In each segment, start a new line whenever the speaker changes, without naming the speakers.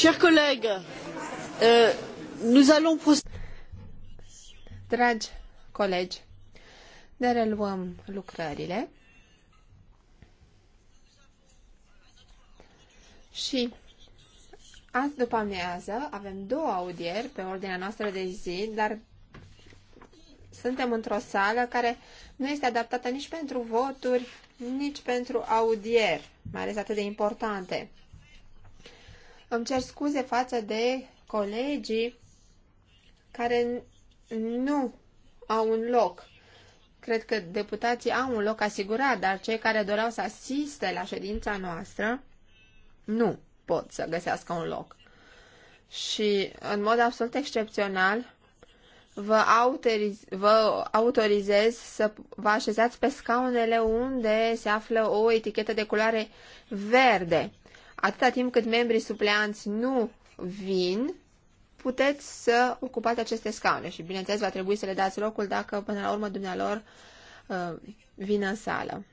Chers collègues, euh, nous allons Dragi colegi, ne reluăm lucrările și azi după amiază avem două audieri pe ordinea noastră de zi, dar suntem într-o sală care nu este adaptată nici pentru voturi, nici pentru audieri, mai ales atât de importante. Îmi cer scuze față de colegii care nu au un loc. Cred că deputații au un loc asigurat, dar cei care doreau să asiste la ședința noastră nu pot să găsească un loc. Și, în mod absolut excepțional, vă, autoriz- vă autorizez să vă așezați pe scaunele unde se află o etichetă de culoare verde. Atâta timp cât membrii supleanți nu vin, puteți să ocupați aceste scaune și, bineînțeles, va trebui să le dați locul dacă, până la urmă, dumnealor uh, vin în sală.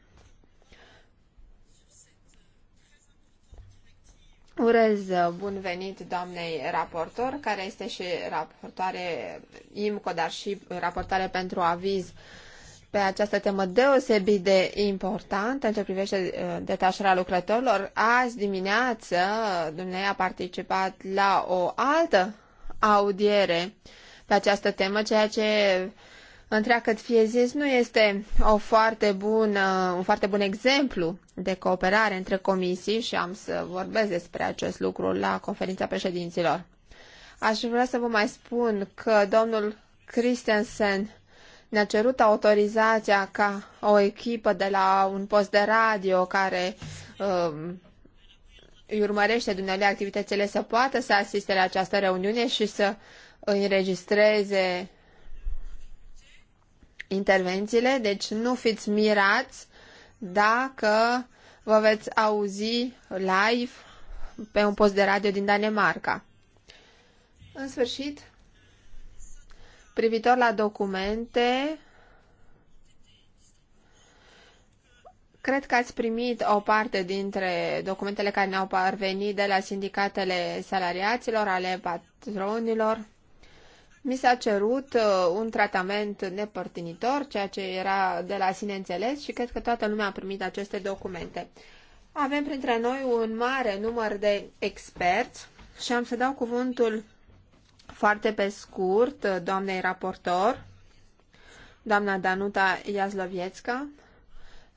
Urez bun venit doamnei raportor, care este și raportoare IMCO, dar și raportoare pentru aviz pe această temă deosebit de importantă în ce privește uh, detașarea lucrătorilor. Azi dimineață, dumneavoastră a participat la o altă audiere pe această temă, ceea ce întreagăt fie zis nu este o foarte bună, un foarte bun exemplu de cooperare între comisii și am să vorbesc despre acest lucru la conferința președinților. Aș vrea să vă mai spun că domnul Christensen ne-a cerut autorizația ca o echipă de la un post de radio care um, îi urmărește dumneavoastră activitățile să poată să asiste la această reuniune și să înregistreze intervențiile, deci nu fiți mirați dacă vă veți auzi live pe un post de radio din Danemarca. În sfârșit, privitor la documente, Cred că ați primit o parte dintre documentele care ne-au parvenit de la sindicatele salariaților, ale patronilor. Mi s-a cerut uh, un tratament nepărtinitor, ceea ce era de la sine înțeles și cred că toată lumea a primit aceste documente. Avem printre noi un mare număr de experți și am să dau cuvântul foarte pe scurt, doamnei raportor, doamna Danuta Iazlovietska,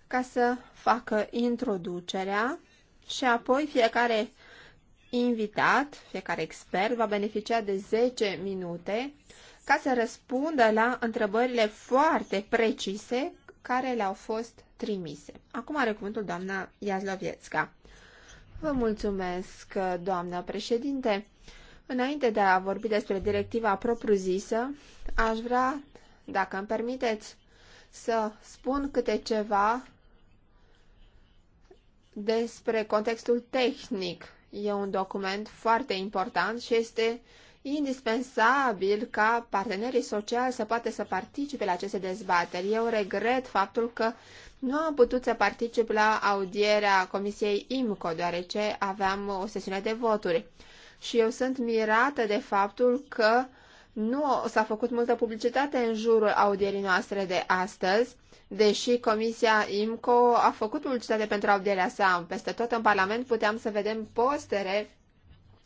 ca să facă introducerea și apoi fiecare invitat, fiecare expert va beneficia de 10 minute ca să răspundă la întrebările foarte precise care le-au fost trimise. Acum are cuvântul doamna Iazlovietska. Vă mulțumesc, doamna președinte. Înainte de a vorbi despre directiva propriu-zisă, aș vrea, dacă îmi permiteți, să spun câte ceva despre contextul tehnic. E un document foarte important și este indispensabil ca partenerii sociali să poată să participe la aceste dezbateri. Eu regret faptul că nu am putut să particip la audierea Comisiei IMCO, deoarece aveam o sesiune de voturi și eu sunt mirată de faptul că nu s-a făcut multă publicitate în jurul audierii noastre de astăzi, deși Comisia IMCO a făcut publicitate pentru audierea sa. Peste tot în Parlament puteam să vedem postere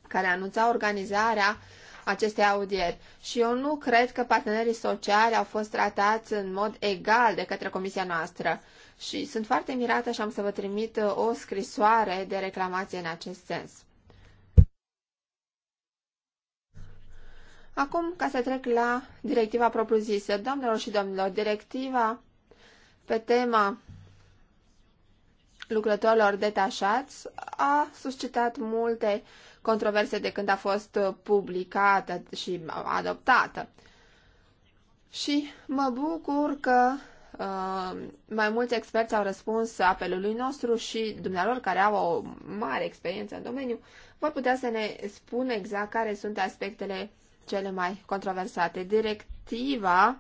care anunța organizarea acestei audieri. Și eu nu cred că partenerii sociali au fost tratați în mod egal de către comisia noastră. Și sunt foarte mirată și am să vă trimit o scrisoare de reclamație în acest sens. Acum, ca să trec la directiva propriu-zisă, doamnelor și domnilor, directiva pe tema lucrătorilor detașați a suscitat multe controverse de când a fost publicată și adoptată. Și mă bucur că uh, mai mulți experți au răspuns apelului nostru și dumnealor care au o mare experiență în domeniu vor putea să ne spună exact care sunt aspectele cele mai controversate. Directiva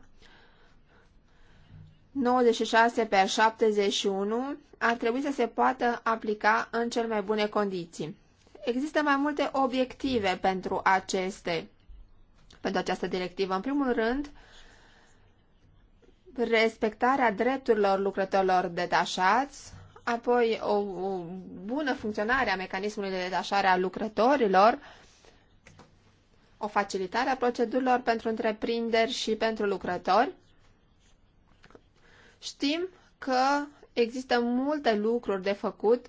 96 pe 71 ar trebui să se poată aplica în cel mai bune condiții. Există mai multe obiective pentru aceste, pentru această directivă. În primul rând, respectarea drepturilor lucrătorilor detașați, apoi o, o bună funcționare a mecanismului de detașare a lucrătorilor, o facilitare a procedurilor pentru întreprinderi și pentru lucrători. Știm că există multe lucruri de făcut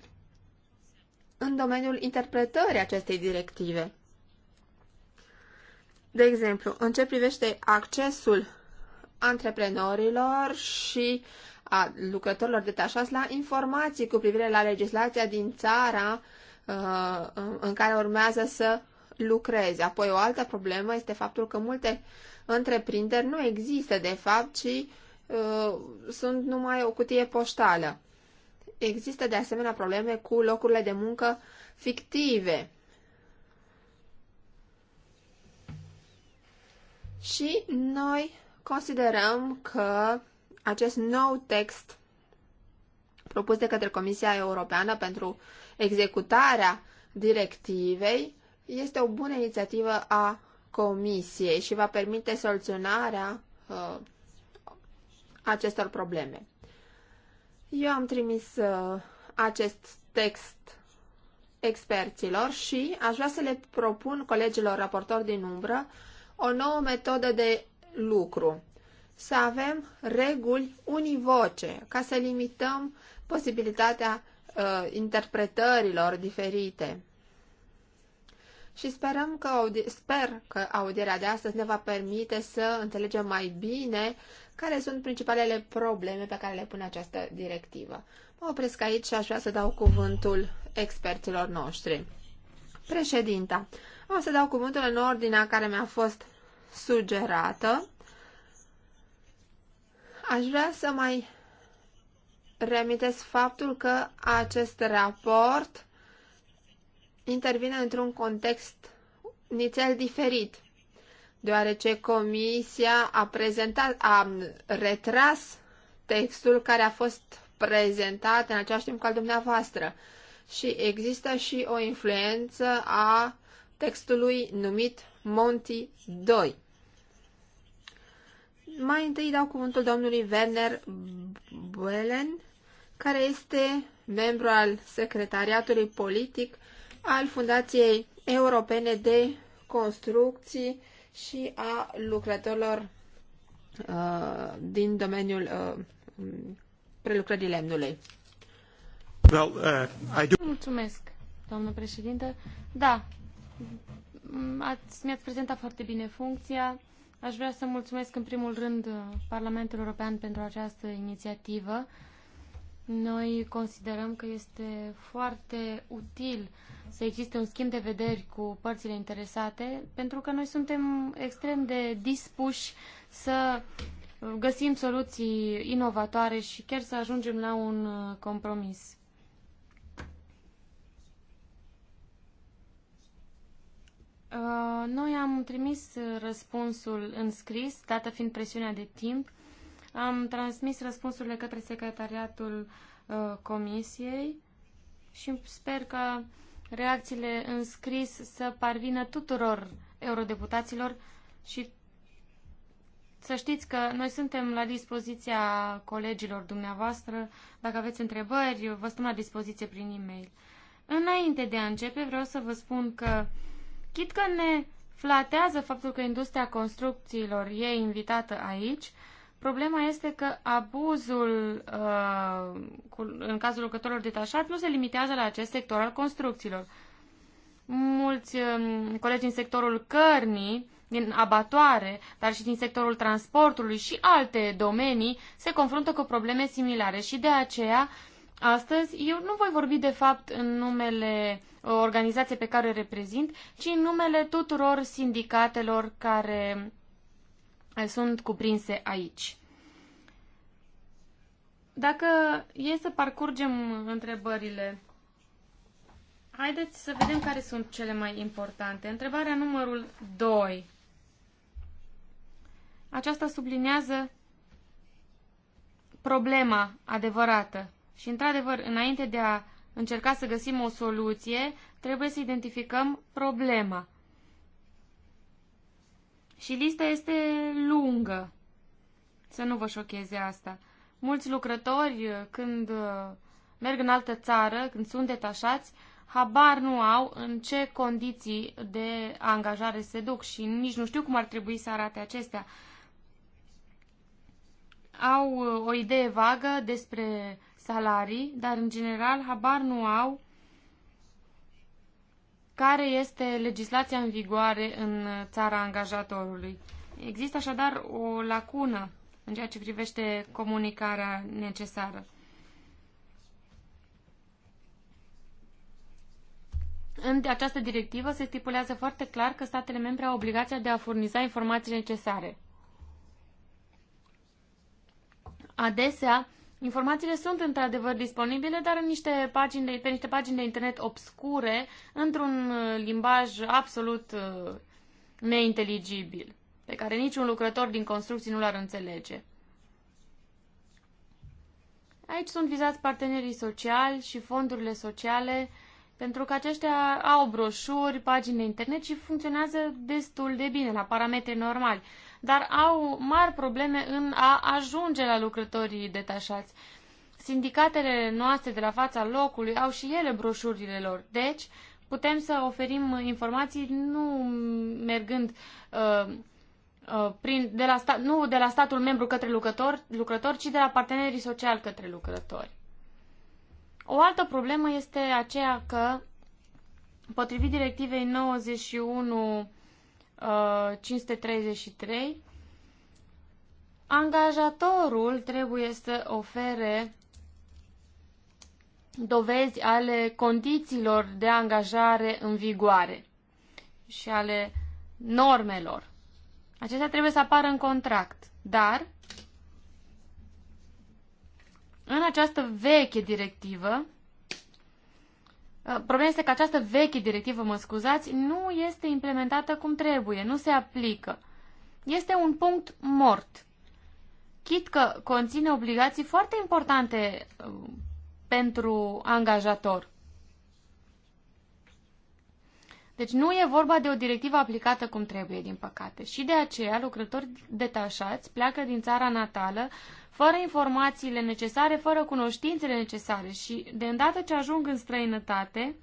în domeniul interpretării acestei directive. De exemplu, în ce privește accesul antreprenorilor și a lucrătorilor detașați la informații cu privire la legislația din țara uh, în care urmează să lucrezi. Apoi o altă problemă este faptul că multe întreprinderi nu există de fapt, ci uh, sunt numai o cutie poștală. Există de asemenea probleme cu locurile de muncă fictive. Și noi considerăm că acest nou text propus de către Comisia Europeană pentru executarea directivei este o bună inițiativă a Comisiei și va permite soluționarea uh, acestor probleme. Eu am trimis uh, acest text experților și aș vrea să le propun colegilor raportori din umbră o nouă metodă de lucru. Să avem reguli univoce ca să limităm posibilitatea uh, interpretărilor diferite și sperăm că, sper că audierea de astăzi ne va permite să înțelegem mai bine care sunt principalele probleme pe care le pune această directivă. Mă opresc aici și aș vrea să dau cuvântul experților noștri. Președinta, o să dau cuvântul în ordinea care mi-a fost sugerată. Aș vrea să mai reamintesc faptul că acest raport intervine într-un context nițel diferit, deoarece Comisia a, prezentat, a retras textul care a fost prezentat în același timp ca al dumneavoastră și există și o influență a textului numit Monty 2. Mai întâi dau cuvântul domnului Werner Buelen, care este membru al Secretariatului Politic al Fundației Europene de Construcții și a lucrătorilor uh, din domeniul uh, prelucrării lemnului. Well, uh, I do... Mulțumesc, domnul președinte. Da,
ați, mi-ați prezentat foarte bine funcția. Aș vrea să mulțumesc în primul rând Parlamentul European pentru această inițiativă. Noi considerăm că este foarte util uh, să existe un schimb de vederi cu părțile interesate, pentru că noi suntem extrem de dispuși să găsim soluții inovatoare și chiar să ajungem la un uh, compromis. Uh, noi am trimis răspunsul în scris, dată fiind presiunea de timp. Am transmis răspunsurile către secretariatul uh, comisiei și sper că reacțiile în scris să parvină tuturor eurodeputaților și să știți că noi suntem la dispoziția colegilor dumneavoastră. Dacă aveți întrebări, vă stăm la dispoziție prin e-mail. Înainte de a începe, vreau să vă spun că, chit că ne flatează faptul că industria construcțiilor e invitată aici, Problema este că abuzul uh, cu, în cazul lucrătorilor detașați nu se limitează la acest sector al construcțiilor. Mulți um, colegi din sectorul cărnii, din abatoare, dar și din sectorul transportului și alte domenii se confruntă cu probleme similare și de aceea Astăzi eu nu voi vorbi de fapt în numele uh, organizației pe care o reprezint, ci în numele tuturor sindicatelor care sunt cuprinse aici. Dacă e să parcurgem întrebările, haideți să vedem care sunt cele mai importante. Întrebarea numărul 2. Aceasta sublinează problema adevărată. Și, într-adevăr, înainte de a încerca să găsim o soluție, trebuie să identificăm problema. Și lista este lungă. Să nu vă șocheze asta. Mulți lucrători, uh, când uh, merg în altă țară, când sunt detașați, habar nu au în ce condiții de angajare se duc și nici nu știu cum ar trebui să arate acestea. Au uh, o idee vagă despre salarii, dar în general habar nu au care este legislația în vigoare în țara angajatorului. Există așadar o lacună în ceea ce privește comunicarea necesară. În această directivă se stipulează foarte clar că statele membre au obligația de a furniza informații necesare. Adesea, Informațiile sunt într-adevăr disponibile, dar în niște pagini de, pe niște pagini de internet obscure, într-un uh, limbaj absolut uh, neinteligibil, pe care niciun lucrător din construcții nu l-ar înțelege. Aici sunt vizați partenerii sociali și fondurile sociale, pentru că aceștia au broșuri, pagini de internet și funcționează destul de bine la parametri normali dar au mari probleme în a ajunge la lucrătorii detașați. Sindicatele noastre de la fața locului au și ele broșurile lor, deci putem să oferim informații nu mergând uh, uh, prin, de la sta, nu de la statul membru către lucrător, lucrător, ci de la partenerii sociali către lucrători. O altă problemă este aceea că, potrivit directivei 91 533, uh, angajatorul trebuie să ofere dovezi ale condițiilor de angajare în vigoare și ale normelor. Acestea trebuie să apară în contract, dar în această veche directivă Uh, problema este că această veche directivă, mă scuzați, nu este implementată cum trebuie, nu se aplică. Este un punct mort. Chit că conține obligații foarte importante uh, pentru angajator. Deci nu e vorba de o directivă aplicată cum trebuie, din păcate. Și de aceea lucrători detașați pleacă din țara natală fără informațiile necesare, fără cunoștințele necesare și de îndată ce ajung în străinătate,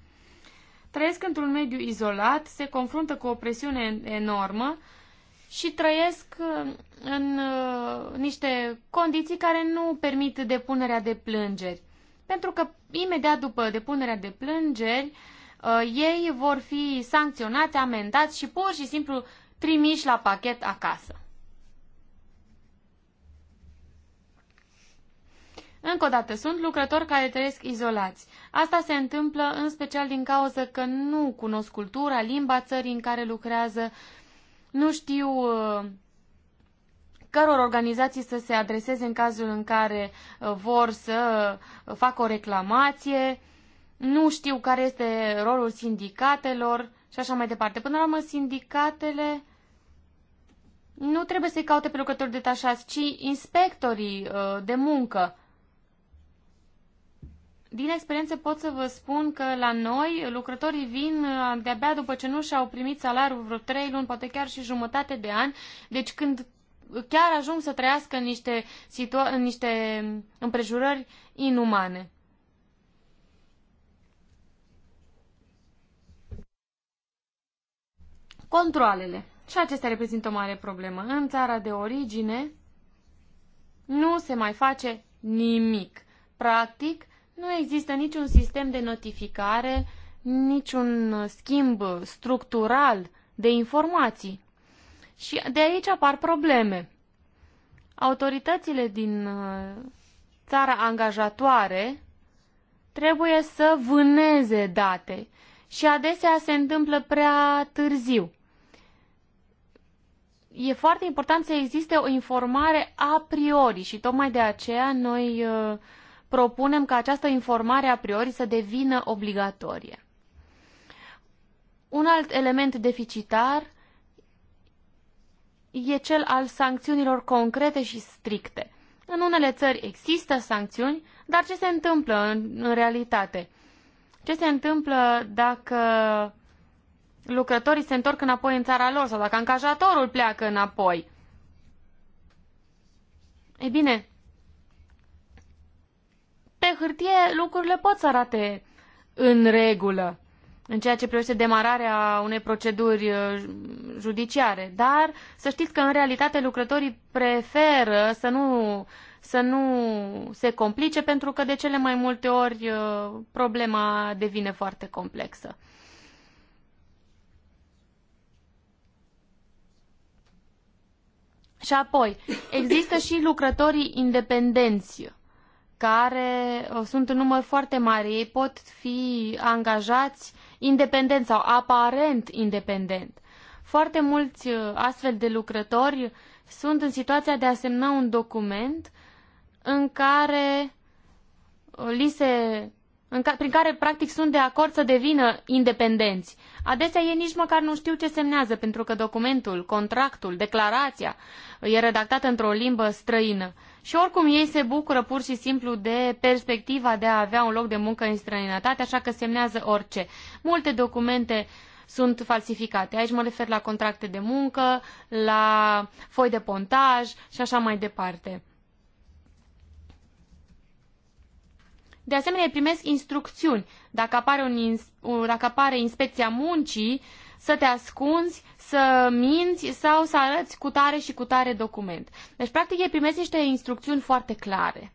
trăiesc într-un mediu izolat, se confruntă cu o presiune enormă și trăiesc uh, în uh, niște condiții care nu permit depunerea de plângeri. Pentru că imediat după depunerea de plângeri, uh, ei vor fi sancționați, amendați și pur și simplu trimiși la pachet acasă. Încă o dată, sunt lucrători care trăiesc izolați. Asta se întâmplă în special din cauza că nu cunosc cultura, limba țării în care lucrează, nu știu uh, căror organizații să se adreseze în cazul în care uh, vor să uh, facă o reclamație, nu știu care este rolul sindicatelor și așa mai departe. Până la urmă, sindicatele nu trebuie să-i caute pe lucrători detașați, ci inspectorii de muncă. Din experiență pot să vă spun că la noi lucrătorii vin uh, de-abia după ce nu și-au primit salariul vreo trei luni, poate chiar și jumătate de ani. Deci când chiar ajung să trăiască în niște, situa- în niște împrejurări inumane. Controlele. Și acestea reprezintă o mare problemă. În țara de origine nu se mai face nimic. Practic, nu există niciun sistem de notificare, niciun schimb structural de informații. Și de aici apar probleme. Autoritățile din uh, țara angajatoare trebuie să vâneze date și adesea se întâmplă prea târziu. E foarte important să existe o informare a priori și tocmai de aceea noi uh, propunem ca această informare a priori să devină obligatorie. Un alt element deficitar e cel al sancțiunilor concrete și stricte. În unele țări există sancțiuni, dar ce se întâmplă în, în realitate? Ce se întâmplă dacă lucrătorii se întorc înapoi în țara lor sau dacă angajatorul pleacă înapoi? Ei bine, pe hârtie lucrurile pot să arate în regulă în ceea ce privește demararea unei proceduri uh, judiciare, dar să știți că în realitate lucrătorii preferă să nu, să nu se complice pentru că de cele mai multe ori uh, problema devine foarte complexă. Și apoi, există și lucrătorii independenți care uh, sunt în număr foarte mare. Ei pot fi angajați independent sau aparent independent. Foarte mulți uh, astfel de lucrători sunt în situația de a semna un document în care uh, li se, în ca, prin care practic sunt de acord să devină independenți. Adesea ei nici măcar nu știu ce semnează, pentru că documentul, contractul, declarația e redactată într-o limbă străină. Și oricum ei se bucură pur și simplu de perspectiva de a avea un loc de muncă în străinătate, așa că semnează orice. Multe documente sunt falsificate. Aici mă refer la contracte de muncă, la foi de pontaj și așa mai departe. De asemenea, primesc instrucțiuni. Dacă apare, un, dacă apare inspecția muncii, să te ascunzi, să minți sau să arăți cu tare și cu tare document. Deci, practic, ei primesc niște instrucțiuni foarte clare.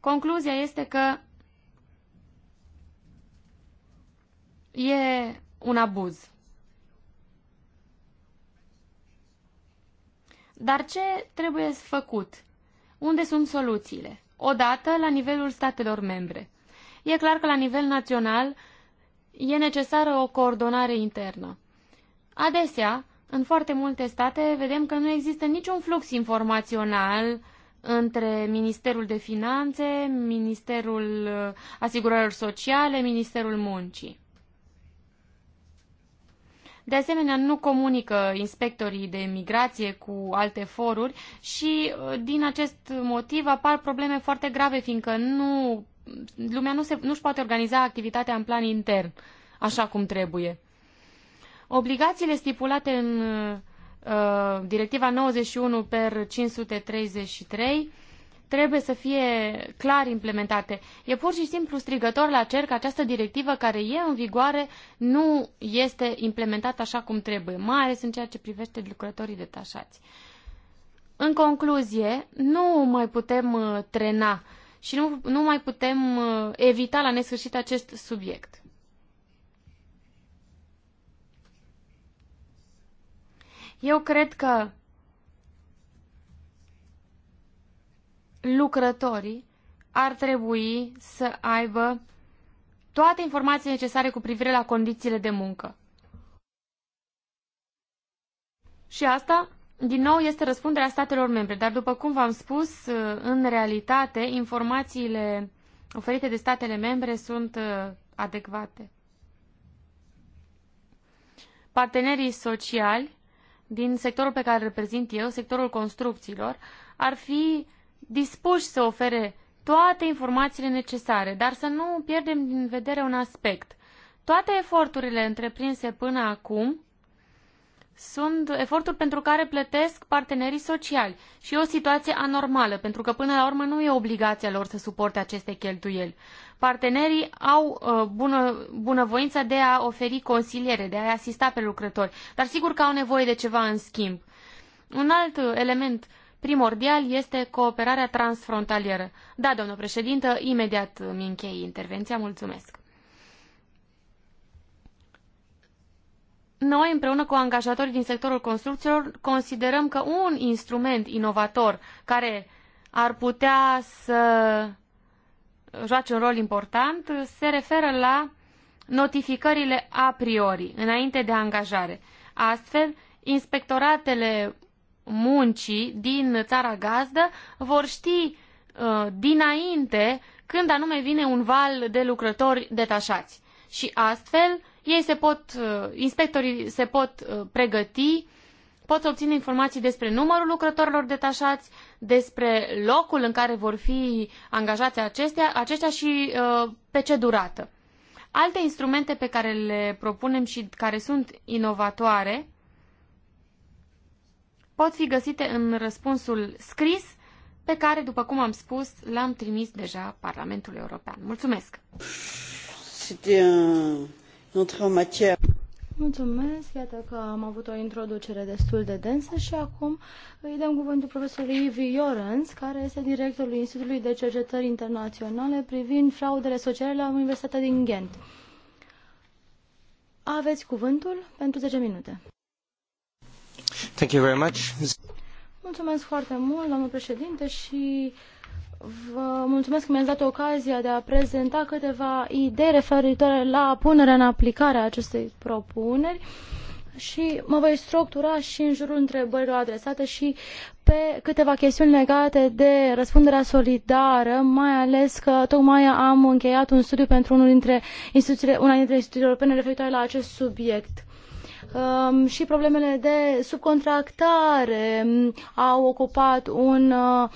Concluzia este că e un abuz. Dar ce trebuie făcut? Unde sunt soluțiile? Odată, la nivelul statelor membre. E clar că la nivel național e necesară o coordonare internă. Adesea, în foarte multe state, vedem că nu există niciun flux informațional între Ministerul de Finanțe, Ministerul uh, Asigurărilor Sociale, Ministerul Muncii. De asemenea, nu comunică inspectorii de migrație cu alte foruri și uh, din acest motiv apar probleme foarte grave, fiindcă nu, lumea nu se, nu-și poate organiza activitatea în plan intern, așa cum trebuie. Obligațiile stipulate în uh, Directiva 91 per 533 trebuie să fie clar implementate. E pur și simplu strigător la cer că această directivă care e în vigoare nu este implementată așa cum trebuie, mai ales în ceea ce privește lucrătorii detașați. În concluzie, nu mai putem uh, trena și nu, nu mai putem uh, evita la nesfârșit acest subiect. Eu cred că lucrătorii ar trebui să aibă toate informațiile necesare cu privire la condițiile de muncă. Și asta, din nou, este răspunderea statelor membre, dar după cum v-am spus, în realitate, informațiile oferite de statele membre sunt uh, adecvate. Partenerii sociali din sectorul pe care îl reprezint eu, sectorul construcțiilor, ar fi dispuși să ofere toate informațiile necesare, dar să nu pierdem din vedere un aspect. Toate eforturile întreprinse până acum sunt eforturi pentru care plătesc partenerii sociali și e o situație anormală, pentru că până la urmă nu e obligația lor să suporte aceste cheltuieli. Partenerii au uh, bună, bunăvoința de a oferi consiliere, de a asista pe lucrători, dar sigur că au nevoie de ceva în schimb. Un alt element uh, Primordial este cooperarea transfrontalieră. Da, domnul președinte, imediat îmi închei intervenția. Mulțumesc. Noi, împreună cu angajatorii din sectorul construcțiilor, considerăm că un instrument inovator care ar putea să joace un rol important se referă la notificările a priori, înainte de angajare. Astfel, inspectoratele muncii din țara gazdă vor ști uh, dinainte când anume vine un val de lucrători detașați. Și astfel, ei se pot, uh, inspectorii se pot uh, pregăti, pot obține informații despre numărul lucrătorilor detașați, despre locul în care vor fi angajați acestea, aceștia și pe ce durată. Alte instrumente pe care le propunem și care sunt inovatoare pot fi găsite în răspunsul scris pe care, după cum am spus, l-am trimis deja Parlamentul European. Mulțumesc!
Mulțumesc, iată că am avut o introducere destul de densă și acum îi dăm cuvântul profesorului Ivi Iorens, care este directorul Institutului de Cercetări Internaționale privind fraudele sociale la Universitatea din Ghent. Aveți cuvântul pentru 10 minute. Mulțumesc foarte mult, doamnă președinte, și vă mulțumesc că mi-ați dat ocazia de a prezenta câteva idei referitoare la punerea în aplicare a acestei propuneri și mă voi structura și în jurul întrebărilor adresate și pe câteva chestiuni legate de răspunderea solidară, mai ales că tocmai am încheiat un studiu pentru unul dintre instituțiile, una dintre instituțiile europene referitoare la acest subiect um, și problemele de subcontractare um, au ocupat un uh,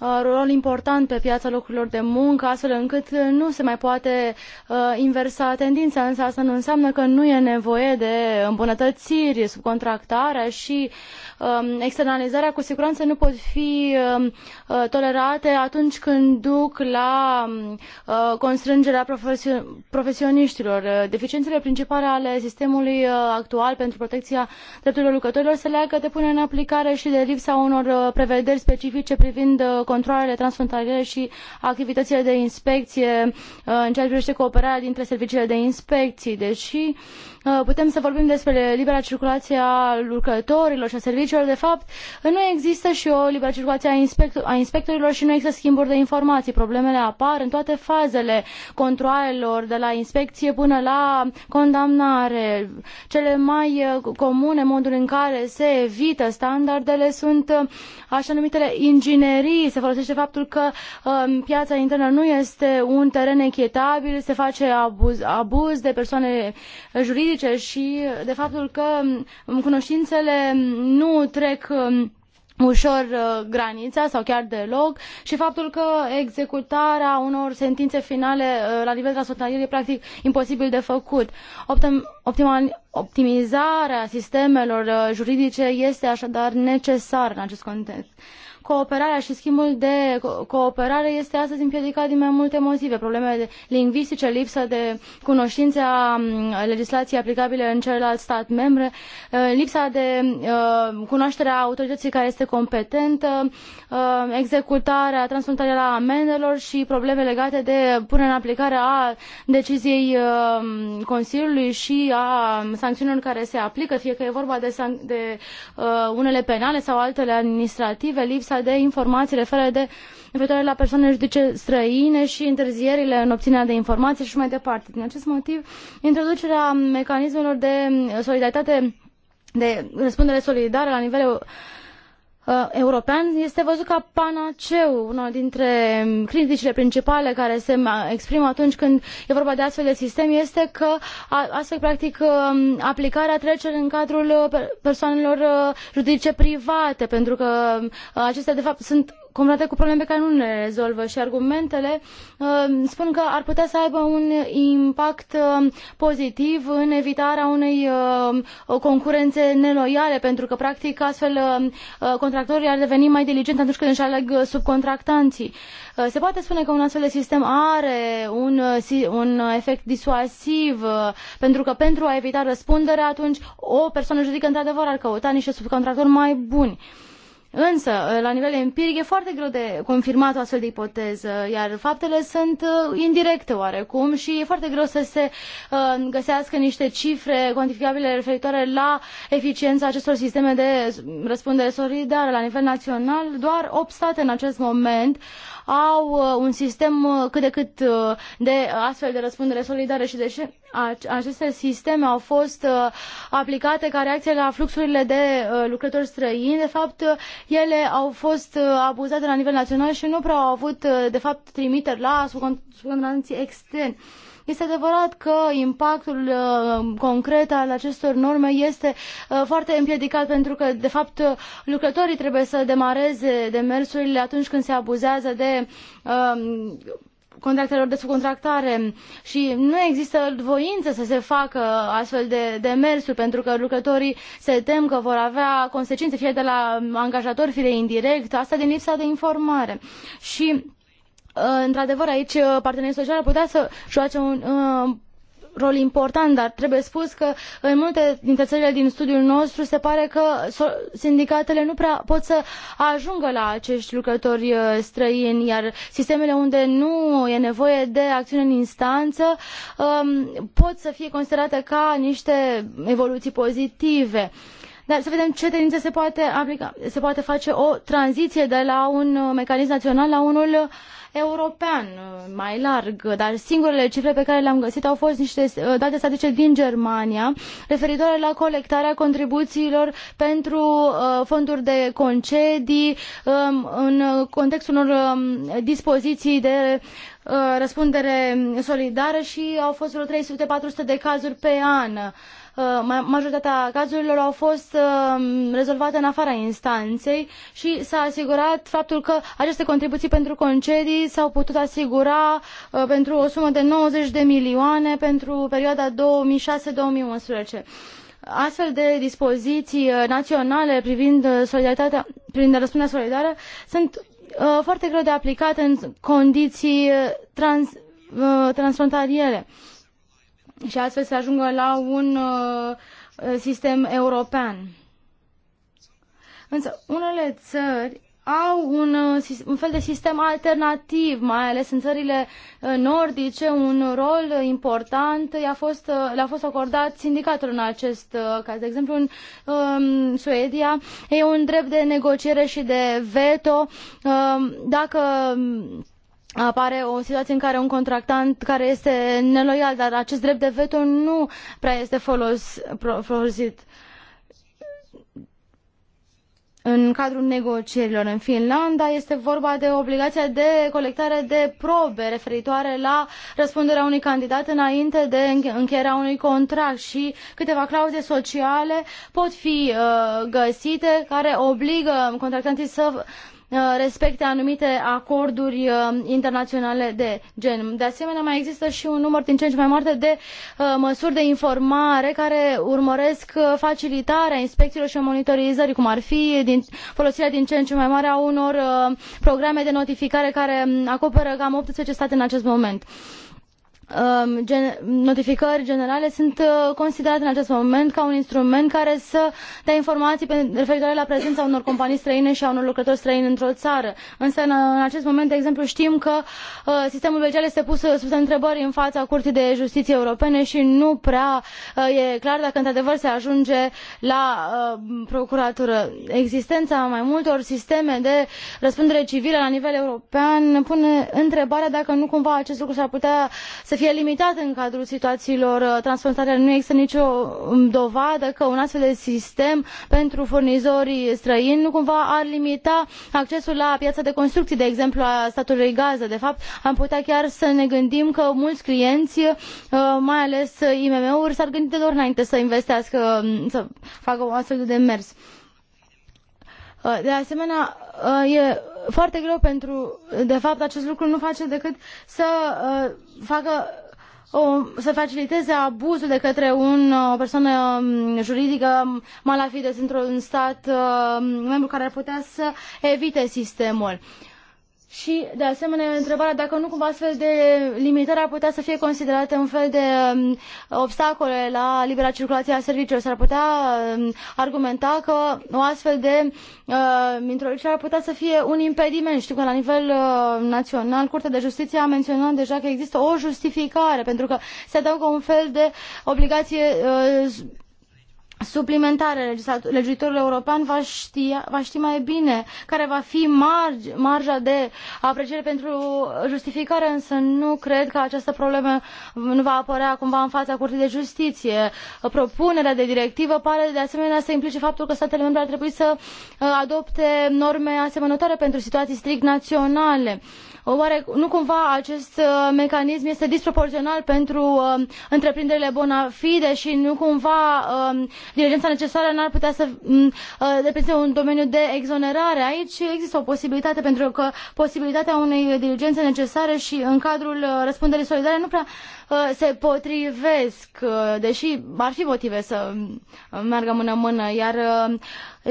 Uh, rol important pe piața locurilor de muncă, astfel încât uh, nu se mai poate uh, inversa tendința, însă asta nu înseamnă că nu e nevoie de îmbunătățiri, subcontractarea și um, externalizarea cu siguranță nu pot fi um, tolerate atunci când duc la um, constrângerea profesioniștilor. Deficiențele principale ale sistemului actual pentru protecția drepturilor lucrătorilor se leagă de punerea în aplicare și de lipsa unor prevederi specifice privind controlele transfrontaliere și activitățile de inspecție uh, în ceea ce privește cooperarea dintre serviciile de inspecții. Deși deci Uh, putem să vorbim despre libera circulație a lucrătorilor și a serviciilor, de fapt, nu există și o liberă circulație a, a inspectorilor și nu există schimburi de informații. Problemele apar în toate fazele controalelor, de la inspecție până la condamnare. Cele mai uh, comune moduri în care se evită standardele sunt uh, așa numitele inginerii. Se folosește faptul că um, piața internă nu este un teren echitabil, se face abuz, abuz de persoane juridice publice și de faptul că cunoștințele nu trec um, ușor uh, granița sau chiar deloc și faptul că executarea unor sentințe finale uh, la nivel transfrontalier e practic imposibil de făcut. Optimizarea sistemelor uh, juridice este așadar necesară în acest context cooperarea și schimbul de cooperare este astăzi împiedicat din mai multe motive. Probleme lingvistice, lipsă de cunoștințe a legislației aplicabile în celălalt stat membre, lipsa de cunoaștere a autorității care este competentă, Uh, executarea transfrontalieră a amendelor și probleme legate de punerea în aplicare a deciziei uh, Consiliului și a sancțiunilor care se aplică, fie că e vorba de, de uh, unele penale sau altele administrative, lipsa de informații referitoare de referitoare la persoane juridice străine și întârzierile în obținerea de informații și mai departe. Din acest motiv, introducerea mecanismelor de solidaritate de răspundere solidară la nivel uh, european este văzut ca panaceu, una dintre criticile principale care se exprimă atunci când e vorba de astfel de sistem este că astfel practic um, aplicarea trece în cadrul uh, persoanelor uh, juridice private, pentru că um, acestea de fapt sunt confruntate cu probleme care nu le rezolvă și argumentele uh, spun că ar putea să aibă un impact uh, pozitiv în evitarea unei uh, concurențe neloiale, pentru că practic astfel uh, uh, contractorii ar deveni mai diligenți atunci când își aleg uh, subcontractanții. Se poate spune că un astfel de sistem are un, un efect disuasiv, pentru că pentru a evita răspunderea, atunci o persoană juridică într-adevăr ar căuta niște subcontractori mai buni. Uh, Însă, la nivel empiric, e foarte greu de confirmat o astfel de ipoteză, iar faptele sunt uh, indirecte oarecum și e foarte greu să se uh, găsească niște cifre cuantificabile referitoare la eficiența acestor sisteme de răspundere solidară la nivel național. Doar 8 state în acest moment au uh, un sistem uh, cât de cât uh, de astfel de răspundere solidară și de ce aceste sisteme au fost aplicate ca reacție la fluxurile de lucrători străini. De fapt, ele au fost abuzate la nivel național și nu prea au avut, de fapt, trimiteri la subcontratanții externi. Este adevărat că impactul uh, concret al acestor norme este uh, foarte împiedicat pentru că, de fapt, lucrătorii trebuie să demareze demersurile atunci când se abuzează de um, contractelor de subcontractare și nu există voință să se facă astfel de demersuri pentru că lucrătorii se tem că vor avea consecințe fie de la angajator, fie de indirect, asta din lipsa de informare. Și Uh, într-adevăr, aici uh, partenerii sociali ar putea să joace un uh, rol important, dar trebuie spus că în multe dintre țările din studiul nostru se pare că sindicatele nu prea pot să ajungă la acești lucrători străini, iar sistemele unde nu e nevoie de acțiune în instanță um, pot să fie considerate ca niște evoluții pozitive. Dar să vedem ce tendințe se poate aplica. Se poate face o tranziție de la un mecanism național la unul uh, european uh, mai larg, dar singurele cifre pe care le-am găsit au fost niște uh, date statistice din Germania referitoare la colectarea contribuțiilor pentru uh, fonduri de concedii um, în contextul unor um, dispoziții de răspundere solidară și au fost vreo 300-400 de cazuri pe an Uh, majoritatea cazurilor au fost uh, rezolvate în afara instanței și s-a asigurat faptul că aceste contribuții pentru concedii s-au putut asigura uh, pentru o sumă de 90 de milioane pentru perioada 2006-2011 astfel de dispoziții naționale privind solidaritatea, privind răspunderea solidară sunt uh, foarte greu de aplicat în condiții trans, uh, transfrontaliere. Uh, și astfel să ajungă la un uh, sistem european. Însă unele țări au un, uh, un fel de sistem alternativ, mai ales în țările uh, nordice, un rol important le a fost, le-a fost acordat sindicatul în acest caz. De exemplu, în um, Suedia e un drept de negociere și de veto um, dacă apare o situație în care un contractant care este neloial, dar acest drept de veto nu prea este folos, folosit în cadrul negocierilor în Finlanda. Este vorba de obligația de colectare de probe referitoare la răspunderea unui candidat înainte de încheierea unui contract și câteva clauze sociale pot fi uh, găsite care obligă contractanții să Uh, respecte anumite acorduri uh, internaționale de gen. De asemenea, mai există și un număr din ce în ce mai mare de uh, măsuri de informare care urmăresc facilitarea inspecțiilor și monitorizării, cum ar fi din, folosirea din ce în ce mai mare a unor programe de notificare care um, acoperă cam 18 state în acest moment. Uh, Um, notificări generale sunt uh, considerate în acest moment ca un instrument care să dea informații referitoare la prezența unor companii străine și a unor lucrători străini într-o țară. Însă, în acest moment, de exemplu, știm că uh, sistemul legal este pus uh, sub întrebări în fața Curții de Justiție Europene și nu prea e clar dacă într-adevăr se ajunge la procuratură. Existența mai multor sisteme de răspundere civilă la nivel european pune întrebarea dacă nu cumva acest lucru s-ar putea să fie limitat în cadrul situațiilor uh, transfrontaliere. Nu există nicio um, dovadă că un astfel de sistem pentru furnizorii străini nu cumva ar limita accesul la piața de construcții, de exemplu, a statului Gaza. De fapt, am putea chiar să ne gândim că mulți clienți, uh, mai ales uh, IMM-uri, s-ar gândi de lor înainte să investească, um, să facă o astfel de demers. Uh, de asemenea, uh, e foarte greu pentru, de fapt, acest lucru nu face decât să uh, facă o, să faciliteze abuzul de către un, o persoană um, juridică um, malafide într-un stat membru care ar putea să evite sistemul. Uh, și, de asemenea, întrebarea dacă nu cumva astfel de limitări ar putea să fie considerate un fel de um, obstacole la libera circulație a serviciilor. S-ar putea um, argumenta că o astfel de uh, introducere ar putea să fie un impediment. Știu că la nivel uh, național, Curtea de Justiție a menționat deja că există o justificare, pentru că se adaugă un fel de obligație uh, suplimentare. Legiuitorul european va, știa, va ști mai bine care va fi marge, marja de apreciere pentru justificare, însă nu cred că această problemă nu va apărea cumva în fața Curții de Justiție. Propunerea de directivă pare de asemenea să implice faptul că statele membre ar trebui să uh, adopte norme asemănătoare pentru situații strict naționale. Oare nu cumva acest uh, mecanism este disproporțional pentru uh, întreprinderile bona fide și nu cumva um, diligența necesară n-ar putea să uh, reprezinte un domeniu de exonerare? Aici există o posibilitate pentru că posibilitatea unei diligențe necesare și în cadrul răspunderii solidare nu prea se potrivesc, deși ar fi motive să meargă mână-mână, iar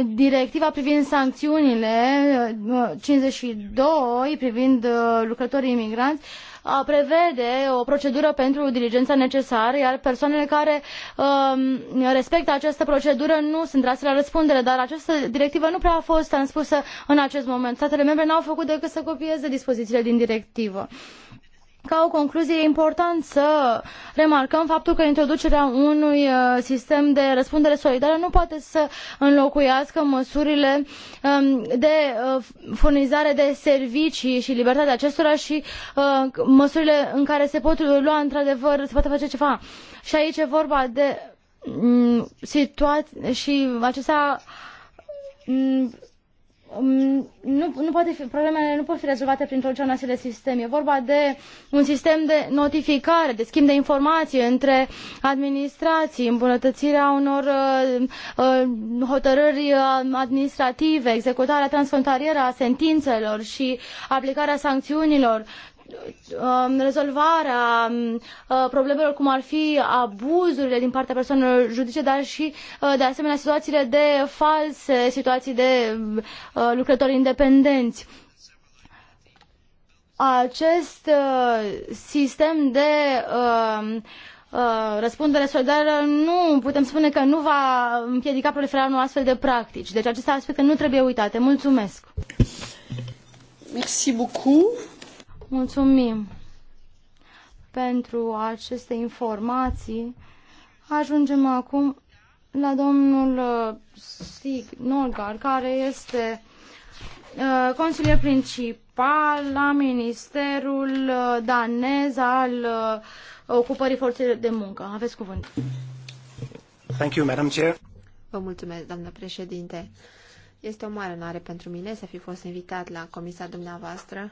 Directiva privind sancțiunile 52 uh, privind uh, lucrătorii imigranți uh, prevede o procedură pentru diligența necesară, iar persoanele care um, respectă această procedură nu sunt trase la răspundere, dar această directivă nu prea a fost transpusă în acest moment. Statele membre n au făcut decât să copieze dispozițiile din directivă. Ca o concluzie, e important să remarcăm faptul că introducerea unui uh, sistem de răspundere solidară nu poate să înlocuiască măsurile um, de uh, furnizare de servicii și libertatea acestora și uh, măsurile în care se pot lua într-adevăr, se poate face ceva. Și aici e vorba de mm, situații și acestea mm, Um, nu, nu poate fi, problemele nu pot fi rezolvate prin introducerea unui de sistem. E vorba de un sistem de notificare, de schimb de informații între administrații, îmbunătățirea unor uh, uh, hotărâri uh, administrative, executarea transfrontalieră a sentințelor și aplicarea sancțiunilor Um, rezolvarea um, uh, problemelor cum ar fi abuzurile din partea persoanelor judice, dar și uh, de asemenea situațiile de false, situații de uh, lucrători independenți acest sistem de um, răspundere solidară nu putem spune că nu va împiedica proliferarea unor astfel de practici. Deci aceste aspecte nu trebuie uitate. Mulțumesc! Merci beaucoup. Mulțumim pentru aceste informații. Ajungem acum la domnul uh, Stig Norgar, care este uh, consilier principal la Ministerul uh, danez al ocupării forței de muncă. Aveți cuvânt. Thank you, Madam Chair.
Vă mulțumesc, doamnă președinte. Este o mare onoare pentru mine să fi fost invitat la comisia dumneavoastră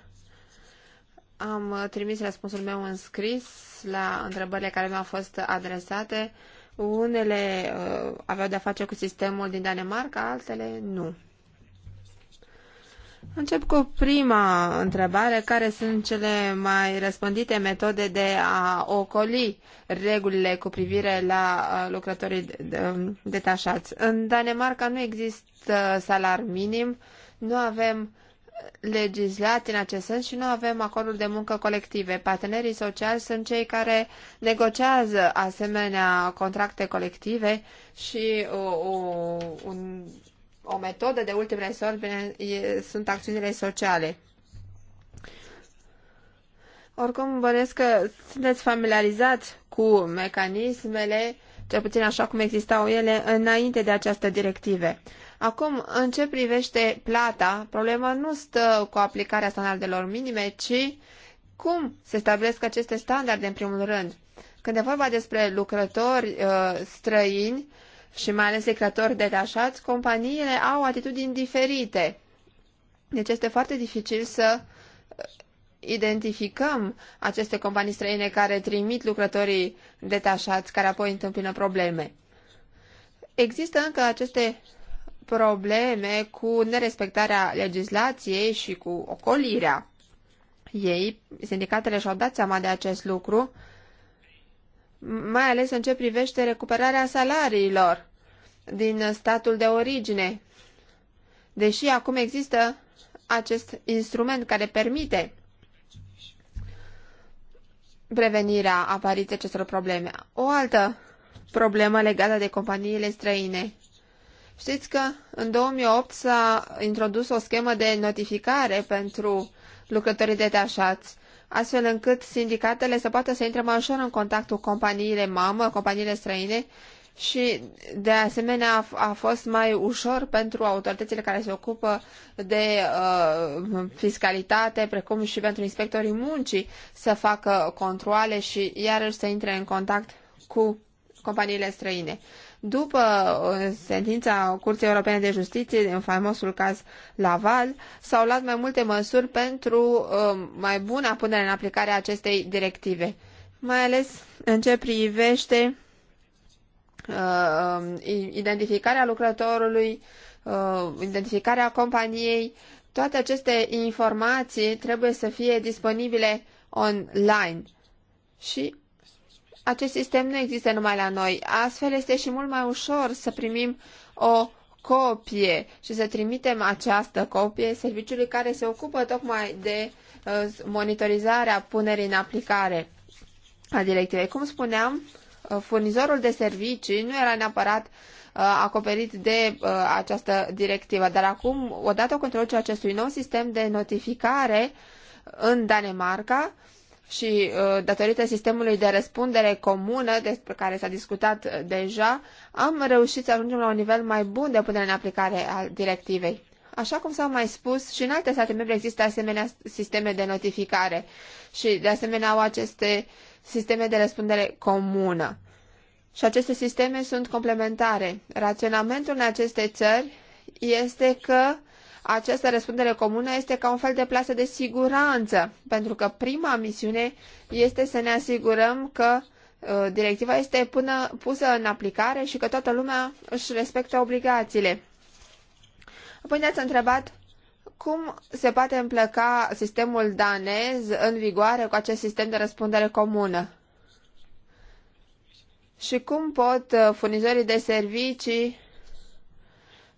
am trimis răspunsul meu în scris la întrebările care mi-au fost adresate. Unele uh, aveau de-a face cu sistemul din Danemarca, altele nu. Încep cu prima întrebare. Care sunt cele mai răspândite metode de a ocoli regulile cu privire la uh, lucrătorii um, detașați? În Danemarca nu există salar minim, nu avem legislat în acest sens și nu avem acordul de muncă colective. Partenerii sociali sunt cei care negociază asemenea contracte colective și o, o, un, o metodă de ultim resort bine, e, sunt acțiunile sociale. Oricum, bănesc că sunteți familiarizați cu mecanismele, cel puțin așa cum existau ele, înainte de această directive. Acum, în ce privește plata, problema nu stă cu aplicarea standardelor minime, ci cum se stabilesc aceste standarde în primul rând. Când e vorba despre lucrători uh, străini și mai ales lucrători detașați, companiile au atitudini diferite. Deci este foarte dificil să uh, identificăm aceste companii străine care trimit lucrătorii detașați, care apoi întâmpină probleme. Există încă aceste probleme cu nerespectarea legislației și cu ocolirea ei. Sindicatele și-au dat seama de acest lucru, mai ales în ce privește recuperarea salariilor din statul de origine. Deși acum există acest instrument care permite prevenirea apariției acestor probleme. O altă problemă legată de companiile străine. Știți că în 2008 s-a introdus o schemă de notificare pentru lucrătorii detașați, astfel încât sindicatele să poată să intre mai ușor în contact cu companiile mamă, companiile străine și, de asemenea, a, a fost mai ușor pentru autoritățile care se ocupă de uh, fiscalitate, precum și pentru inspectorii muncii, să facă controle și, iarăși, să intre în contact cu companiile străine. După uh, sentința Curții Europene de Justiție în faimosul caz Laval, s-au luat mai multe măsuri pentru uh, mai bună punere în aplicare a acestei directive, mai ales în ce privește uh, um, identificarea lucrătorului, identificarea companiei, toate aceste informații trebuie să fie disponibile online. Și acest sistem nu există numai la noi. Astfel este și mult mai ușor să primim o copie și să trimitem această copie serviciului care se ocupă tocmai de uh, monitorizarea punerii în aplicare a directivei. Cum spuneam, uh, furnizorul de servicii nu era neapărat uh, acoperit de această directivă, dar acum, odată cu introducerea acestui nou sistem de notificare în Danemarca, și uh, datorită sistemului de răspundere comună despre care s-a discutat uh, deja, am reușit să ajungem la un nivel mai bun de punere în aplicare a directivei. Așa cum s au mai spus, și în alte state membre există asemenea sisteme de notificare și de asemenea au aceste sisteme de răspundere comună. Și aceste sisteme sunt complementare. Raționamentul în aceste țări este că această răspundere comună este ca un fel de plasă de siguranță, pentru că prima misiune este să ne asigurăm că uh, directiva este până, pusă în aplicare și că toată lumea își respectă obligațiile. Apoi ne-ați întrebat cum se poate împlăca sistemul danez în vigoare cu acest sistem de răspundere comună? Și cum pot uh, furnizorii de servicii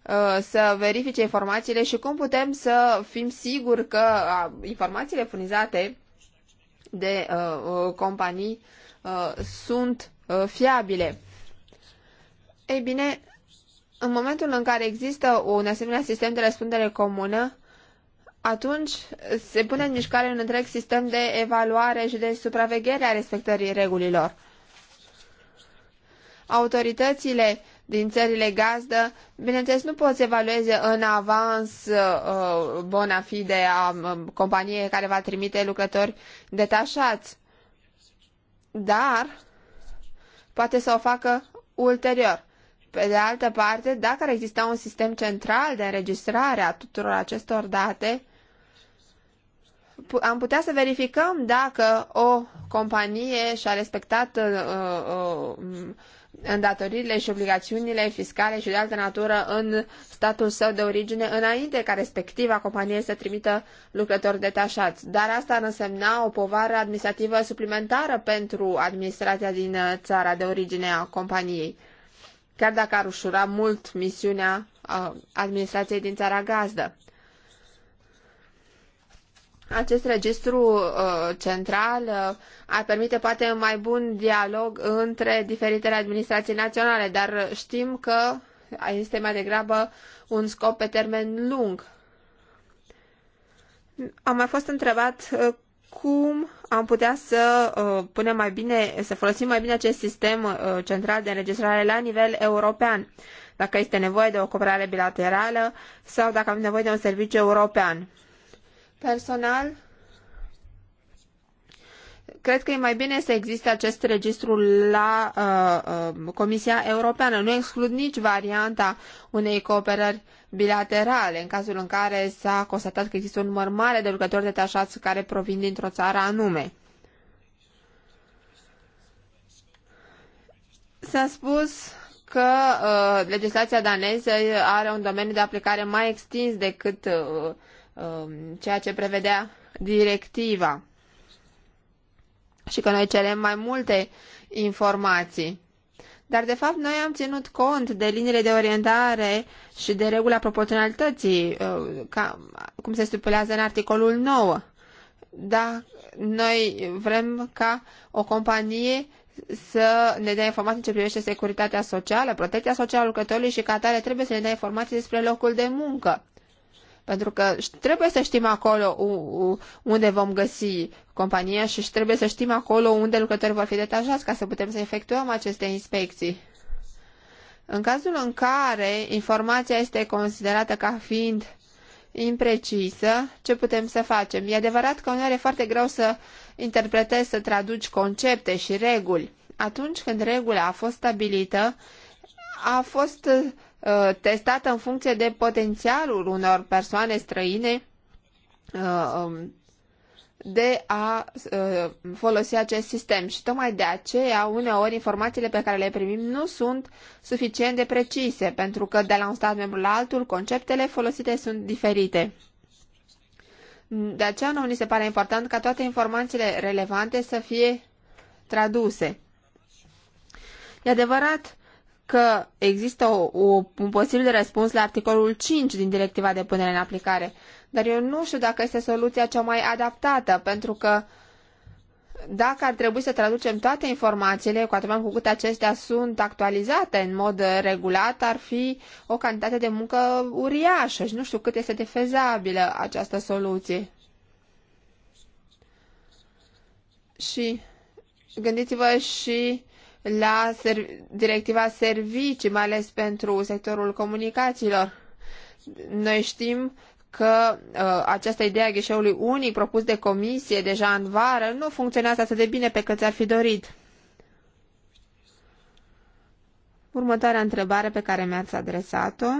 Uh, să verifice informațiile și cum putem să fim siguri că uh, informațiile furnizate de uh, companii sunt fiabile. Ei bine, în momentul în care există un asemenea sistem de răspundere comună, atunci se pune în mișcare un întreg sistem de evaluare și de supraveghere a respectării regulilor. Autoritățile uh, din țările gazdă, bineînțeles, nu poți evalueze în avans uh, bona fide a um, companiei care va trimite lucrători detașați. Dar poate să o facă ulterior. Pe de altă parte, dacă ar exista un sistem central de înregistrare a tuturor acestor date, am putea să verificăm dacă o companie și-a respectat uh, uh, um, îndatoririle și obligațiunile fiscale și de altă natură în statul său de origine înainte ca respectiva companie să trimită lucrători detașați. Dar asta ar însemna o povară administrativă suplimentară pentru administrația din uh, țara de origine a companiei, chiar dacă ar ușura mult misiunea uh, administrației din țara gazdă acest registru uh, central uh, ar permite poate un mai bun dialog între diferitele administrații naționale, dar știm că este mai degrabă un scop pe termen lung. Am mai fost întrebat uh, cum am putea să uh, punem mai bine, să folosim mai bine acest sistem uh, central de înregistrare la nivel european, dacă este nevoie de o cooperare bilaterală sau dacă avem nevoie de un serviciu european. Personal, cred că e mai bine să existe acest registru la uh, uh, Comisia Europeană. Nu exclud nici varianta unei cooperări bilaterale, în cazul în care s-a constatat că există un număr mare de lucrători detașați care provin dintr-o țară anume. S-a spus că uh, legislația daneză are un domeniu de aplicare mai extins decât uh, Um, ceea ce prevedea directiva și că noi cerem mai multe informații. Dar, de fapt, noi am ținut cont de liniile de orientare și de regula proporționalității, uh, ca, cum se stipulează în articolul 9. Da, noi vrem ca o companie să ne dea informații ce privește securitatea socială, protecția socială a lucrătorului și ca atare trebuie să ne dea informații despre locul de muncă. Pentru că trebuie să știm acolo unde vom găsi compania și trebuie să știm acolo unde lucrătorii vor fi detașați ca să putem să efectuăm aceste inspecții. În cazul în care informația este considerată ca fiind imprecisă, ce putem să facem? E adevărat că uneori e foarte greu să interpretezi, să traduci concepte și reguli. Atunci când regula a fost stabilită, a fost Uh, testată în funcție de potențialul unor persoane străine uh, um, de a uh, folosi acest sistem. Și tocmai de aceea, uneori, informațiile pe care le primim nu sunt suficient de precise, pentru că de la un stat membru la altul, conceptele folosite sunt diferite. De aceea, nu ni se pare important ca toate informațiile relevante să fie traduse. E adevărat că există o, o, un posibil răspuns la articolul 5 din directiva de punere în aplicare, dar eu nu știu dacă este soluția cea mai adaptată, pentru că dacă ar trebui să traducem toate informațiile, cu atât mai cu cât acestea sunt actualizate în mod regulat, ar fi o cantitate de muncă uriașă și nu știu cât este de fezabilă această soluție. Și gândiți-vă și la ser directiva servicii, mai ales pentru sectorul comunicațiilor. Noi știm că uh, această idee a ghișeului unic propus de comisie deja în vară nu funcționează atât de bine pe cât ar fi dorit. Următoarea întrebare pe care mi-ați adresat-o,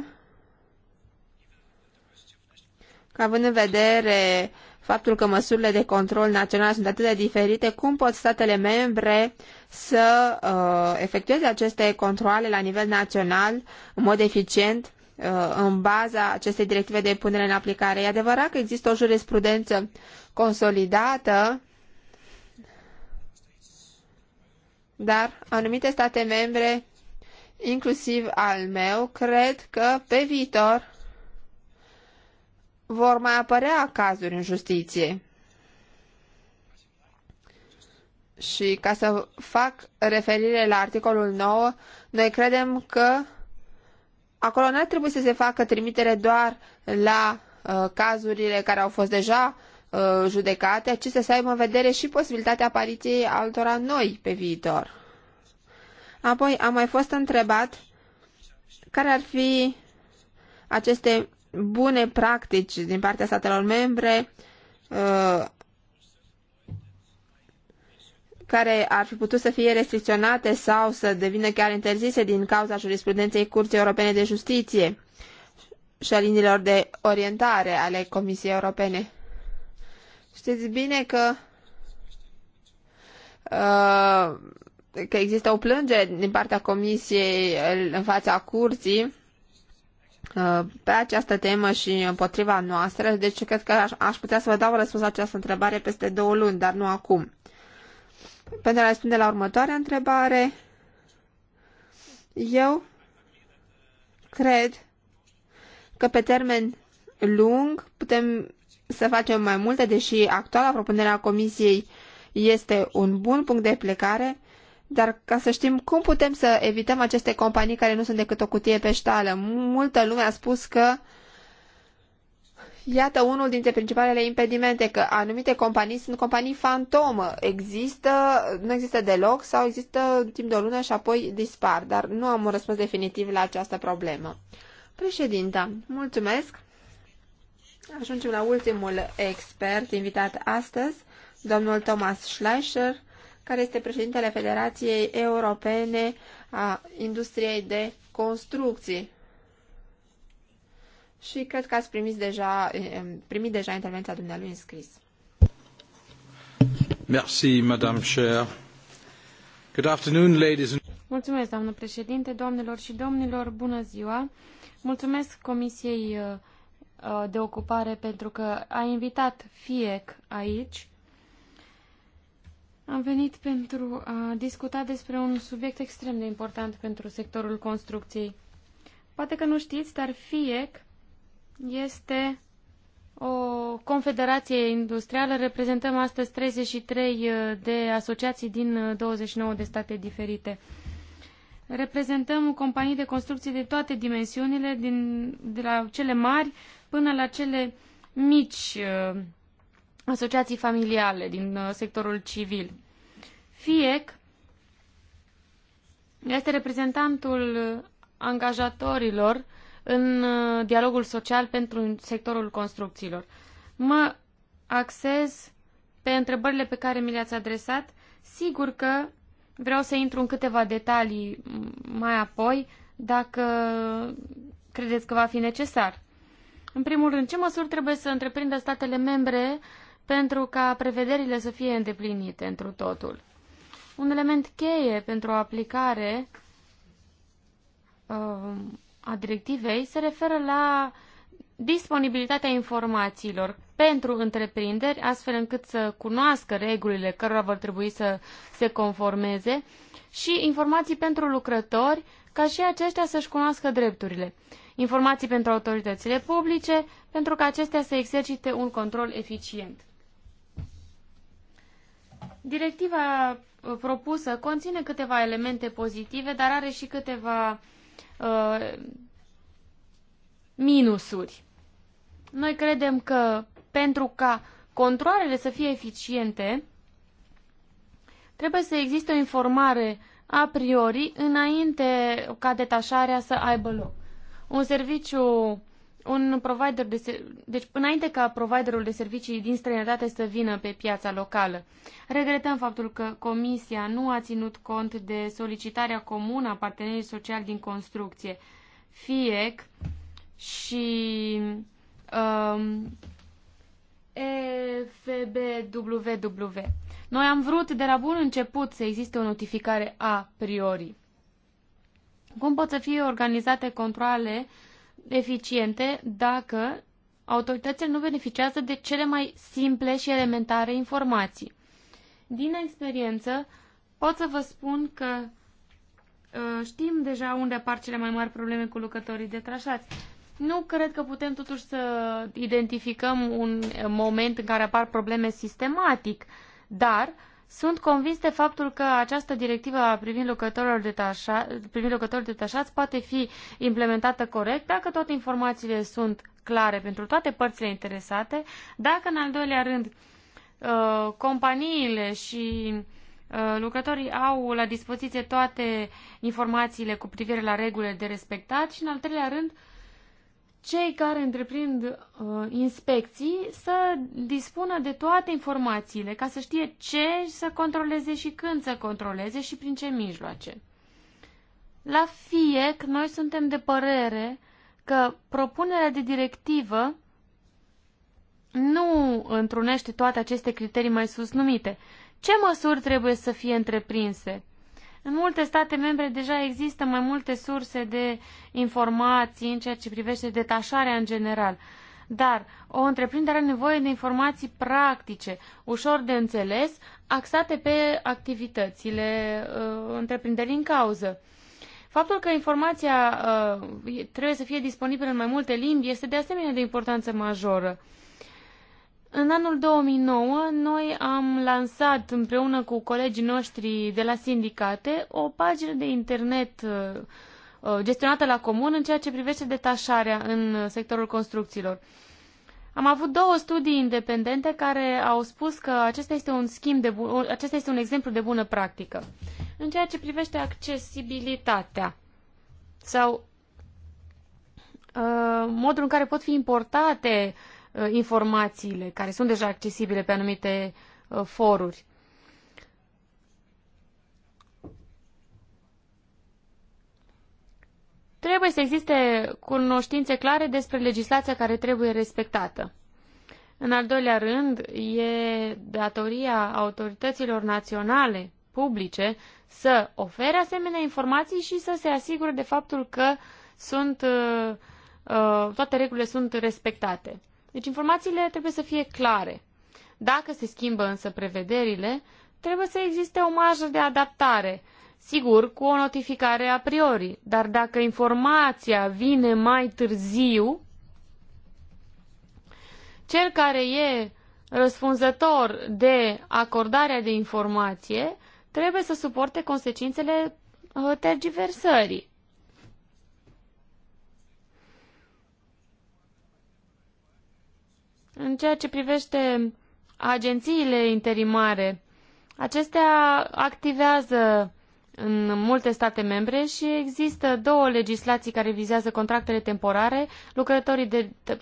că având în vedere uh, faptul că măsurile de control național sunt atât de diferite, cum pot statele membre să uh, efectueze aceste controle la nivel național în mod eficient uh, în baza acestei directive de punere în aplicare? E adevărat că există o jurisprudență consolidată, dar anumite state membre, inclusiv al meu, cred că pe viitor vor mai apărea cazuri în justiție. Și ca să fac referire la articolul 9, noi credem că acolo nu ar trebui să se facă trimitere doar la uh, cazurile care au fost deja uh, judecate, ci să se aibă în vedere și posibilitatea apariției altora noi pe viitor. Apoi am mai fost întrebat care ar fi aceste bune practici din partea statelor membre uh, care ar fi putut să fie restricționate sau să devină chiar interzise din cauza jurisprudenței Curții Europene de Justiție și a liniilor de orientare ale Comisiei Europene. Știți bine că, uh, că există o plângere din partea Comisiei în fața Curții Uh, pe această temă și împotriva noastră, deci cred că aș, aș putea să vă dau răspuns la această întrebare peste două luni, dar nu acum. Pentru a răspunde la următoarea întrebare, eu cred că pe termen lung putem să facem mai multe, deși actuala propunere a Comisiei este un bun punct de plecare, dar ca să știm cum putem să evităm aceste companii care nu sunt decât o cutie pe ștală, Multă lume a spus că Iată unul dintre principalele impedimente, că anumite companii sunt companii fantomă. Există, nu există deloc sau există timp de o lună și apoi dispar, dar nu am un răspuns definitiv la această problemă. Președinta, mulțumesc. Ajungem la ultimul expert invitat astăzi, domnul Thomas Schleicher, care este președintele Federației Europene a Industriei de Construcții. Și cred că ați primit deja, eh, primit deja intervenția dumnealui în scris. Merci, Madame Cher. Good afternoon, ladies and
Mulțumesc, doamnă președinte, doamnelor și domnilor, bună ziua. Mulțumesc Comisiei eh, de Ocupare pentru că a invitat FIEC aici am venit pentru a discuta despre un subiect extrem de important pentru sectorul construcției. Poate că nu știți, dar FIEC este o confederație industrială. Reprezentăm astăzi 33 uh, de asociații din 29 uh, de state diferite. Reprezentăm companii de construcții de toate dimensiunile, din, de la cele mari până la cele mici uh, asociații familiale din uh, sectorul civil. FIEC este reprezentantul uh, angajatorilor în uh, dialogul social pentru sectorul construcțiilor. Mă axez pe întrebările pe care mi le-ați adresat. Sigur că vreau să intru în câteva detalii mai apoi, dacă credeți că va fi necesar. În primul rând, ce măsuri trebuie să întreprindă statele membre pentru ca prevederile să fie îndeplinite întru totul. Un element cheie pentru o aplicare um, a directivei se referă la disponibilitatea informațiilor pentru întreprinderi, astfel încât să cunoască regulile cărora vor trebui să se conformeze și informații pentru lucrători, ca și aceștia să-și cunoască drepturile. Informații pentru autoritățile publice, pentru ca acestea să exercite un control eficient. Directiva uh, propusă conține câteva elemente pozitive, dar are și câteva uh, minusuri. Noi credem că pentru ca controlele să fie eficiente, trebuie să existe o informare a priori înainte ca detașarea să aibă loc. Un serviciu un provider de deci înainte ca providerul de servicii din străinătate să vină pe piața locală. Regretăm faptul că Comisia nu a ținut cont de solicitarea comună a partenerii sociali din construcție, FIEC și um, EFBWW. Noi am vrut de la bun început să existe o notificare a priori. Cum pot să fie organizate controle uh, eficiente dacă autoritățile nu beneficiază de cele mai simple și elementare informații. Din experiență, pot să vă spun că ă, știm deja unde apar cele mai mari probleme cu lucrătorii detașați. Nu cred că putem totuși să identificăm un moment în care apar probleme sistematic, dar uh, sunt convins de faptul că această directivă privind lucrătorilor detașa, privind lucrătorilor detașați poate fi implementată corect dacă toate informațiile sunt clare pentru toate părțile interesate, dacă în al doilea rând uh, companiile și uh, lucrătorii au la dispoziție toate informațiile cu privire la regulile de respectat și în al treilea rând cei care întreprind uh, inspecții să dispună de toate informațiile, ca să știe ce să controleze și când să controleze și prin ce mijloace. La FIEC, noi suntem de părere că propunerea de directivă nu întrunește toate aceste criterii mai sus numite. Ce măsuri trebuie să fie întreprinse? În multe state membre deja există mai multe surse de informații în ceea ce privește detașarea în general. Dar o întreprindere are nevoie de informații practice, ușor de înțeles, axate pe activitățile uh, întreprinderii în cauză. Faptul că informația uh, trebuie să fie disponibilă în mai multe limbi este de asemenea de importanță majoră. Uh, în anul 2009, noi am lansat împreună cu colegii noștri de la sindicate o pagină de internet uh, uh, gestionată la comun în ceea ce privește detașarea în sectorul construcțiilor. Am avut două studii independente care au spus că acesta este un, schimb de bun, acesta este un exemplu de bună practică. În ceea ce privește accesibilitatea sau uh, modul în care pot fi importate uh, Uh, informațiile care sunt deja accesibile pe anumite uh, foruri. Trebuie să existe cunoștințe clare despre legislația care trebuie respectată. În al doilea rând, e datoria autorităților naționale publice să ofere asemenea informații și să se asigure de faptul că sunt, uh, toate regulile sunt respectate. Deci informațiile trebuie să fie clare. Dacă se schimbă însă prevederile, trebuie să existe o marjă de adaptare, sigur, cu o notificare a priori, dar dacă informația vine mai târziu, cel care e răspunzător de acordarea de informație trebuie să suporte consecințele uh, tergiversării. În ceea ce privește agențiile interimare, acestea activează în multe state membre și există două legislații care vizează contractele temporare, lucrătorii de, de,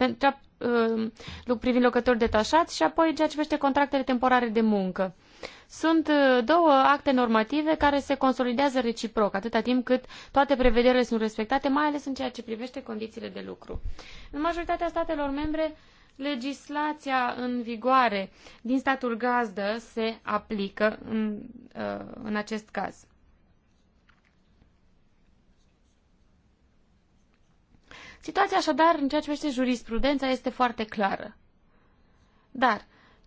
uh, privind lucrători detașați și apoi ceea ce privește contractele temporare de muncă. Sunt uh, două acte normative care se consolidează reciproc, atâta timp cât toate prevederile sunt respectate, mai ales în ceea ce privește condițiile de lucru. În majoritatea statelor membre, legislația în vigoare din statul gazdă se aplică în, uh, în acest caz. Situația așadar, în ceea ce privește jurisprudența, este foarte clară. Dar,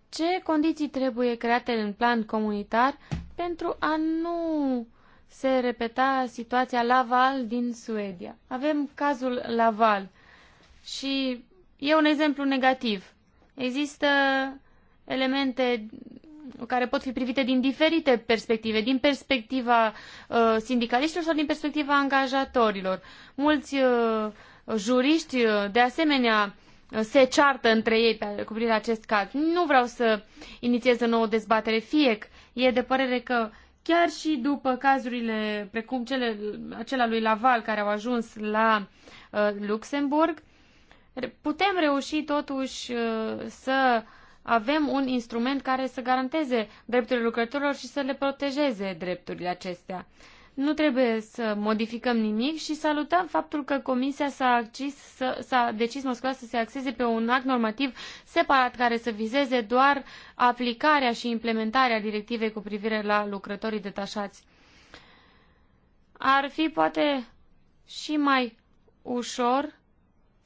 ce condiții trebuie create în plan comunitar pentru a nu se repeta situația Laval din Suedia? Avem cazul Laval și E un exemplu negativ. Există elemente care pot fi privite din diferite perspective, din perspectiva uh, sindicaliștilor sau din perspectiva angajatorilor. Mulți uh, juriști, uh, de asemenea, uh, se ceartă între ei pe, cuprire acest caz. Nu vreau să inițiez o nouă dezbatere. Fie e de părere că chiar și după cazurile precum cele, acela lui Laval care au ajuns la uh, Luxemburg, putem reuși totuși uh, să avem un instrument care să garanteze drepturile lucrătorilor și să le protejeze drepturile acestea. Nu trebuie să modificăm nimic și salutăm faptul că Comisia s-a, accis, s-a decis Moscova să se axeze pe un act normativ separat care să vizeze doar aplicarea și implementarea directivei cu privire la lucrătorii detașați. Ar fi poate și mai ușor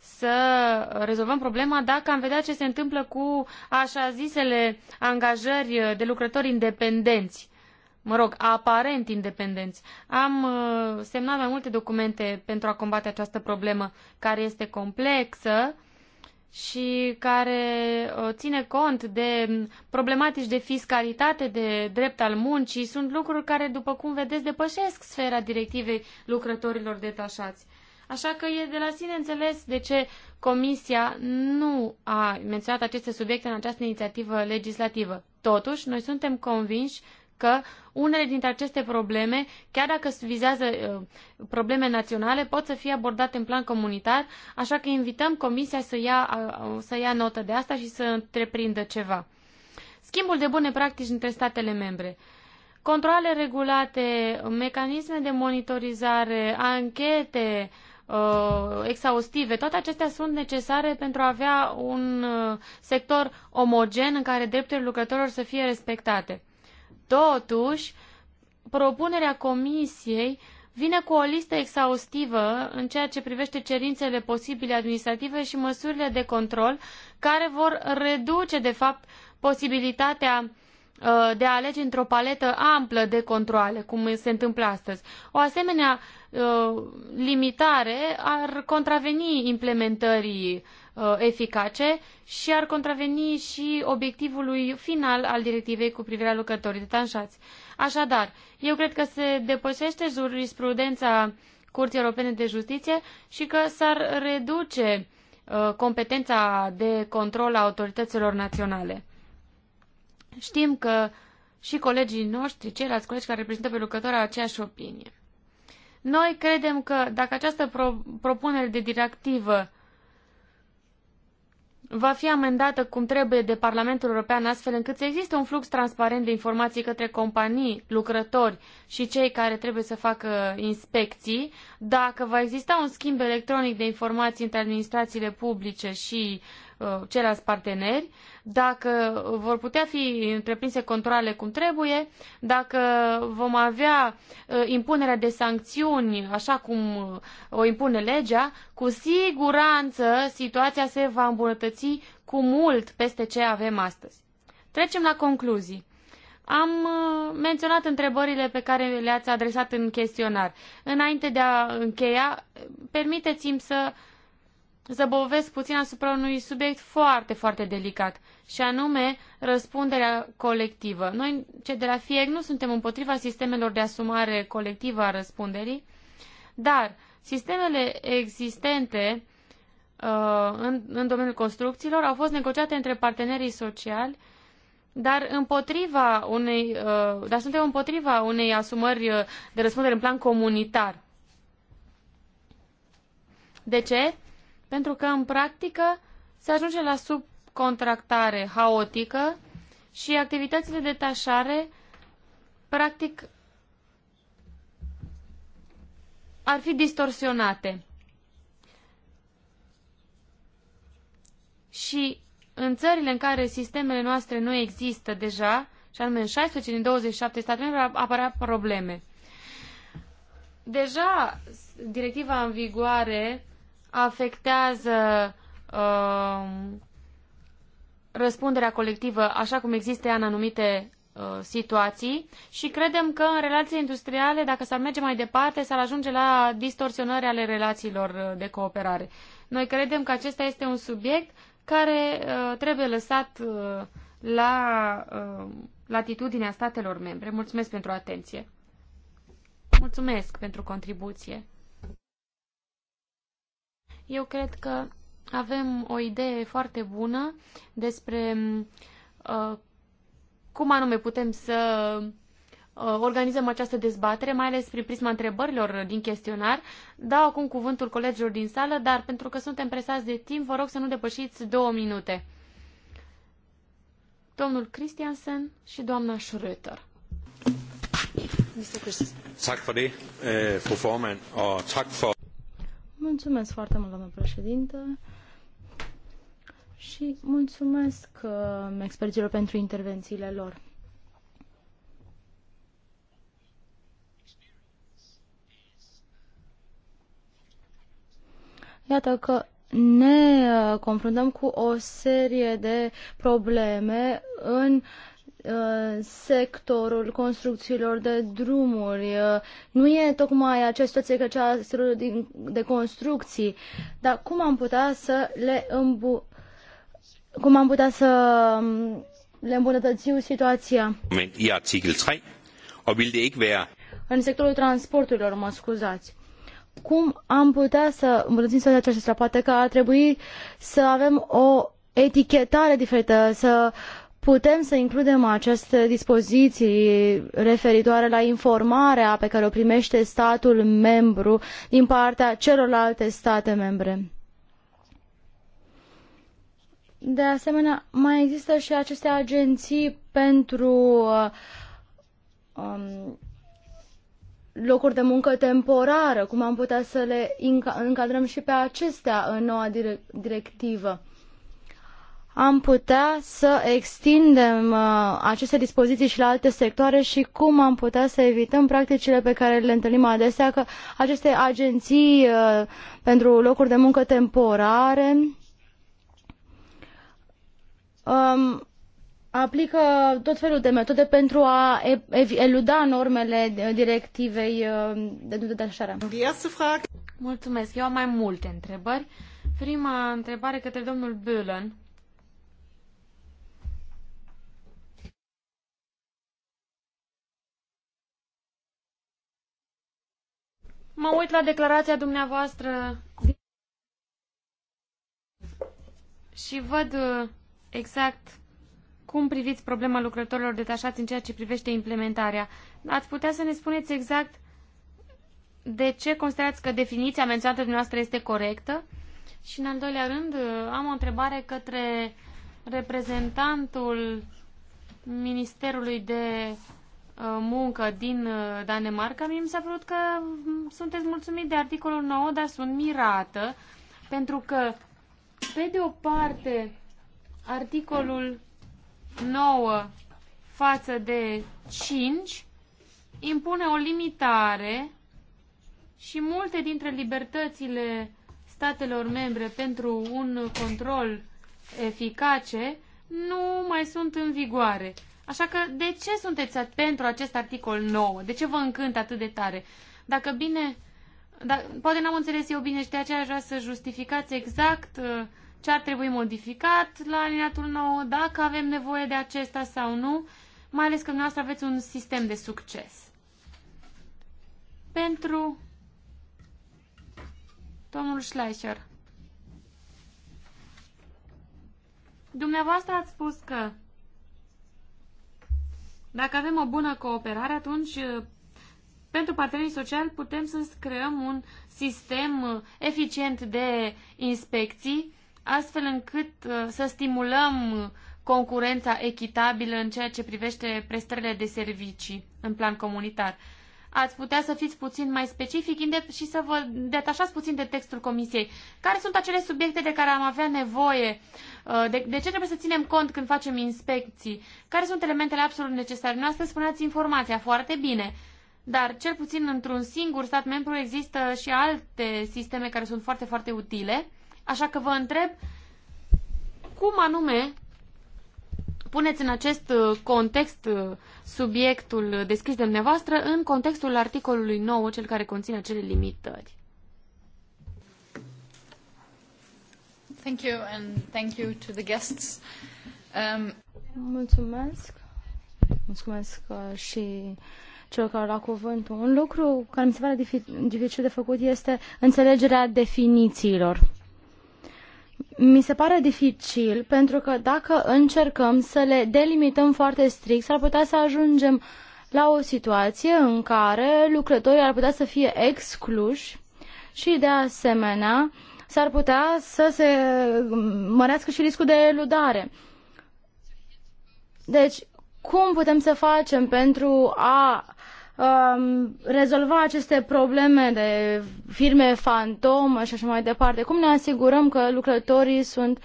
să rezolvăm problema dacă am vedea ce se întâmplă cu așa zisele angajări de lucrători independenți. Mă rog, aparent independenți. Am uh, semnat mai multe documente pentru a combate această problemă care este complexă și care uh, ține cont de problematici de fiscalitate, de drept al muncii, sunt lucruri care, după cum vedeți, depășesc sfera directivei lucrătorilor detașați. Așa că e de la sine înțeles de ce Comisia nu a menționat aceste subiecte în această inițiativă legislativă. Totuși, noi suntem convinși că unele dintre aceste probleme, chiar dacă vizează uh, probleme naționale, pot să fie abordate în plan comunitar, așa că invităm Comisia să ia, uh, uh, să ia notă de asta și să întreprindă ceva. Schimbul de bune practici între statele membre. Controle regulate, mecanisme de monitorizare, anchete, uh, uh, exhaustive, toate acestea sunt necesare pentru a avea un uh, sector omogen în care drepturile lucrătorilor să fie respectate. Totuși, propunerea Comisiei vine cu o listă exhaustivă în ceea ce privește cerințele posibile administrative și măsurile de control care vor reduce, de fapt, posibilitatea uh, Uh, de a alege într-o paletă amplă de controle, cum se întâmplă astăzi. O asemenea uh, limitare ar contraveni implementării uh, eficace și ar contraveni și obiectivului final al directivei cu privire la lucrătorii detanșați. Așadar, eu cred că se depășește jurisprudența Curții Europene de Justiție și că s-ar reduce competența de control a autorităților naționale. Știm că și colegii noștri, ceilalți colegi care reprezintă pe lucrători, au aceeași opinie. Noi credem că dacă această pro- propunere de directivă va fi amendată cum trebuie de Parlamentul European, astfel încât să existe un flux transparent de informații către companii, lucrători și cei care trebuie să facă inspecții, dacă va exista un schimb electronic de informații între administrațiile publice și Uh, ceilalți parteneri, dacă vor putea fi întreprinse controle cum trebuie, dacă vom avea uh, impunerea de sancțiuni așa cum uh, o impune legea, cu siguranță situația se va îmbunătăți cu mult peste ce avem astăzi. Trecem la concluzii. Am menționat întrebările pe care le-ați adresat în chestionar. Înainte de a încheia, permiteți-mi să uh, zăbovesc puțin asupra unui subiect foarte, foarte delicat, și anume răspunderea colectivă. Noi, cei de la FIEC, nu suntem împotriva sistemelor de asumare colectivă a răspunderii, dar sistemele existente uh, în, în domeniul construcțiilor au fost negociate între partenerii sociali, dar împotriva unei, uh, dar suntem împotriva unei asumări uh, de răspundere în plan comunitar. De ce? pentru că în practică se ajunge la subcontractare haotică și activitățile de tașare practic ar fi distorsionate. Și în țările în care sistemele noastre nu există deja, și anume în 16 din 27 state membre, apărea probleme. Deja directiva în vigoare afectează uh, răspunderea colectivă așa cum există în anumite uh, situații și credem că în relații industriale, dacă s-ar merge mai departe, s-ar ajunge la distorsionări ale relațiilor uh, de cooperare. Noi credem că acesta este un subiect care uh, trebuie lăsat uh, la uh, latitudinea statelor membre. Mulțumesc pentru atenție. Mulțumesc pentru contribuție. Eu cred că avem o idee foarte bună despre uh, cum anume putem să uh, organizăm această dezbatere, mai ales prin prisma întrebărilor din chestionar. Dau acum cuvântul colegilor din sală, dar pentru că suntem presați de timp, vă rog să nu depășiți două minute. Domnul Christiansen și doamna Schröter. Tak for det, eh, fru formand, og tak for...
Mulțumesc foarte mult, doamnă președinte. Și mulțumesc uh, experților pentru intervențiile lor. Iată că ne uh, confruntăm cu o serie de probleme în uh, Uh, sectorul construcțiilor de drumuri. Uh, nu e tocmai această situație că cea de construcții, dar cum am putea să le îmbu- cum am putea să um, le îmbunătățim situația?
I articol 3, og vil det ikke
În sectorul transporturilor, mă scuzați cum am putea să îmbunătățim situația aceasta? Poate că ar trebui să avem o etichetare diferită, să putem să includem aceste dispoziții referitoare la informarea pe care o primește statul membru din partea celorlalte state membre. De asemenea, mai există și aceste agenții pentru um, locuri de muncă temporară, cum am putea să le încadrăm și pe acestea în noua directivă am putea să extindem uh, aceste dispoziții și la alte sectoare și cum am putea să evităm practicile pe care le întâlnim adesea, că aceste agenții uh, pentru locuri de muncă temporare um, aplică tot felul de metode pentru a eluda normele directivei uh, de detașare.
Mulțumesc. Eu am
mai multe întrebări.
Prima întrebare către domnul Bülent. Mă uit la declarația dumneavoastră și văd uh, exact cum priviți problema lucrătorilor detașați în ceea ce privește implementarea. Ați putea să ne spuneți exact de ce considerați că definiția menționată dumneavoastră este corectă? Și în al doilea rând, uh, am o întrebare către reprezentantul Ministerului de Uh, muncă din uh, Danemarca, mie mi s-a părut că mm, sunteți mulțumit de articolul 9, dar sunt mirată, pentru că, pe de o parte, articolul 9 față de 5 impune o limitare și multe dintre libertățile statelor membre pentru un control eficace nu mai sunt în vigoare. Așa că de ce sunteți pentru acest articol nou? De ce vă încântă atât de tare? Dacă bine, da, poate n-am înțeles eu bine și de aceea aș vrea să justificați exact uh, ce ar trebui modificat la alineatul nou. dacă avem nevoie de acesta sau nu, mai ales că dumneavoastră aveți un sistem de succes. Pentru domnul Schleicher. Dumneavoastră ați spus că dacă avem o bună cooperare, atunci uh, pentru partenerii sociali putem să creăm un sistem uh, eficient de inspecții, astfel încât uh, să stimulăm concurența echitabilă în ceea ce privește prestările de servicii în plan comunitar. Ați putea să fiți puțin mai specific și să vă detașați puțin de textul comisiei. Care sunt acele subiecte de care am avea nevoie Uh, de, de ce trebuie să ținem cont când facem inspecții? Care sunt elementele absolut necesare? astăzi spuneați informația foarte bine, dar cel puțin într-un singur stat membru există și alte sisteme care sunt foarte, foarte utile. Așa că vă întreb cum anume puneți în acest uh, context uh, subiectul deschis de dumneavoastră în contextul articolului 9, cel care conține acele limitări. Thank you and thank you to the guests. Um... Mulțumesc.
Mulțumesc uh, și celor care au luat cuvântul. Un lucru care mi se pare dificil de făcut este înțelegerea definițiilor. Mi se pare dificil pentru că dacă încercăm să le delimităm foarte strict, s-ar putea să ajungem la o situație în care lucrătorii ar putea să fie excluși și, de asemenea, s-ar putea să se mm, mărească și riscul de eludare. Deci, cum putem să facem pentru a um, rezolva aceste probleme de firme fantomă și așa mai departe? Cum ne asigurăm că lucrătorii sunt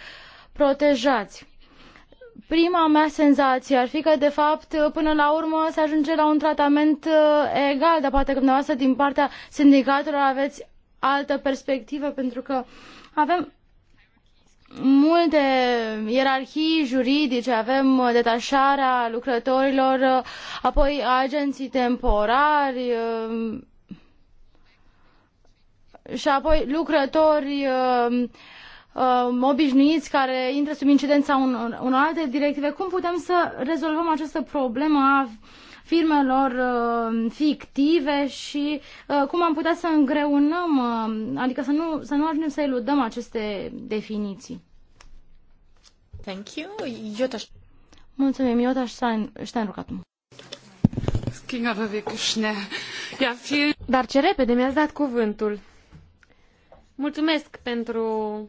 protejați? prima mea senzație ar fi că, de fapt, până la urmă se ajunge la un tratament uh, egal, dar poate că dumneavoastră, din partea sindicatelor, aveți altă perspectivă, pentru că avem multe ierarhii juridice, avem uh, detașarea lucrătorilor, uh, apoi agenții temporari uh, și apoi lucrători obișnuiți care intră sub incidența unor alte directive. Cum putem să rezolvăm această problemă a firmelor uh, fictive și uh, cum am putea să îngreunăm, uh, adică să nu, să nu ajungem să eludăm aceste definiții.
Thank you. Jutta.
Mulțumim, Iota Steinruck acum. Dar ce repede mi-ați dat
cuvântul. Mulțumesc pentru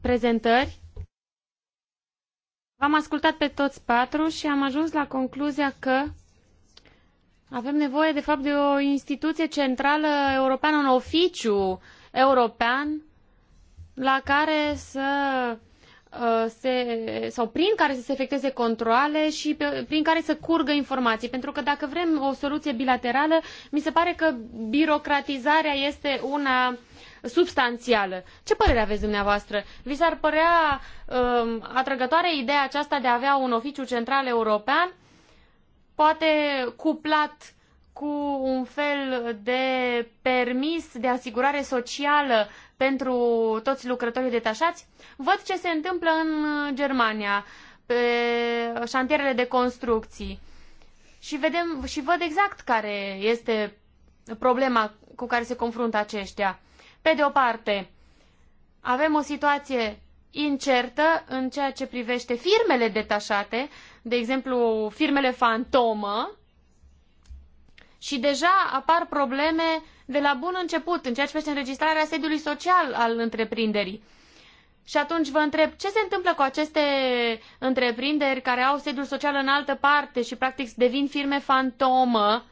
prezentări. Am ascultat pe toți patru și am ajuns la concluzia că avem nevoie, de fapt, de o instituție centrală europeană, un oficiu european la care să uh, se, sau prin care să se efecteze controle și pe, prin care să curgă informații. Pentru că dacă vrem o soluție bilaterală, mi se pare că birocratizarea este una substanțială. Ce părere aveți dumneavoastră? Vi s-ar părea um, atrăgătoare ideea aceasta de a avea un oficiu central european, poate cuplat cu un fel de permis de asigurare socială pentru toți lucrătorii detașați? Văd ce se întâmplă în Germania, pe șantierele de construcții. Și, vedem, și văd exact care este problema cu care se confruntă aceștia. Pe de o parte, avem o situație incertă în ceea ce privește firmele detașate, de exemplu, firmele fantomă, și deja apar probleme de la bun început în ceea ce privește înregistrarea sediului social al întreprinderii. Și atunci vă întreb, ce se întâmplă cu aceste întreprinderi care au sediul social în altă parte și practic devin firme fantomă?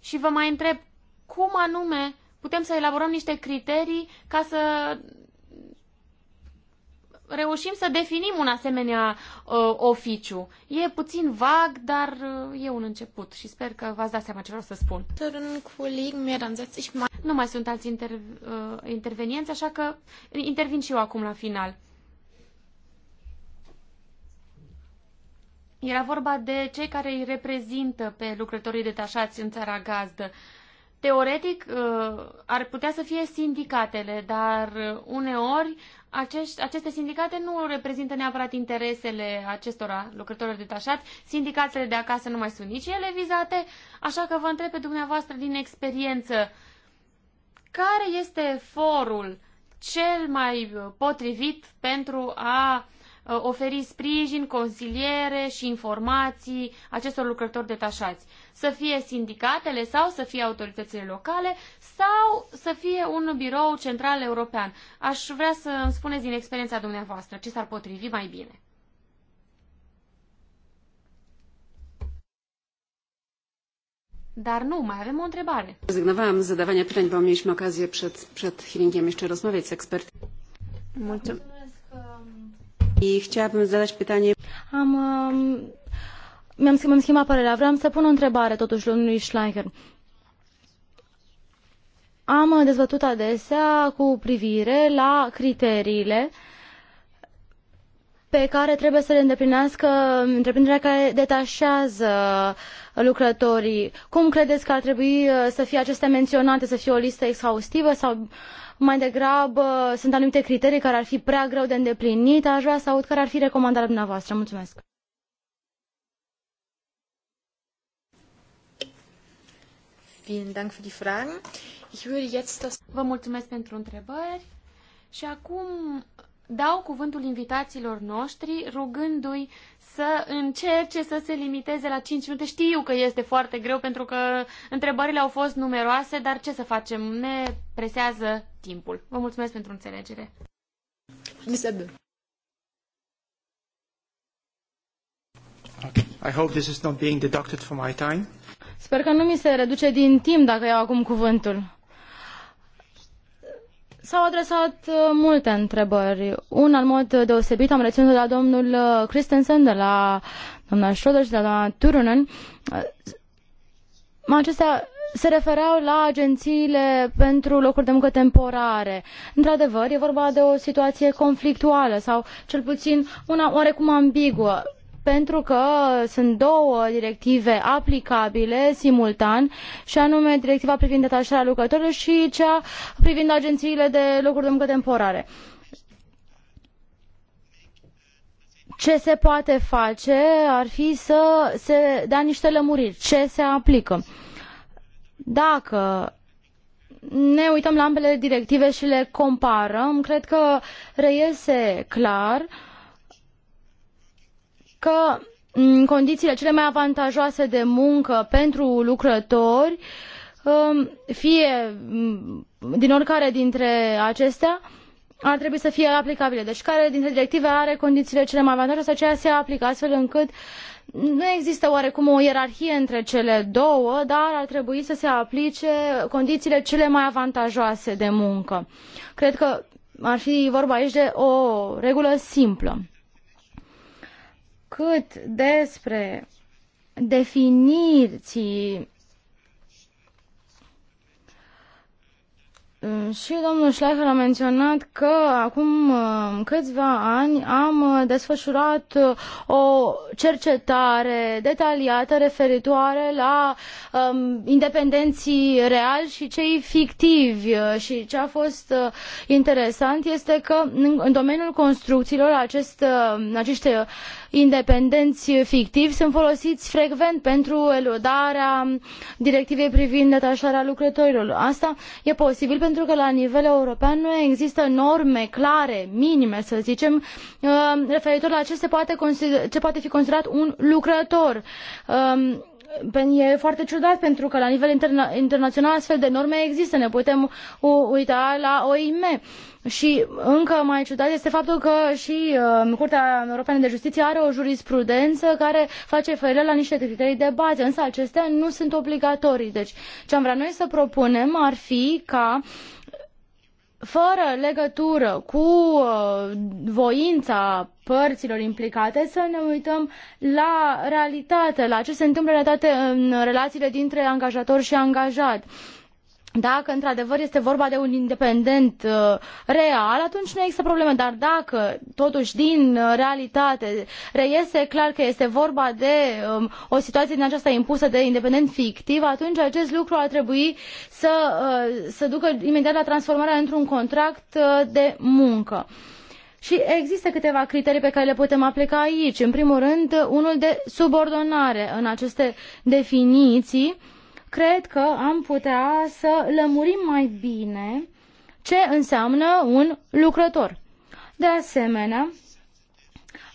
Și vă mai întreb, cum anume putem să elaborăm niște criterii ca să reușim să definim un asemenea uh, oficiu. E puțin vag, dar uh, e un început și sper că v-ați dat seama ce vreau să spun. Nu mai sunt alți inter, uh, intervenienți, așa că intervin și eu acum la final. Era vorba de cei care îi reprezintă pe lucrătorii detașați în țara gazdă. Uh, Teoretic, uh, ar putea să fie sindicatele, dar uh, uneori aceste sindicate nu reprezintă neapărat interesele acestora lucrătorilor detașați. Sindicatele de acasă nu mai sunt nici ele vizate, așa că vă întreb pe dumneavoastră din experiență, care este forul cel mai uh, potrivit pentru a oferi sprijin, consiliere și informații acestor lucrători detașați? să fie sindicatele sau să fie autoritățile locale sau să fie un birou central european. Aș vrea să îmi spuneți din experiența dumneavoastră ce s-ar potrivi mai bine. Dar nu, mai avem o întrebare.
Zrezygnowałam z zadawania pytań, bo mieliśmy okazję przed, przed hearingiem jeszcze rozmawiać z ekspertami.
Mulțumesc.
I chciałabym zadać pytanie. Am um,
mi-am schimbat, schimbat părerea. Vreau să pun o întrebare totuși lui Schleicher. Am dezbătut adesea cu privire la criteriile pe care trebuie să le îndeplinească întreprinderea care detașează lucrătorii. Cum credeți că ar trebui uh, să fie acestea menționate, să fie o listă exhaustivă sau mai degrabă sunt anumite criterii care ar fi prea greu de îndeplinit? Aș vrea să aud care ar fi recomandarea dumneavoastră. Mulțumesc!
Vă mulțumesc pentru întrebări și acum dau cuvântul invitațiilor noștri rugându-i să încerce să se limiteze la 5 minute. Știu că este foarte greu pentru că întrebările au fost numeroase, dar ce să facem? Ne presează timpul. Vă mulțumesc pentru înțelegere.
Okay. I hope this is not being deducted for my time.
Sper că nu mi se reduce din timp dacă iau acum cuvântul. S-au adresat uh, multe întrebări. Un al mod deosebit am reținut de la domnul uh, Christensen, de la doamna Schroeder și de la doamna Turunen. Uh, acestea se refereau la agențiile pentru locuri de muncă temporare. Într-adevăr, e vorba de o situație conflictuală sau cel puțin una oarecum ambiguă pentru că sunt două directive aplicabile simultan și anume directiva privind detașarea lucrătorilor și cea privind agențiile de locuri de muncă temporare. ce se poate face ar fi să se dea niște lămuriri, ce se aplică. Dacă ne uităm la ambele directive și le comparăm, cred că reiese clar uh, că mm, condițiile cele mai avantajoase de muncă pentru lucrători, um, fie mm, din oricare dintre acestea, ar trebui să fie aplicabile. Deci care dintre directive are condițiile cele mai avantajoase, aceea se aplică astfel încât nu există oarecum o ierarhie între cele două, dar ar trebui să se aplice condițiile cele mai avantajoase de muncă. Cred că ar fi vorba aici de o regulă simplă cât despre definiții Și domnul Schleicher a menționat că acum uh, câțiva ani am uh, desfășurat uh, o cercetare detaliată referitoare la um, independenții reali și cei fictivi. Și ce a fost interesant este că în, domeniul construcțiilor acest, uh, independeni fictivi sunt folosiți frecvent pentru eludarea directivei privind detaarea lucrătorilor. Asta e posibil pentru că la nivel european nu există norme clare, minime să zicem, uh, referitor la ce, se poate, ce poate fi considerat un lucrător. Um, E foarte ciudat pentru că la nivel interna- internațional astfel de norme există. Ne putem uita la OIM. Și încă mai ciudat este faptul că și uh, Curtea Europeană de Justiție are o jurisprudență care face referire la niște criterii de bază, însă acestea nu sunt obligatorii. Deci ce am vrea noi să propunem ar fi ca fără legătură cu uh, voința părților implicate, să ne uităm la realitate, la ce se întâmplă în realitate în relațiile dintre angajator și angajat. Uh, dacă într-adevăr este vorba de un independent uh, real, atunci nu există probleme. Dar dacă, totuși, din uh, realitate reiese clar că este vorba de um, o situație din aceasta impusă de independent fictiv, atunci acest lucru ar trebui să, uh, să ducă imediat la transformarea într-un contract uh, de muncă. Și există câteva criterii pe care le putem aplica aici. În primul rând, unul de subordonare în aceste definiții. Uh, cred că am putea să lămurim mai bine ce înseamnă un lucrător. De asemenea,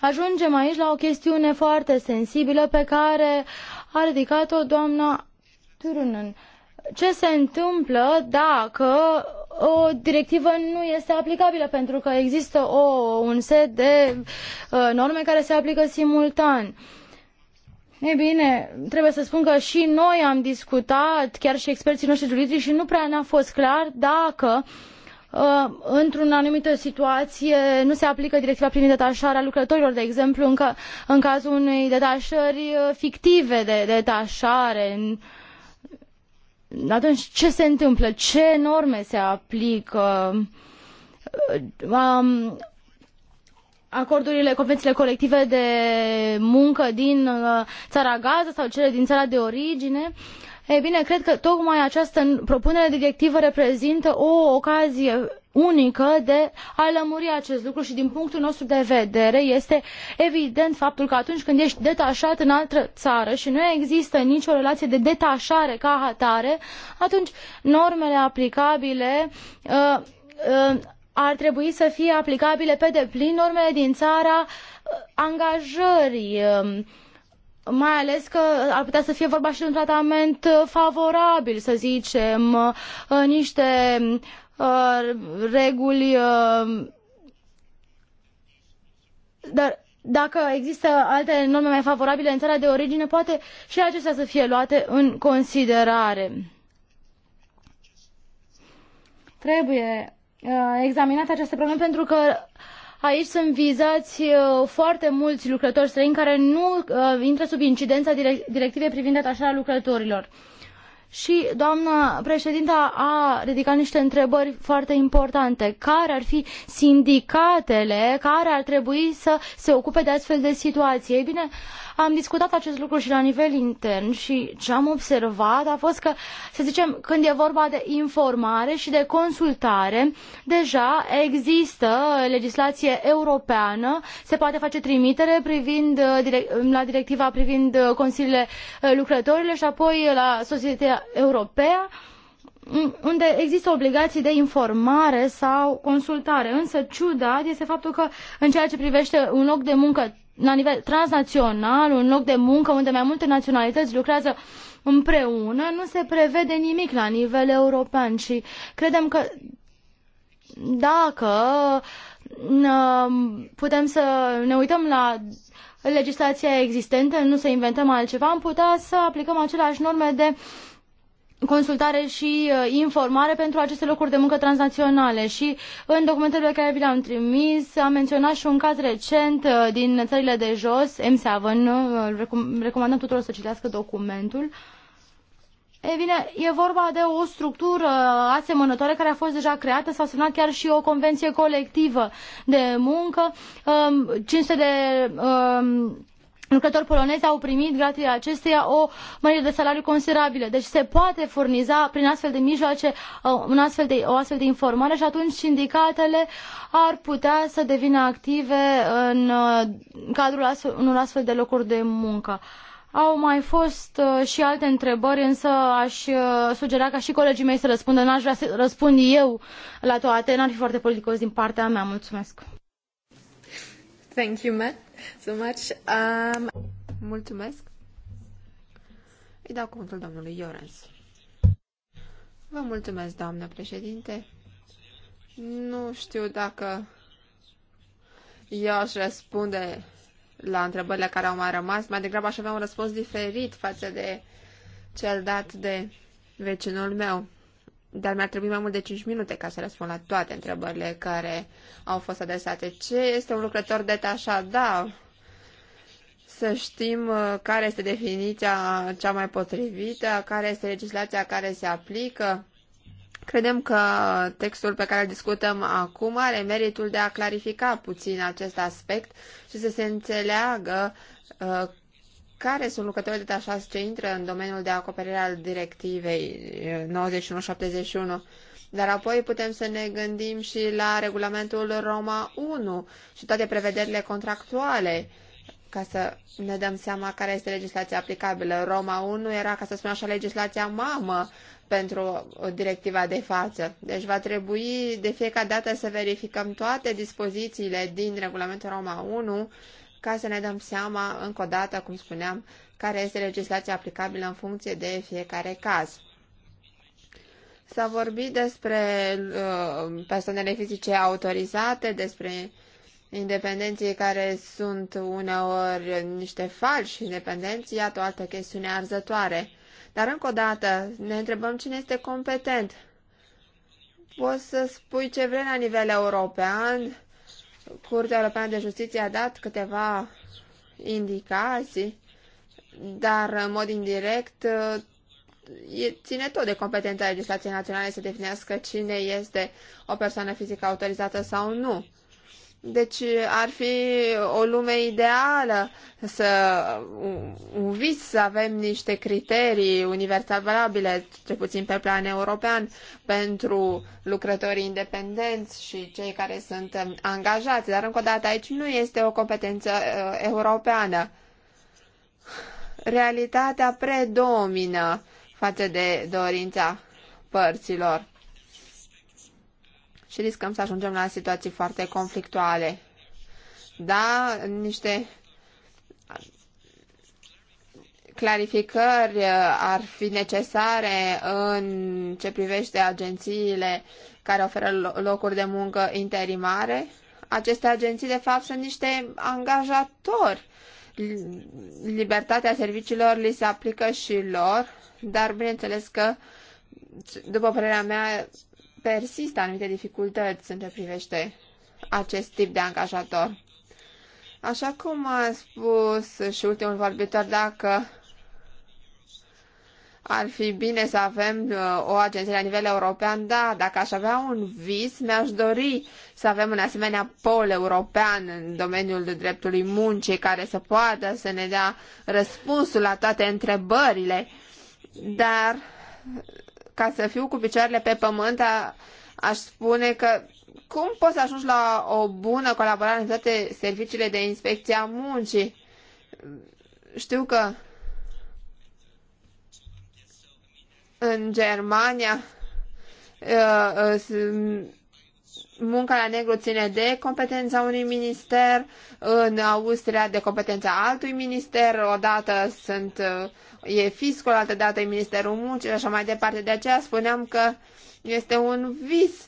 ajungem aici la o chestiune foarte sensibilă pe care a ridicat-o doamna Turunen. Ce se întâmplă dacă o directivă nu este aplicabilă pentru că există o, un set de uh, norme care se aplică simultan. Uh, E bine, trebuie să spun că și noi am discutat, chiar și experții noștri juridici, și nu prea ne-a fost clar dacă uh, într-o anumită situație nu se aplică directiva privind detașarea lucrătorilor, de exemplu, în, ca, în cazul unei detașări uh, fictive de detașare. Atunci, ce se întâmplă? Ce norme se aplică? Uh, um, acordurile, convențiile colective de muncă din uh, țara gază sau cele din țara de origine. Ei bine, cred că tocmai această propunere de directivă reprezintă o ocazie unică de a lămuri acest lucru și din punctul nostru de vedere este evident faptul că atunci când ești detașat în altă țară și nu există nicio relație de detașare ca atare, atunci normele aplicabile uh, uh, ar trebui să fie aplicabile pe deplin normele din țara uh, angajării, um, mai ales că ar putea să fie vorba și de un tratament uh, favorabil, să zicem, uh, niște reguli. Dar dacă există alte norme mai favorabile în țara de origine, poate și acestea să fie luate în considerare. Trebuie examinat aceste probleme pentru că aici sunt vizați uh, foarte mulți lucrători străini care nu uh, intră sub incidența directivei privind atașarea lucrătorilor. Și doamna președinta a ridicat niște întrebări foarte importante. Care ar fi sindicatele care ar trebui să se ocupe de astfel de situații? Ei bine, uh, am discutat acest lucru și la nivel intern și ce am observat a fost că, să zicem, când e vorba de informare și de consultare, deja există legislație europeană, se poate face trimitere privind uh, la directiva privind uh, consiliile uh, lucrătorilor și apoi la societatea europeană unde există obligații de informare sau consultare. Însă ciudat este faptul că în ceea ce privește un loc de muncă la nivel transnațional, un loc de muncă unde mai multe naționalități lucrează împreună, nu se prevede nimic la nivel european și credem că dacă um, putem să ne uităm la legislația existentă, nu să inventăm altceva, am putea să aplicăm aceleași norme de uh, consultare și uh, informare pentru aceste locuri de muncă transnaționale și în documentele pe care vi le-am trimis am menționat și un caz recent uh, din țările de jos, M7, uh, recom recomandăm tuturor să citească documentul. E bine, e vorba de o structură asemănătoare care a fost deja creată, s-a semnat chiar și o convenție colectivă de muncă, 500 um, de um, lucrători polonezi au primit grație acesteia o mărire de salariu considerabilă. Deci se poate furniza prin astfel de mijloace uh, un astfel de, o astfel de informare și atunci sindicatele ar putea să devină active uh, în cadrul astfel, unor astfel de locuri de muncă. Au mai fost uh, și alte întrebări, însă aș uh, sugera ca și colegii mei să răspundă. N-aș vrea să răspund eu la toate, n-ar fi foarte politicos din partea mea. Mulțumesc!
Thank you, Matt so much. Um... Mulțumesc. Îi dau cuvântul domnului Iorens. Vă mulțumesc, doamnă președinte. Nu știu dacă eu aș răspunde la întrebările care au mai rămas. Mai degrabă aș avea un răspuns diferit față de cel dat de vecinul meu dar mi-ar trebui mai mult de 5 minute ca să răspund la toate întrebările care au fost adresate. Ce este un lucrător detașat? Da, să știm uh, care este definiția cea mai potrivită, care este legislația care se aplică. Credem că textul pe care îl discutăm acum are meritul de a clarifica puțin acest aspect și să se înțeleagă uh, care sunt lucrătorii detașați ce intră în domeniul de acoperire al directivei 9171, eh, dar apoi putem să ne gândim și la regulamentul Roma 1 și toate prevederile contractuale ca să ne dăm seama care este legislația aplicabilă. Roma 1 era, ca să spun așa, legislația mamă pentru directiva de față. Deci va trebui de fiecare dată să verificăm toate dispozițiile din regulamentul Roma 1 ca să ne dăm seama, încă o dată, cum spuneam, care este legislația aplicabilă în funcție de fiecare caz. S-a vorbit despre uh, persoanele fizice autorizate, despre independenții care sunt uneori niște falși independenții, iată o altă chestiune arzătoare. Dar încă o dată ne întrebăm cine este competent. Poți să spui ce vrei la nivel european, Curtea Europeană de Justiție a dat câteva indicații, dar în mod indirect e, ține tot de competența legislației naționale să definească cine este o persoană fizică autorizată sau nu. Deci ar fi o lume ideală să un, un vis să avem niște criterii valabile, cel puțin pe plan european, pentru lucrătorii independenți și cei care sunt um, angajați. Dar încă o dată aici nu este o competență uh, europeană. Realitatea predomină față de dorința părților și riscăm să ajungem la situații foarte conflictuale. Da, niște clarificări ar fi necesare în ce privește agențiile care oferă locuri de muncă interimare. Aceste agenții, de fapt, sunt niște angajatori. Libertatea serviciilor li se aplică și lor, dar bineînțeles că, după părerea mea, persistă anumite dificultăți în ce privește acest tip de angajator. Așa cum a spus și ultimul vorbitor, dacă ar fi bine să avem uh, o agenție la nivel european, da, dacă aș avea un vis, mi-aș dori să avem un asemenea pol european în domeniul dreptului muncii care să poată să ne dea răspunsul la toate întrebările, dar ca să fiu cu picioarele pe pământ, a, aș spune că cum poți să ajungi la o bună colaborare în toate serviciile de inspecție a muncii? Știu că în Germania uh, uh, munca la negru ține de competența unui minister, în Austria de competența altui minister, odată sunt, e fiscul, altă dată e Ministerul Muncii și așa mai departe. De aceea spuneam că este un vis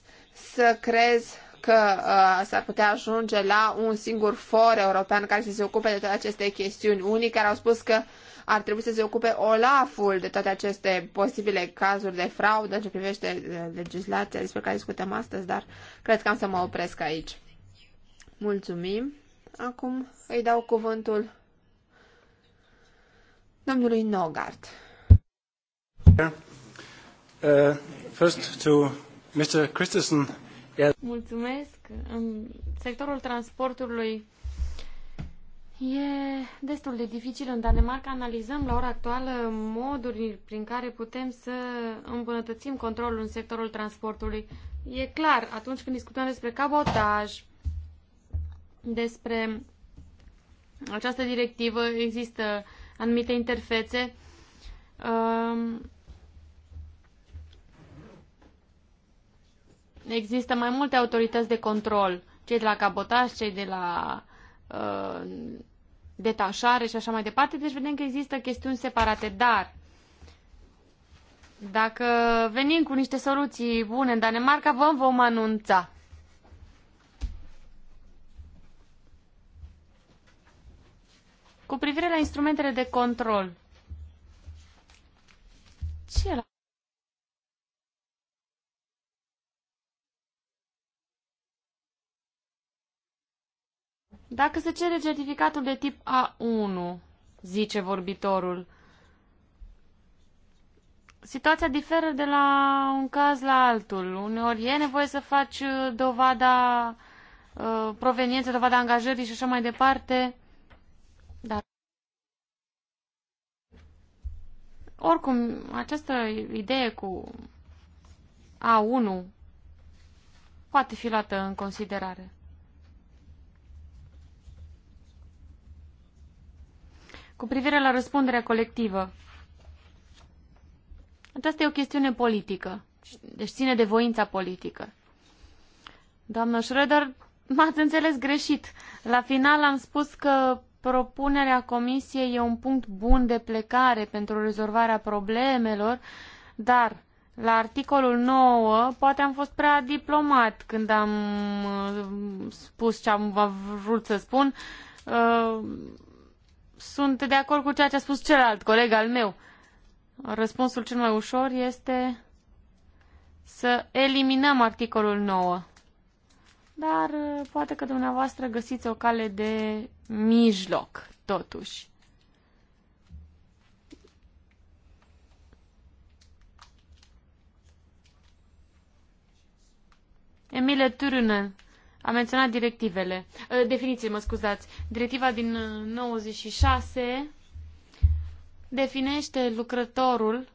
să crezi că uh, s-ar putea ajunge la un singur for european care să se ocupe de toate aceste chestiuni. Unii care au spus că uh, ar trebui să se ocupe Olaful de toate aceste posibile cazuri de fraudă ce privește uh, legislația despre care discutăm astăzi, dar cred că am să mă opresc aici. Mulțumim. Acum îi dau cuvântul domnului Nogart.
Uh, first
to Mr. Christensen.
Mulțumesc. În sectorul transportului E destul de dificil în Danemarca. Analizăm la ora actuală moduri prin care putem să îmbunătățim controlul în sectorul transportului. E clar, atunci când discutăm despre cabotaj, despre această directivă, există anumite interfețe. Um, există mai multe autorități de control, cei de la cabotaj, cei de la uh, detașare și așa mai departe, deci vedem că există chestiuni separate, dar dacă venim cu niște soluții bune în Danemarca, vă vom anunța. Cu privire la instrumentele de control, ce la... Dacă se cere certificatul de tip A1, zice vorbitorul, situația diferă de la un caz la altul. Uneori e nevoie să faci uh, dovada uh, dovada angajării și așa mai departe. Dar oricum, această idee cu A1 poate fi luată în considerare. cu privire la răspunderea colectivă. Aceasta e o chestiune politică, deci ține de voința politică. Doamnă Schröder, m-ați înțeles greșit. La final am spus că propunerea comisiei e un punct bun de plecare pentru rezolvarea problemelor, dar la articolul 9 poate am fost prea diplomat când am uh, spus ce am vrut să spun. Uh, sunt de acord cu ceea ce a spus celălalt coleg al meu. Răspunsul cel mai ușor este să eliminăm articolul 9. Dar uh, poate că dumneavoastră găsiți o cale de mijloc, totuși. Emile Turunen a menționat directivele, ă, definiții, mă scuzați. Directiva din 96 ă, definește lucrătorul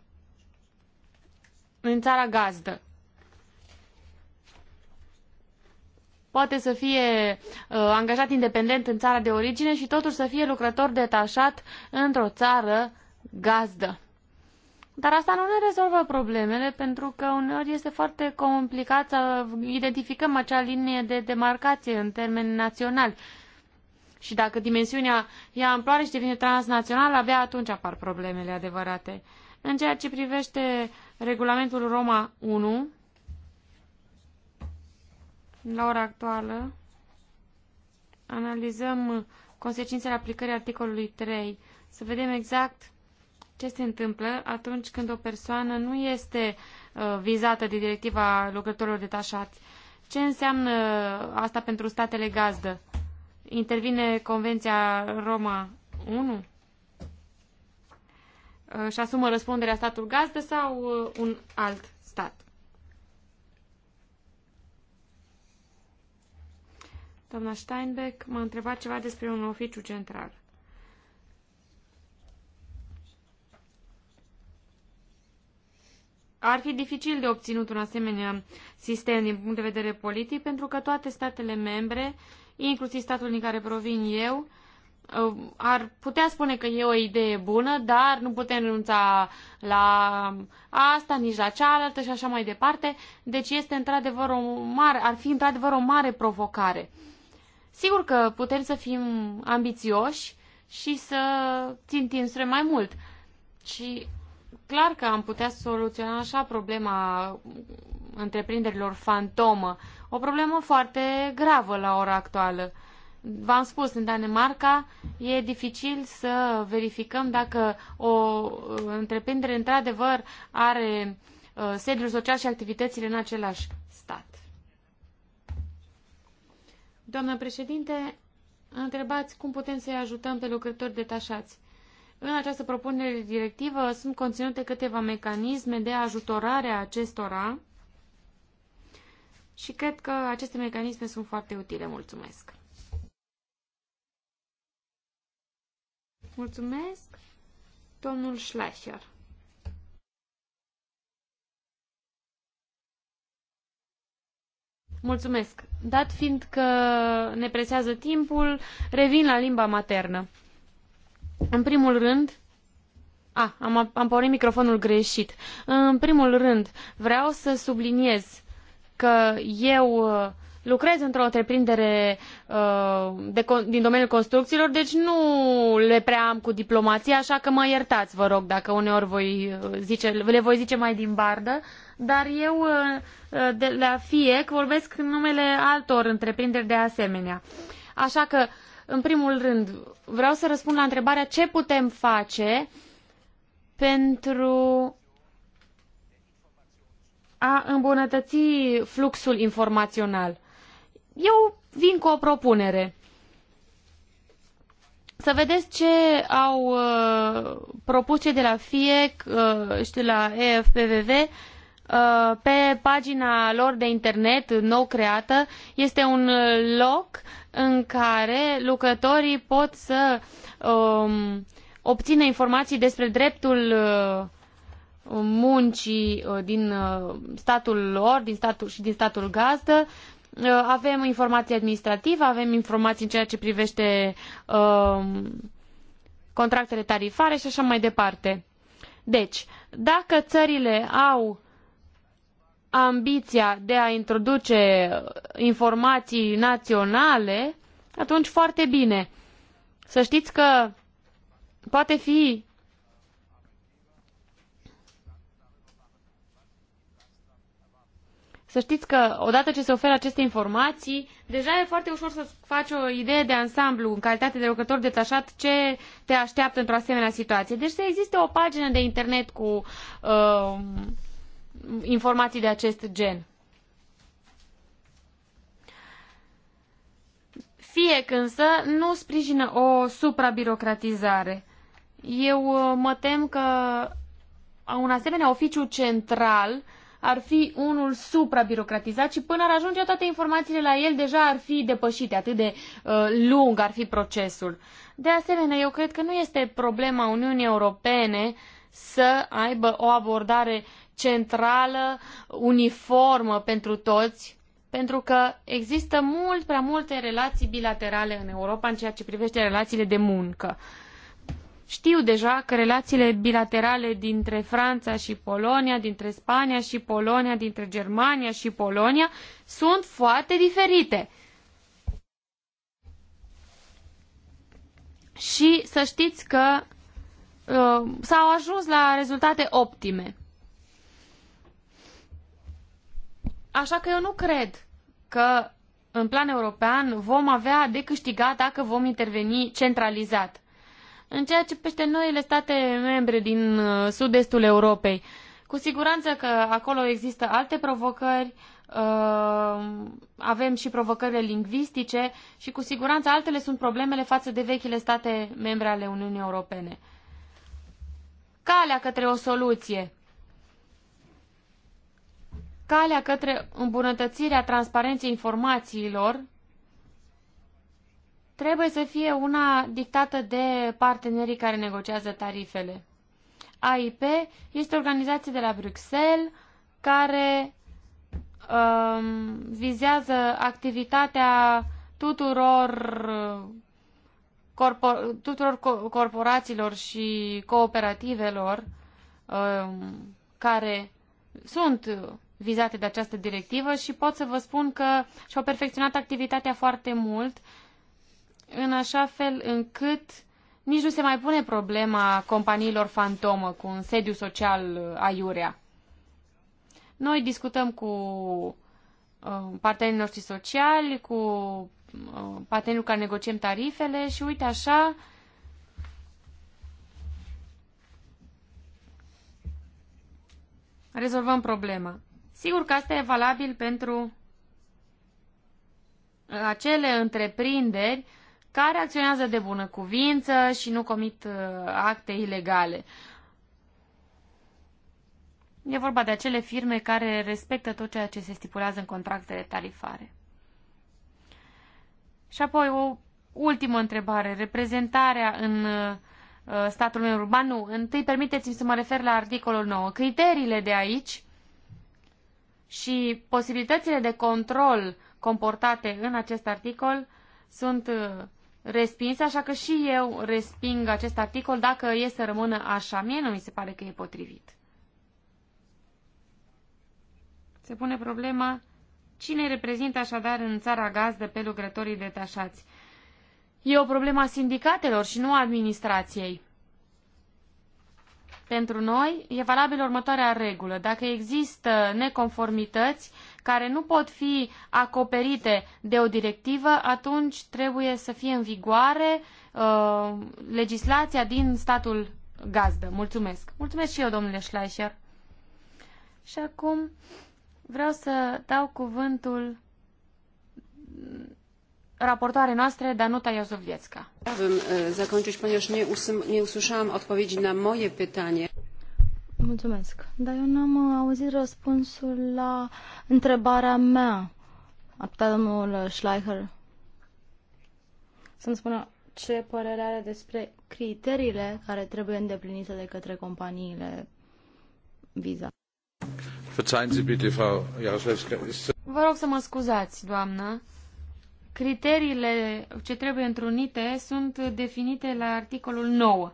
în țara gazdă. Poate să fie uh, angajat independent în țara de origine și totuși să fie lucrător detașat într-o țară gazdă. Dar asta nu ne rezolvă problemele, pentru că uneori este foarte complicat să identificăm acea linie de demarcație în termeni naționali. Și dacă dimensiunea ia amploare și devine transnațională, abia atunci apar problemele adevărate. În ceea ce privește regulamentul Roma 1, la ora actuală, analizăm consecințele aplicării articolului 3, să vedem exact ce se întâmplă atunci când o persoană nu este uh, vizată de directiva lucrătorilor detașați. Ce înseamnă uh, asta pentru statele gazdă? Intervine Convenția Roma 1? Uh, și asumă răspunderea statul gazdă sau un alt stat? Doamna Steinbeck m-a întrebat ceva despre un oficiu central. Ar fi dificil de obținut un asemenea sistem din punct de vedere politic, pentru că toate statele membre, inclusiv statul din care provin eu, uh, ar putea spune că e o idee bună, dar nu putem renunța la asta, nici la cealaltă și așa mai departe. Deci este într-adevăr o mare, ar fi într-adevăr o mare provocare. Sigur că putem să fim ambițioși și să țintim spre mai mult. Și clar că am putea soluționa așa problema întreprinderilor fantomă, o problemă foarte gravă la ora actuală. V-am spus, în Danemarca e dificil să verificăm dacă o uh, întreprindere într-adevăr are uh, sediul social și activitățile în același stat. Doamnă președinte, întrebați cum putem să-i ajutăm pe lucrători detașați. În această propunere de directivă sunt conținute câteva mecanisme de ajutorare a acestora și cred că aceste mecanisme sunt foarte utile. Mulțumesc! Mulțumesc, domnul Schleicher. Mulțumesc. Dat fiind că ne presează timpul, revin la limba maternă. În primul rând, a, am, am pornit microfonul greșit. În primul rând, vreau să subliniez că eu uh, lucrez într-o întreprindere uh, de, din domeniul construcțiilor, deci nu le prea am cu diplomația, așa că mă iertați, vă rog, dacă uneori voi uh, zice, le voi zice mai din bardă, dar eu uh, uh, de la FIEC vorbesc în numele altor întreprinderi de asemenea. Așa că uh, în primul rând, vreau să răspund la întrebarea ce putem face pentru a îmbunătăți fluxul informațional. Eu vin cu o propunere. Să vedeți ce au uh, propus cei de la FIEC uh, și de la EFPVV Uh, pe pagina lor de internet nou creată este un loc în care lucrătorii pot să um, obțină informații despre dreptul uh, muncii uh, din statul lor din statul, și din statul gazdă. Avem informații administrative, avem informații în ceea ce privește um, contractele tarifare și așa mai departe. Deci, dacă țările au ambiția de a introduce informații naționale, atunci foarte bine. Să știți că poate fi Să știți că odată ce se oferă aceste informații, deja e foarte ușor să faci o idee de ansamblu în calitate de lucrător detașat ce te așteaptă într-o asemenea situație. Deci să existe o pagină de internet cu uh, informații de acest gen. Fie că, însă nu sprijină o suprabirocratizare. Eu uh, mă tem că un asemenea oficiu central ar fi unul suprabirocratizat și până ar ajunge toate informațiile la el deja ar fi depășite, atât de uh, lung ar fi procesul. De asemenea, eu cred că nu este problema Uniunii Europene să aibă o abordare centrală, uniformă pentru toți, pentru că există mult prea multe relații bilaterale în Europa în ceea ce privește relațiile de muncă. Știu deja că relațiile bilaterale dintre Franța și Polonia, dintre Spania și Polonia, dintre Germania și Polonia sunt foarte diferite. Și să știți că uh, s-au ajuns la rezultate optime. Așa că eu nu cred că în plan european vom avea de câștigat dacă vom interveni centralizat. În ceea ce pește noile state membre din uh, sud-estul Europei, cu siguranță că acolo există alte provocări, uh, avem și provocările lingvistice și cu siguranță altele sunt problemele față de vechile state membre ale Uniunii Europene. Calea către o soluție calea către îmbunătățirea transparenței informațiilor trebuie să fie una dictată de partenerii care negociază tarifele. AIP este o organizație de la Bruxelles care um, vizează activitatea tuturor, corpor, tuturor co- corporațiilor și cooperativelor um, care sunt vizate de această directivă și pot să vă spun că și-au perfecționat activitatea foarte mult, în așa fel încât nici nu se mai pune problema companiilor fantomă cu un sediu social uh, aiurea. Noi discutăm cu uh, partenerii noștri sociali, cu uh, partenerul care negociem tarifele și uite așa rezolvăm problema. Sigur că asta e valabil pentru uh, acele întreprinderi care acționează de bună cuvință și nu comit uh, acte ilegale. E vorba de acele firme care respectă tot ceea ce se stipulează în contractele tarifare. Și apoi o ultimă întrebare. Reprezentarea în uh, statul meu urban? Nu. Întâi permiteți-mi să mă refer la articolul 9. Criteriile de aici și posibilitățile de control comportate în acest articol sunt uh, respinse, așa că și eu resping acest articol dacă e să rămână așa. Mie nu mi se pare că e potrivit. Se pune problema cine reprezintă așadar în țara gazdă pe lucrătorii detașați. E o problemă a sindicatelor și nu a administrației. Pentru noi e valabilă următoarea regulă. Dacă există neconformități care nu pot fi acoperite de o directivă, atunci trebuie să fie în vigoare uh, legislația din statul gazdă. Mulțumesc. Mulțumesc și eu, domnule Schleicher. Și acum vreau să dau cuvântul raportoare noastră, Danuta
Jozowiecka.
Chciałabym zakończyć, ponieważ nie, nie usłyszałam odpowiedzi na moje pytanie.
Mulțumesc. Dar eu n-am auzit răspunsul la întrebarea mea. Ar putea domnul Schleicher să-mi spună ce părere are despre criteriile care trebuie îndeplinite de către companiile
Visa.
Vă rog să mă scuzați, doamnă. Criteriile ce trebuie întrunite sunt definite la articolul 9.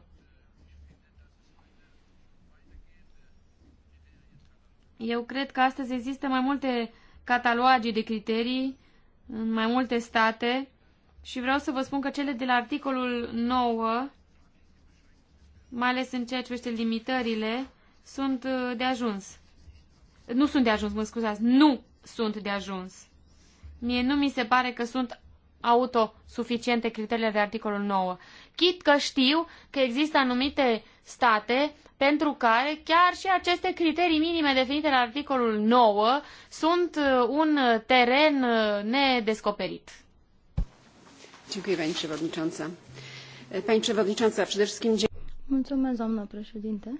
Eu cred că astăzi există mai multe cataloage de criterii în mai multe state și vreau să vă spun că cele de la articolul 9, mai ales în ceea ce privește limitările, sunt uh, de ajuns. Nu sunt de ajuns, mă scuzați, nu sunt de ajuns. Mie nu mi se pare că sunt autosuficiente criteriile de articolul 9. Chit că știu că există anumite state pentru care chiar și aceste criterii minime definite la articolul 9 sunt uh, un teren uh, nedescoperit.
Dziękuję Pani Przewodnicząca. Pani Przewodnicząca, przede wszystkim... dziękuję.
Mulțumesc, doamnă președinte.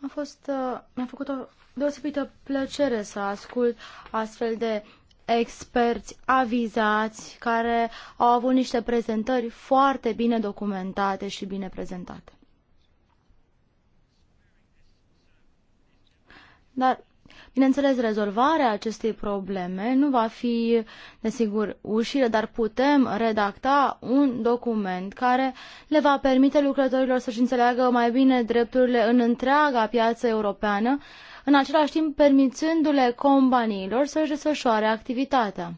A fost, uh, mi-a făcut o deosebită plăcere să ascult astfel de experți avizați care au avut niște prezentări foarte bine documentate și bine prezentate. Dar Bineînțeles, rezolvarea acestei probleme nu va fi, desigur, ușire, dar putem redacta un document care le va permite lucrătorilor să-și înțeleagă mai bine drepturile în întreaga piață europeană, în același timp permițându-le companiilor să-și desfășoare activitatea.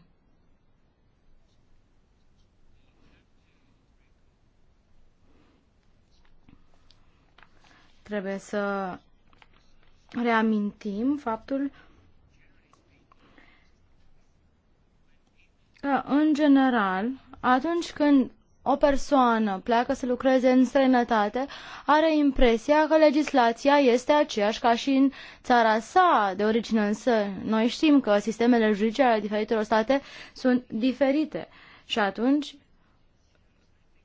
Trebuie să reamintim faptul că, în general, atunci când o persoană pleacă să lucreze în străinătate, are impresia că legislația este aceeași ca și în țara sa de origine, însă noi știm că sistemele juridice ale diferitelor state sunt diferite. Și atunci,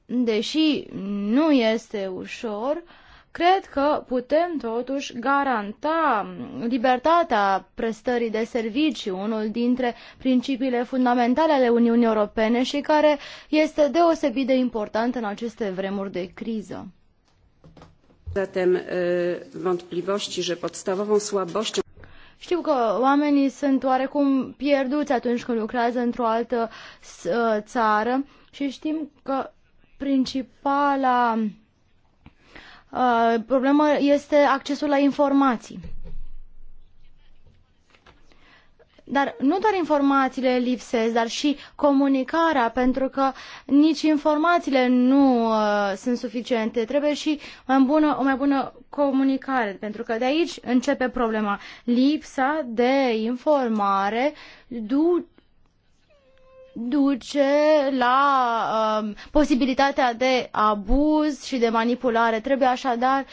deși nu este ușor, uh, Cred că putem totuși garanta libertatea prestării de servicii, unul dintre principiile fundamentale ale Uniunii Europene și care este deosebit de important în aceste vremuri de criză.
Zatem że podstawową słabością
știu că
oamenii sunt
oarecum pierduți atunci când lucrează într-o altă țară și știm că principala Uh, problema este accesul la informații. Dar nu doar informațiile lipsesc, dar și comunicarea, pentru că nici informațiile nu uh, sunt suficiente. Trebuie și mai bună, o mai bună comunicare, pentru că de aici începe problema. Lipsa de informare du- duce la um, posibilitatea de abuz și de manipulare. Trebuie așadar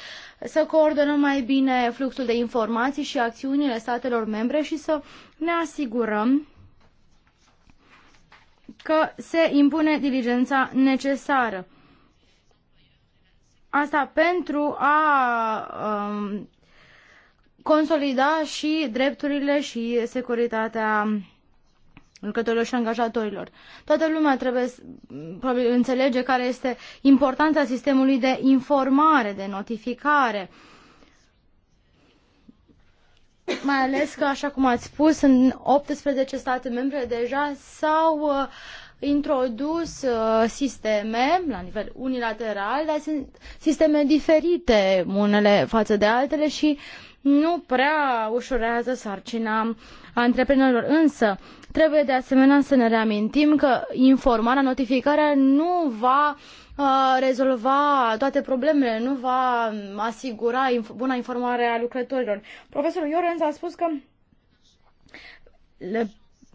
să coordonăm mai bine fluxul de informații și acțiunile statelor membre și să ne asigurăm că se impune diligența necesară. Asta pentru a um, consolida și drepturile și securitatea lucrătorilor și angajatorilor. Toată lumea trebuie probabil înțelege care este importanța sistemului de informare, de notificare. Mai ales că, așa cum ați spus, în 18 state membre deja s-au uh, introdus uh, sisteme la nivel unilateral, dar sunt sisteme diferite unele față de altele și uh, nu prea ușurează sarcina antreprenorilor. Însă, trebuie de asemenea să ne reamintim că informarea, notificarea nu va uh, rezolva toate problemele, nu va asigura buna informare a lucrătorilor. Profesorul Iorenz a spus că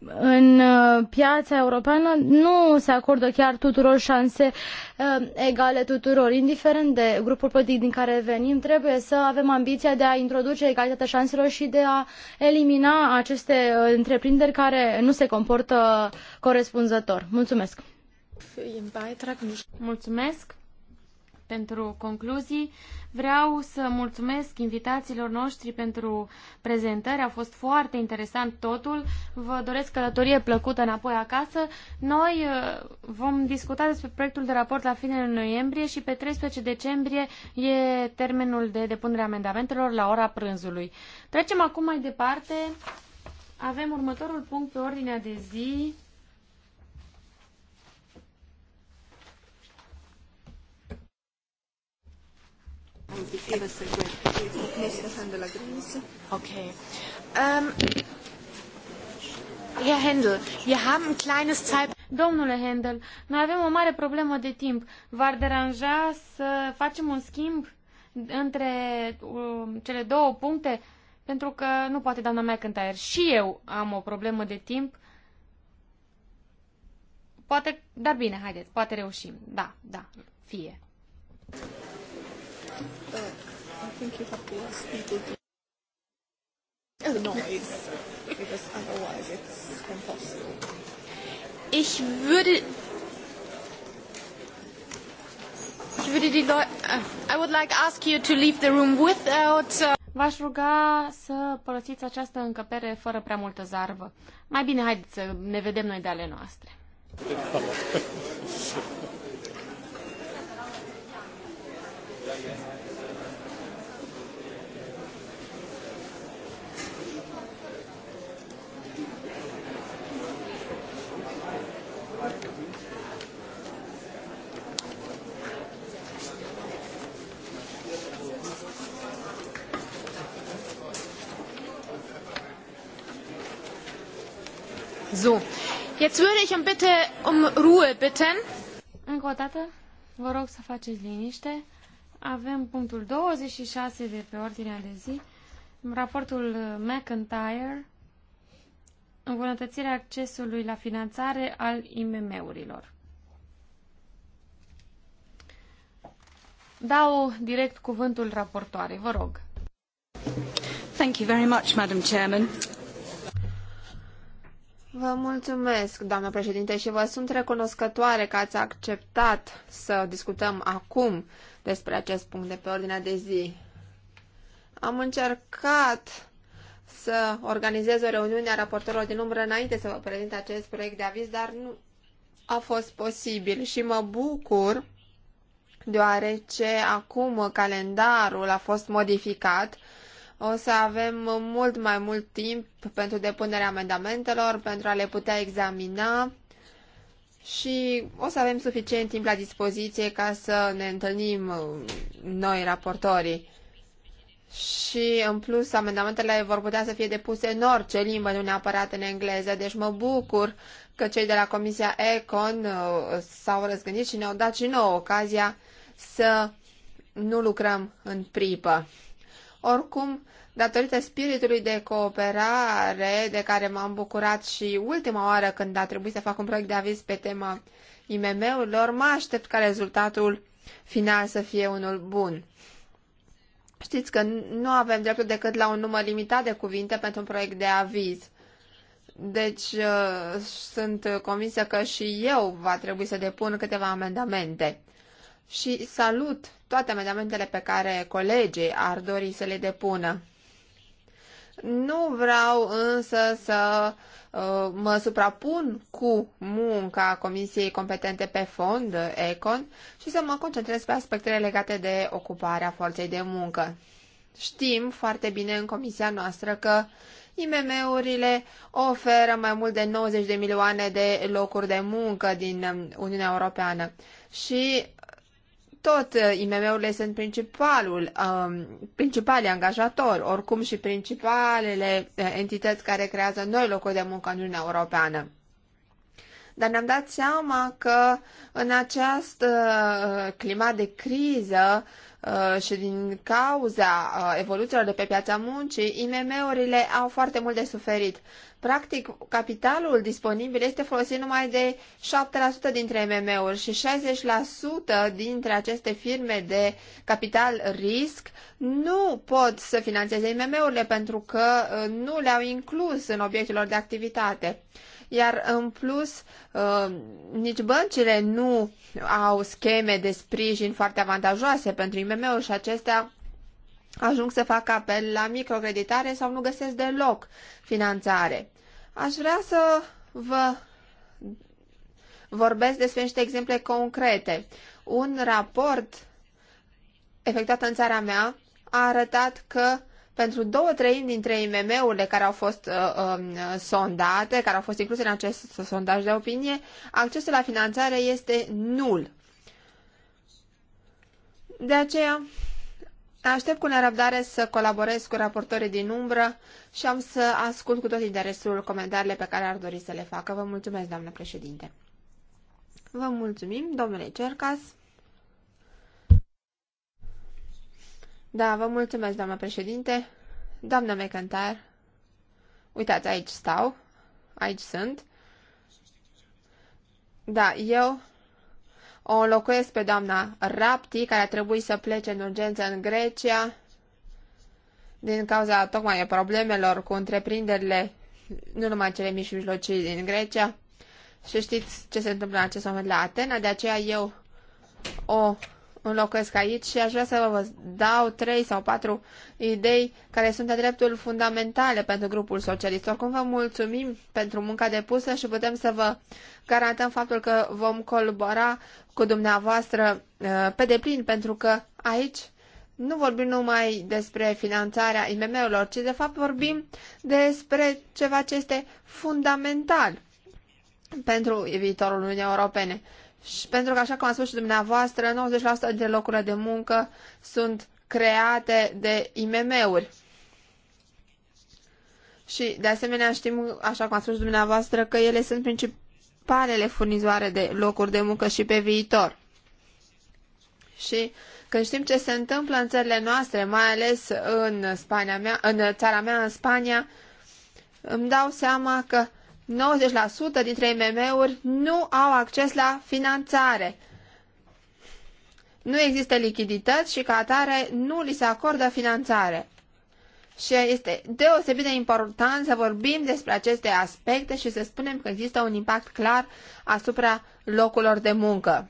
în uh, piața europeană nu se acordă chiar tuturor șanse uh, egale tuturor, indiferent de grupul politic din care venim, trebuie să avem ambiția de a introduce egalitatea șanselor și de a elimina aceste uh, întreprinderi care nu se comportă corespunzător. Mulțumesc!
Mulțumesc! pentru concluzii. Vreau să mulțumesc invitațiilor noștri pentru prezentări. A fost foarte interesant totul. Vă doresc călătorie plăcută înapoi acasă. Noi uh, vom discuta despre proiectul de raport la finele noiembrie și pe 13 decembrie e termenul de depunere a amendamentelor la ora prânzului. Trecem acum mai departe. Avem următorul punct pe ordinea de zi.
Okay. Um,
Herr Händel, wir haben ein kleines Zeit... Domnule Händel, noi avem o mare problemă de timp. V-ar deranja să facem un schimb între um, cele două puncte? Pentru că nu poate doamna aer. Și eu am o problemă de timp. Poate, dar bine, haideți, poate reușim. Da, da, fie.
I
think you have to ask people to noise, because otherwise it's impossible.
Ich würde ich würde die Leute I would like ask you to leave the room without uh... V-aș ruga să părăsiți această încăpere fără prea multă zarvă. Mai bine, haideți să ne vedem noi de ale noastre. So, jetzt würde ich um bitte um Ruhe bitten. Încă o dată, vă rog să faceți liniște. Avem punctul 26 de pe ordinea de zi, raportul McIntyre, îmbunătățirea accesului la finanțare al IMM-urilor. Dau direct cuvântul raportoare,
vă rog. Thank you very much, Madam Chairman.
Vă mulțumesc, doamnă președinte, și vă sunt recunoscătoare că ați acceptat să discutăm acum despre acest punct de pe ordinea de zi. Am încercat să organizez o reuniune a raportorilor din umbră înainte să vă prezint acest proiect de aviz, dar nu a fost posibil și mă bucur deoarece acum calendarul a fost modificat o să avem mult mai mult timp pentru depunerea amendamentelor, pentru a le putea examina și o să avem suficient timp la dispoziție ca să ne întâlnim um, noi, raportorii. Și, în plus, amendamentele vor putea să fie depuse în orice limbă, nu neapărat în engleză, deci mă bucur că cei de la Comisia Econ uh, s-au răzgândit și ne-au dat și nouă ocazia să nu lucrăm în pripă. Oricum, datorită spiritului de cooperare de care m-am bucurat și ultima oară când a trebuit să fac un proiect de aviz pe tema IMM-urilor, mă aștept ca rezultatul final să fie unul bun. Știți că nu avem dreptul decât la un număr limitat de cuvinte pentru un proiect de aviz. Deci uh, sunt convinsă că și eu va trebui să depun câteva amendamente. Și salut toate amendamentele pe care colegii ar dori să le depună. Nu vreau însă să uh, mă suprapun cu munca Comisiei competente pe fond, ECON, și să mă concentrez pe aspectele legate de ocuparea forței de muncă. Știm foarte bine în comisia noastră că IMM-urile oferă mai mult de 90 de milioane de locuri de muncă din Uniunea Europeană și tot uh, IMM-urile sunt principalul, um, principalii angajatori, oricum și principalele uh, entități care creează noi locuri de muncă în Uniunea Europeană. Dar ne-am dat seama că în acest uh, climat de criză Uh, și din cauza uh, evoluțiilor de pe piața muncii, IMM-urile au foarte mult de suferit. Practic, capitalul disponibil este folosit numai de 7% dintre IMM-uri și 60% dintre aceste firme de capital risc nu pot să financeze IMM-urile pentru că uh, nu le-au inclus în obiectul lor de activitate iar în plus uh, nici băncile nu au scheme de sprijin foarte avantajoase pentru IMM-uri și acestea ajung să facă apel la microcreditare sau nu găsesc deloc finanțare. Aș vrea să vă vorbesc despre niște exemple concrete. Un raport efectuat în țara mea a arătat că pentru două treimi dintre IMM-urile care au fost uh, uh, sondate, care au fost incluse în acest sondaj de opinie, accesul la finanțare este nul. De aceea, aștept cu nerăbdare să colaborez cu raportorii din umbră și am să ascult cu tot interesul comentariile pe care ar dori să le facă. Vă mulțumesc, doamnă președinte. Vă mulțumim, domnule Cercas. Da, vă mulțumesc, doamnă președinte. Doamnă McIntyre, uitați, aici stau, aici sunt. Da, eu o înlocuiesc pe doamna Rapti, care a trebuit să plece în urgență în Grecia din cauza tocmai problemelor cu întreprinderile, nu numai cele mici și mijlocii din Grecia. Și știți ce se întâmplă în acest moment la Atena, de aceea eu o înlocuiesc aici și aș vrea să vă dau trei sau patru idei care sunt de dreptul fundamentale pentru grupul socialist. Oricum vă mulțumim pentru munca depusă și putem să vă garantăm faptul că vom colabora cu dumneavoastră uh, pe deplin, pentru că aici nu vorbim numai despre finanțarea IMM-urilor, ci de fapt vorbim despre ceva ce este fundamental pentru viitorul Uniunii Europene. Și pentru că, așa cum a spus și dumneavoastră, 90% de locurile de muncă sunt create de IMM-uri. Și, de asemenea, știm, așa cum a spus dumneavoastră, că ele sunt principalele furnizoare de locuri de muncă și pe viitor. Și când știm ce se întâmplă în țările noastre, mai ales în, Spania mea, în țara mea, în Spania, îmi dau seama că 90% dintre IMM-uri nu au acces la finanțare. Nu există lichidități și ca atare nu li se acordă finanțare. Și este deosebit de important să vorbim despre aceste aspecte și să spunem că există un impact clar asupra locurilor de muncă.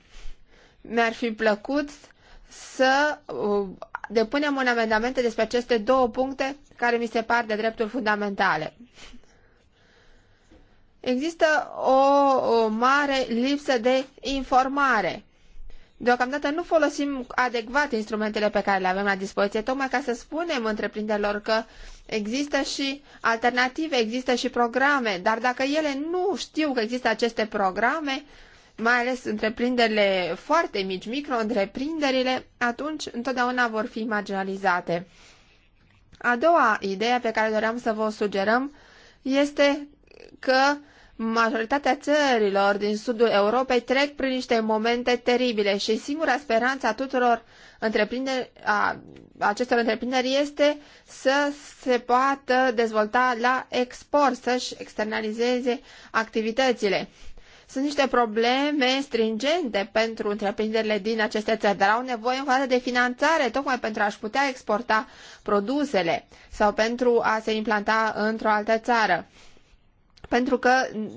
Mi-ar fi plăcut să uh, depunem un amendament despre aceste două puncte care mi se par de drepturi fundamentale. Există o, o mare lipsă de informare. Deocamdată nu folosim adecvat instrumentele pe care le avem la dispoziție, tocmai ca să spunem întreprinderilor că există și alternative, există și programe, dar dacă ele nu știu că există aceste programe, mai ales întreprinderile foarte mici, micro-întreprinderile, atunci întotdeauna vor fi marginalizate. A doua idee pe care doream să vă o sugerăm este că majoritatea țărilor din sudul Europei trec prin niște momente teribile și singura speranță a tuturor întreprinderi, a acestor întreprinderi este să se poată dezvolta la export, să-și externalizeze activitățile. Sunt niște probleme stringente pentru întreprinderile din aceste țări, dar au nevoie în față de finanțare tocmai pentru a-și putea exporta produsele sau pentru a se implanta într-o altă țară pentru că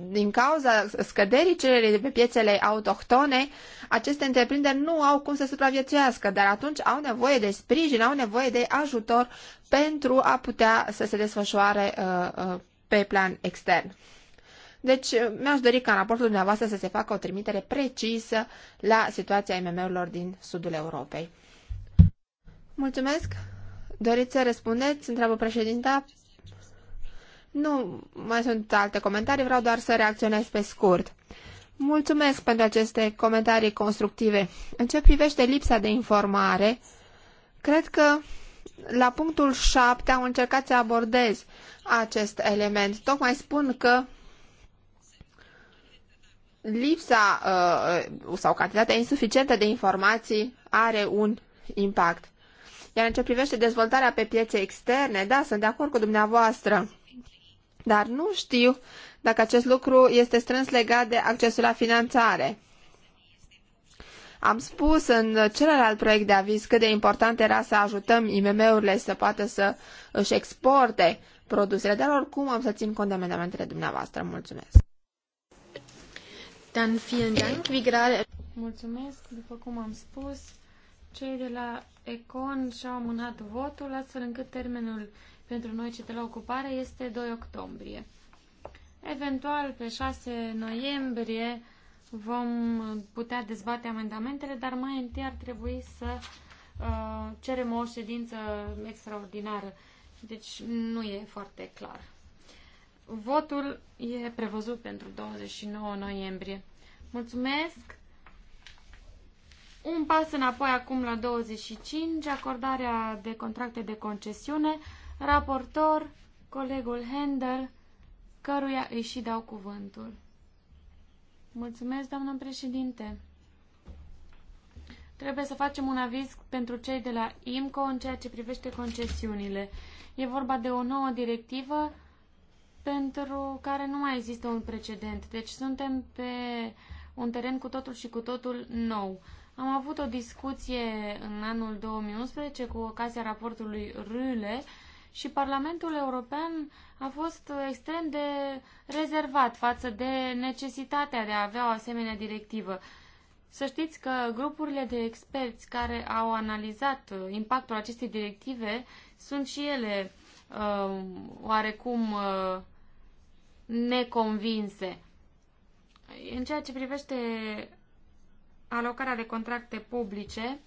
din cauza scăderii cererii de pe piețele autohtone, aceste întreprinderi nu au cum să supraviețuiască, dar atunci au nevoie de sprijin, au nevoie de ajutor pentru a putea să se desfășoare uh, uh, pe plan extern. Deci uh, mi-aș dori ca în raportul dumneavoastră să se facă o trimitere precisă la situația IMM-urilor din sudul Europei. Mulțumesc! Doriți să răspundeți? Întreabă președinta. Nu mai sunt alte comentarii, vreau doar să reacționez pe scurt. Mulțumesc pentru aceste comentarii constructive. În ce privește lipsa de informare, cred că la punctul 7 am încercat să abordez acest element. Tocmai spun că lipsa uh, sau cantitatea insuficientă de informații are un impact. Iar în ce privește dezvoltarea pe piețe externe, da, sunt de acord cu dumneavoastră. Dar nu știu dacă acest lucru este strâns legat de accesul la finanțare. Am spus în celălalt proiect de aviz cât de important era să ajutăm IMM-urile să poată să își exporte produsele, dar oricum am să țin cont de amendamentele dumneavoastră. Mulțumesc!
Dan, vielen Dank, Mulțumesc,
după cum am spus, cei de la Econ și-au amânat votul, astfel încât termenul pentru noi ce de la ocupare este 2 octombrie. Eventual, pe 6 noiembrie vom putea dezbate amendamentele, dar mai întâi ar trebui să uh, cerem o ședință extraordinară. Deci nu e foarte clar. Votul e prevăzut pentru 29 noiembrie. Mulțumesc! Un pas înapoi acum la 25, acordarea de contracte de concesiune raportor, colegul Handel, căruia îi și dau cuvântul. Mulțumesc, doamnă președinte. Trebuie să facem un aviz pentru cei de la IMCO în ceea ce privește concesiunile. E vorba de o nouă directivă pentru care nu mai există un precedent. Deci suntem pe un teren cu totul și cu totul nou. Am avut o discuție în anul 2011 cu ocazia raportului Rüle și Parlamentul European a fost extrem de rezervat față de necesitatea de a avea o asemenea directivă. Să știți că grupurile de experți care au analizat uh, impactul acestei directive sunt și ele uh, oarecum uh, neconvinse. În ceea ce privește alocarea de contracte publice,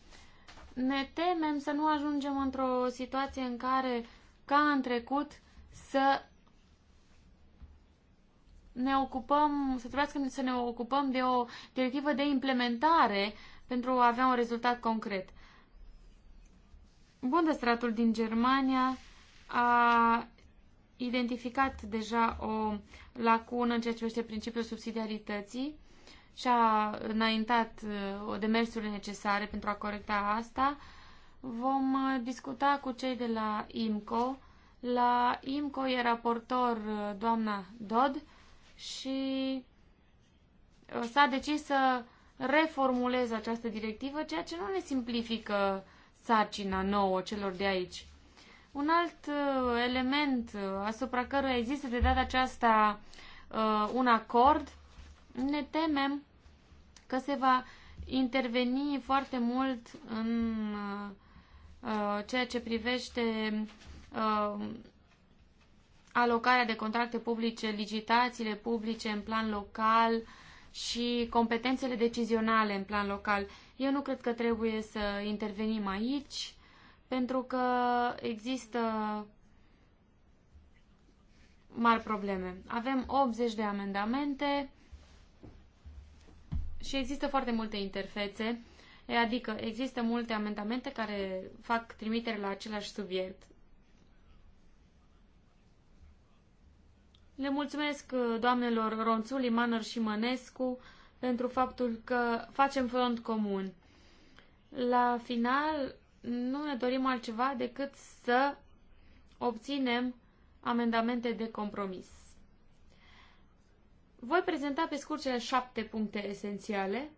ne temem să nu ajungem într-o situație în care ca în trecut să ne ocupăm, să trebuiască să ne ocupăm de o directivă de implementare pentru a avea un rezultat concret. Bundesratul din Germania a identificat deja o lacună în ceea ce privește principiul subsidiarității și a înaintat uh, o demersurile necesare pentru a corecta asta. Vom uh, discuta cu cei de la IMCO. La IMCO e raportor uh, doamna Dod și uh, s-a decis să reformulez această directivă, ceea ce nu ne simplifică sarcina nouă celor de aici. Un alt element asupra căruia există de data aceasta un acord, ne temem că se va interveni foarte mult în uh, Uh, ceea ce privește uh, alocarea de contracte publice, licitațiile publice în plan local și competențele decizionale în plan local. Eu nu cred că trebuie să intervenim aici, pentru că există mari probleme. Avem 80 de amendamente și există foarte multe interfețe. Adică există multe amendamente care fac trimitere la același subiect. Le mulțumesc uh, doamnelor Ronțuli, Manăr și Mănescu pentru faptul că facem front comun. La final, nu ne dorim altceva decât să obținem amendamente de compromis. Voi prezenta pe scurt cele șapte puncte esențiale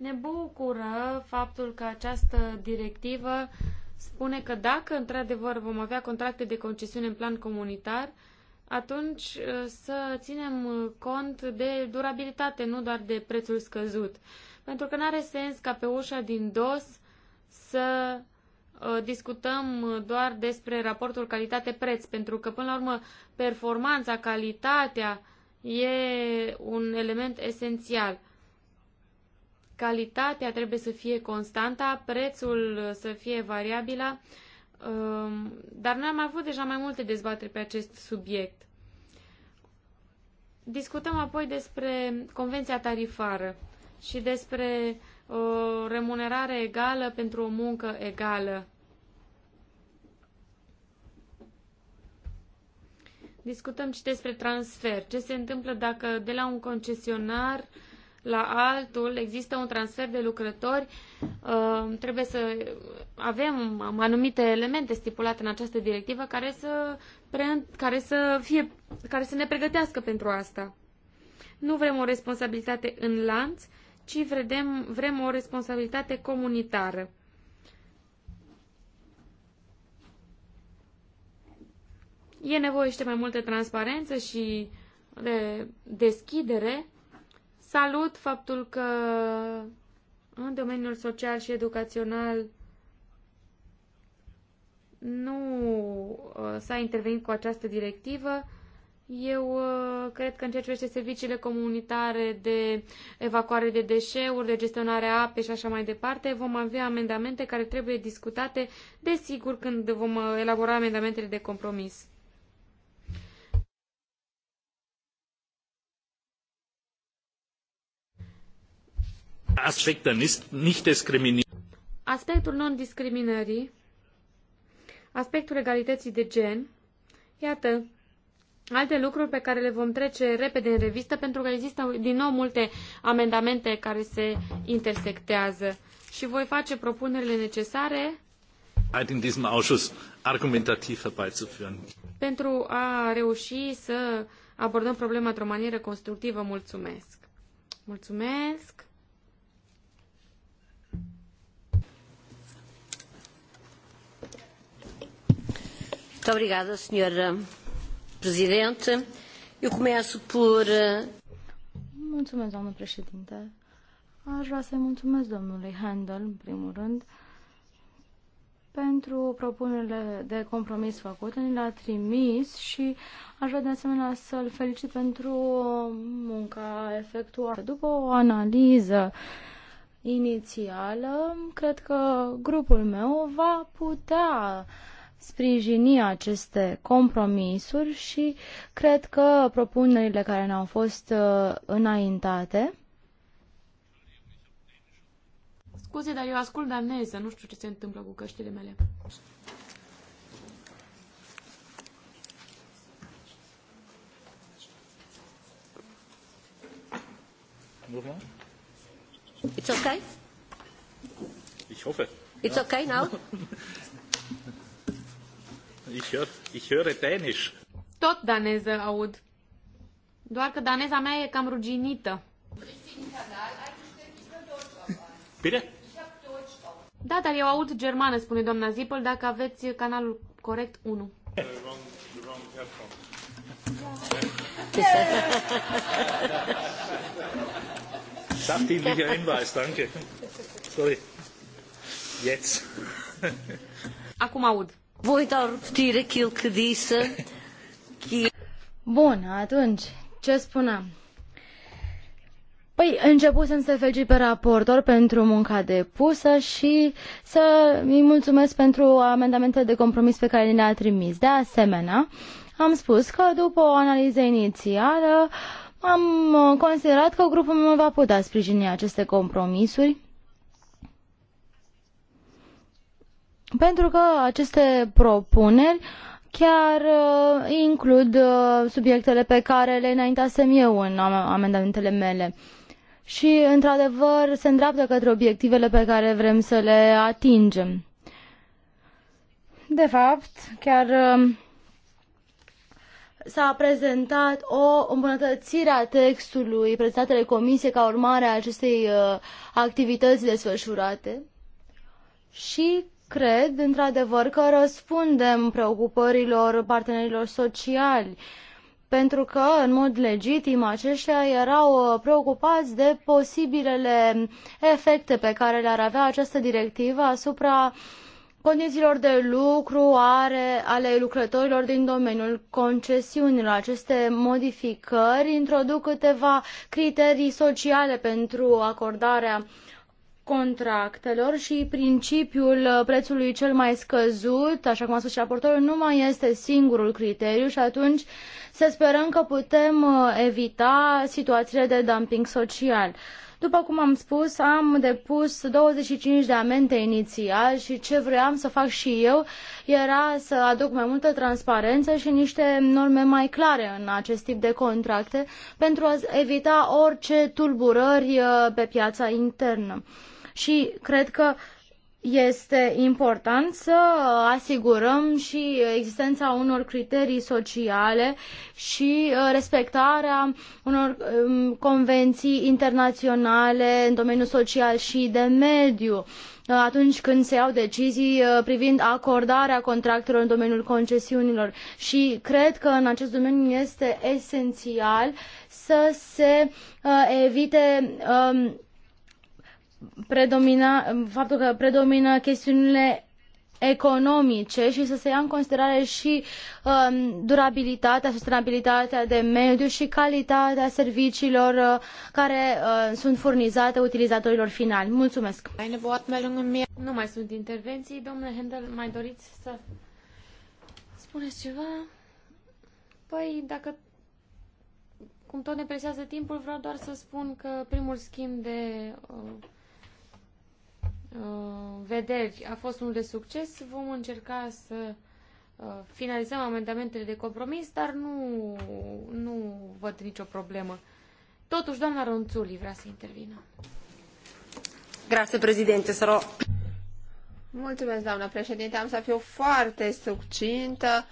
ne bucură faptul că această directivă spune că dacă într-adevăr vom avea contracte de concesiune în plan comunitar, atunci uh, să ținem cont de durabilitate, nu doar de prețul scăzut. Pentru că nu are sens ca pe ușa din dos să uh, discutăm doar despre raportul calitate-preț, pentru că, până la urmă, performanța, calitatea e un element esențial calitatea trebuie să fie constanta, prețul să fie variabilă, um, dar noi am avut deja mai multe dezbateri pe acest subiect. Discutăm apoi despre convenția tarifară și despre o uh, remunerare egală pentru o muncă egală. Discutăm și despre transfer. Ce se întâmplă dacă de la un concesionar uh, la altul, există un transfer de lucrători, uh, trebuie să avem anumite elemente stipulate în această directivă care să, pre, care să, fie, care să ne pregătească pentru asta. Nu vrem o responsabilitate în lanț, ci vrem, vrem o responsabilitate comunitară. E nevoie și de mai multă transparență și de deschidere Salut faptul că în domeniul social și educațional nu uh, s-a intervenit cu această directivă. Eu uh, cred că în ceea ce privește serviciile comunitare de evacuare de deșeuri, de gestionare a apei și așa mai departe, vom avea amendamente care trebuie discutate, desigur, când vom uh, elabora amendamentele de compromis. Aspect Aspectul non-discriminării, aspectul egalității de gen, iată, alte lucruri pe care le vom trece repede în revistă, pentru că există din nou multe amendamente care se intersectează și voi face propunerile necesare Pentru a reuși să abordăm problema într-o manieră constructivă, mulțumesc. Mulțumesc.
Muito obrigada, Sra. Eh, presidente. Eu começo por... Eh, mulțumesc, doamnă președinte. Aș vrea să-i mulțumesc domnului Handel, în primul rând, pentru propunerile de compromis făcute, Ne l a trimis și aș vrea de asemenea să-l felicit pentru munca efectuată. După o analiză inițială, cred că grupul meu va putea uh, sprijini aceste compromisuri și cred că propunerile care ne-au fost uh, înaintate
Scuze, dar eu ascult daneză, nu știu ce se întâmplă cu căștile mele.
It's okay?
Ich hoffe.
It's okay now?
Ich ich höre
Tot daneză aud. Doar că daneza mea e cam ruginită. Bine? Da, dar eu aud germană, spune doamna Zipel, dacă aveți canalul corect 1.
Sachdienlicher Hinweis, danke. Sorry. Jetzt. Acum aud. Voi dar repetir aquilo que disse. Que... Bun, atunci, ce spuneam? Păi, începusem să felicit pe raportor pentru munca depusă și să îi mulțumesc pentru amendamentele de compromis pe care le-a trimis. De asemenea, am spus că după o analiză inițială am considerat că grupul meu va putea sprijini aceste compromisuri pentru că aceste propuneri chiar uh, includ uh, subiectele pe care le înaintasem eu în amendamentele mele și, într-adevăr, se îndreaptă către obiectivele pe care vrem să le atingem. De fapt, chiar uh, s-a prezentat o îmbunătățire a textului prezentat de comisie ca urmare a acestei activități desfășurate și cred într-adevăr că răspundem preocupărilor partenerilor sociali, pentru că, în mod legitim, aceștia erau uh, preocupați de posibilele efecte pe care le-ar avea această directivă asupra condițiilor de lucru are, ale lucrătorilor din domeniul concesiunilor. Aceste modificări introduc câteva criterii sociale pentru acordarea uh, contractelor și principiul uh, prețului cel mai scăzut, așa cum a spus și raportorul, nu mai este singurul criteriu și atunci să sperăm că putem uh, evita situațiile de dumping social. După cum am spus, am depus 25 de amende inițial și ce vreau să fac și eu era să aduc mai multă transparență și niște norme mai clare în acest tip de contracte pentru a evita orice tulburări uh, pe piața internă și cred că este important să asigurăm și existența unor criterii sociale și uh, respectarea unor um, convenții internaționale în domeniul social și de mediu uh, atunci când se iau decizii uh, privind acordarea contractelor în domeniul concesiunilor. Și cred că în acest domeniu este esențial să se evite um, predomina, faptul că predomină chestiunile economice și să se ia în considerare și um, durabilitatea, sustenabilitatea de mediu și calitatea serviciilor uh, care uh, sunt furnizate utilizatorilor finali. Mulțumesc!
Nu mai sunt intervenții. Domnule Hendel, mai doriți să spuneți ceva? Păi, dacă cum tot ne presează timpul, vreau doar să spun că primul schimb de uh, Uh, vederi a fost unul de succes. Vom încerca să uh, finalizăm amendamentele de compromis, dar nu, nu
văd nicio problemă. Totuși, doamna Ronțuli vrea să intervină. Grazie, președinte. rog. Mulțumesc, doamna președinte. Am să fiu foarte succintă.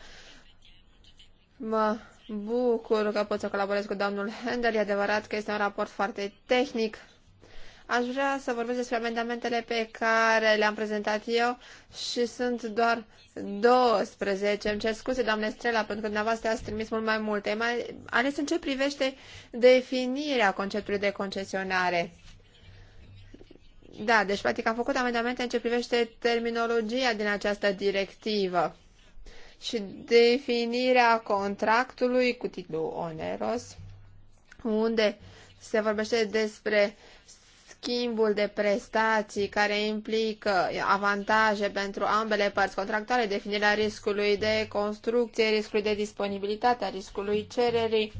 Mă bucur că pot să colaborez cu domnul Handel. E adevărat că este un raport foarte tehnic, Aș vrea să vorbesc despre amendamentele pe care le-am prezentat eu și sunt doar 12. Îmi cer scuze, doamne Strela, pentru că dumneavoastră ați trimis mult mai multe, mai ales în ce privește definirea conceptului de concesionare. Da, deci practic am făcut amendamente în ce privește terminologia din această directivă și definirea contractului cu titlu oneros, unde se vorbește despre schimbul de prestații care implică avantaje pentru ambele părți contractuale, definirea riscului de construcție, riscului de disponibilitate, a riscului cererii,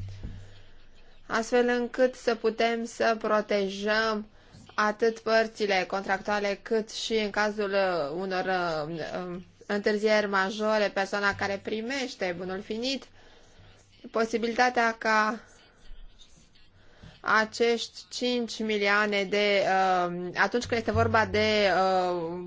astfel încât să putem să protejăm atât părțile contractuale cât și în cazul uh, unor uh, uh, întârzieri majore, persoana care primește bunul finit, posibilitatea ca acești 5 milioane de, uh, atunci când este vorba de uh,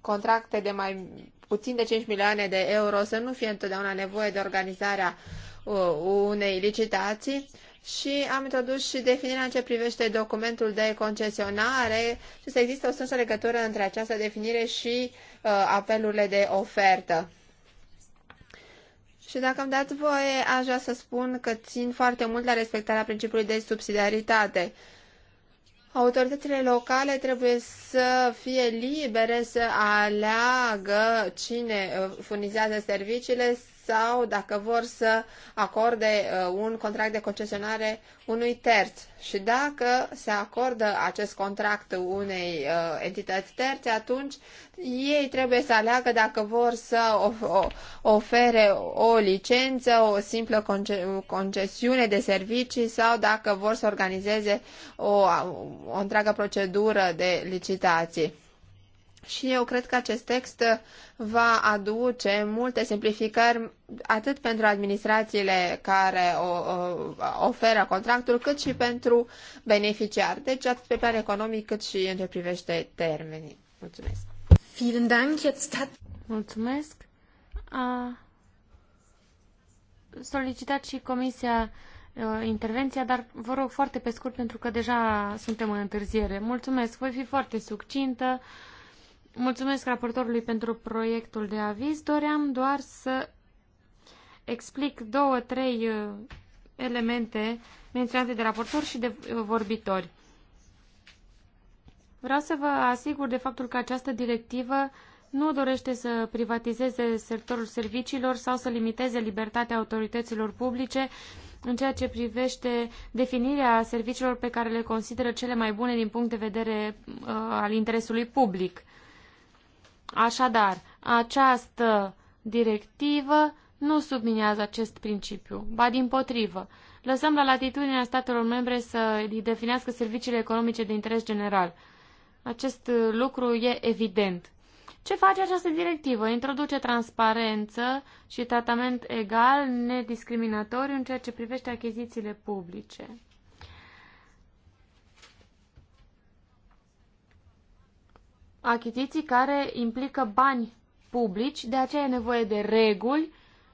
contracte de mai puțin de 5 milioane de euro, să nu fie întotdeauna nevoie de organizarea uh, unei licitații și am introdus și definirea în ce privește documentul de concesionare și să există o strânsă legătură între această definire și uh, apelurile de ofertă. Și dacă îmi dați voie, aș vrea să spun că țin foarte mult la respectarea principiului de subsidiaritate. Autoritățile locale trebuie să fie libere să aleagă cine uh, furnizează serviciile sau dacă vor să acorde uh, un contract de concesionare unui terț. Și dacă se acordă acest contract unei uh, entități terțe, atunci ei trebuie să aleagă dacă vor să ofere o licență, o simplă concesiune de servicii sau dacă vor să organizeze o, o întreagă procedură de licitații. Și eu cred că acest text va aduce multe simplificări atât pentru administrațiile care o, o, oferă contractul, cât și pentru beneficiar. Deci atât pe plan economic cât și în ce privește termenii. Mulțumesc.
Vielen Dank. Jetzt hat... Mulțumesc. A solicitat și Comisia intervenția, dar vă rog foarte pe scurt pentru că deja suntem în întârziere. Mulțumesc. Voi fi foarte succintă. Mulțumesc raportorului pentru proiectul de aviz. Doream doar să explic două, trei uh, elemente menționate de raportor și de uh, vorbitori. Vreau să vă asigur de faptul că această directivă nu dorește să privatizeze sectorul serviciilor sau să limiteze libertatea autorităților publice în ceea ce privește definirea serviciilor pe care le consideră cele mai bune din punct de vedere uh, al interesului public. Așadar, această directivă nu subminează acest principiu, ba din potrivă. Lăsăm la latitudinea statelor membre să definească serviciile economice de interes general. Acest lucru e evident. Ce face această directivă? Introduce transparență și tratament egal, nediscriminatoriu în ceea ce privește achizițiile publice. achiziții care implică bani publici, de aceea e nevoie de reguli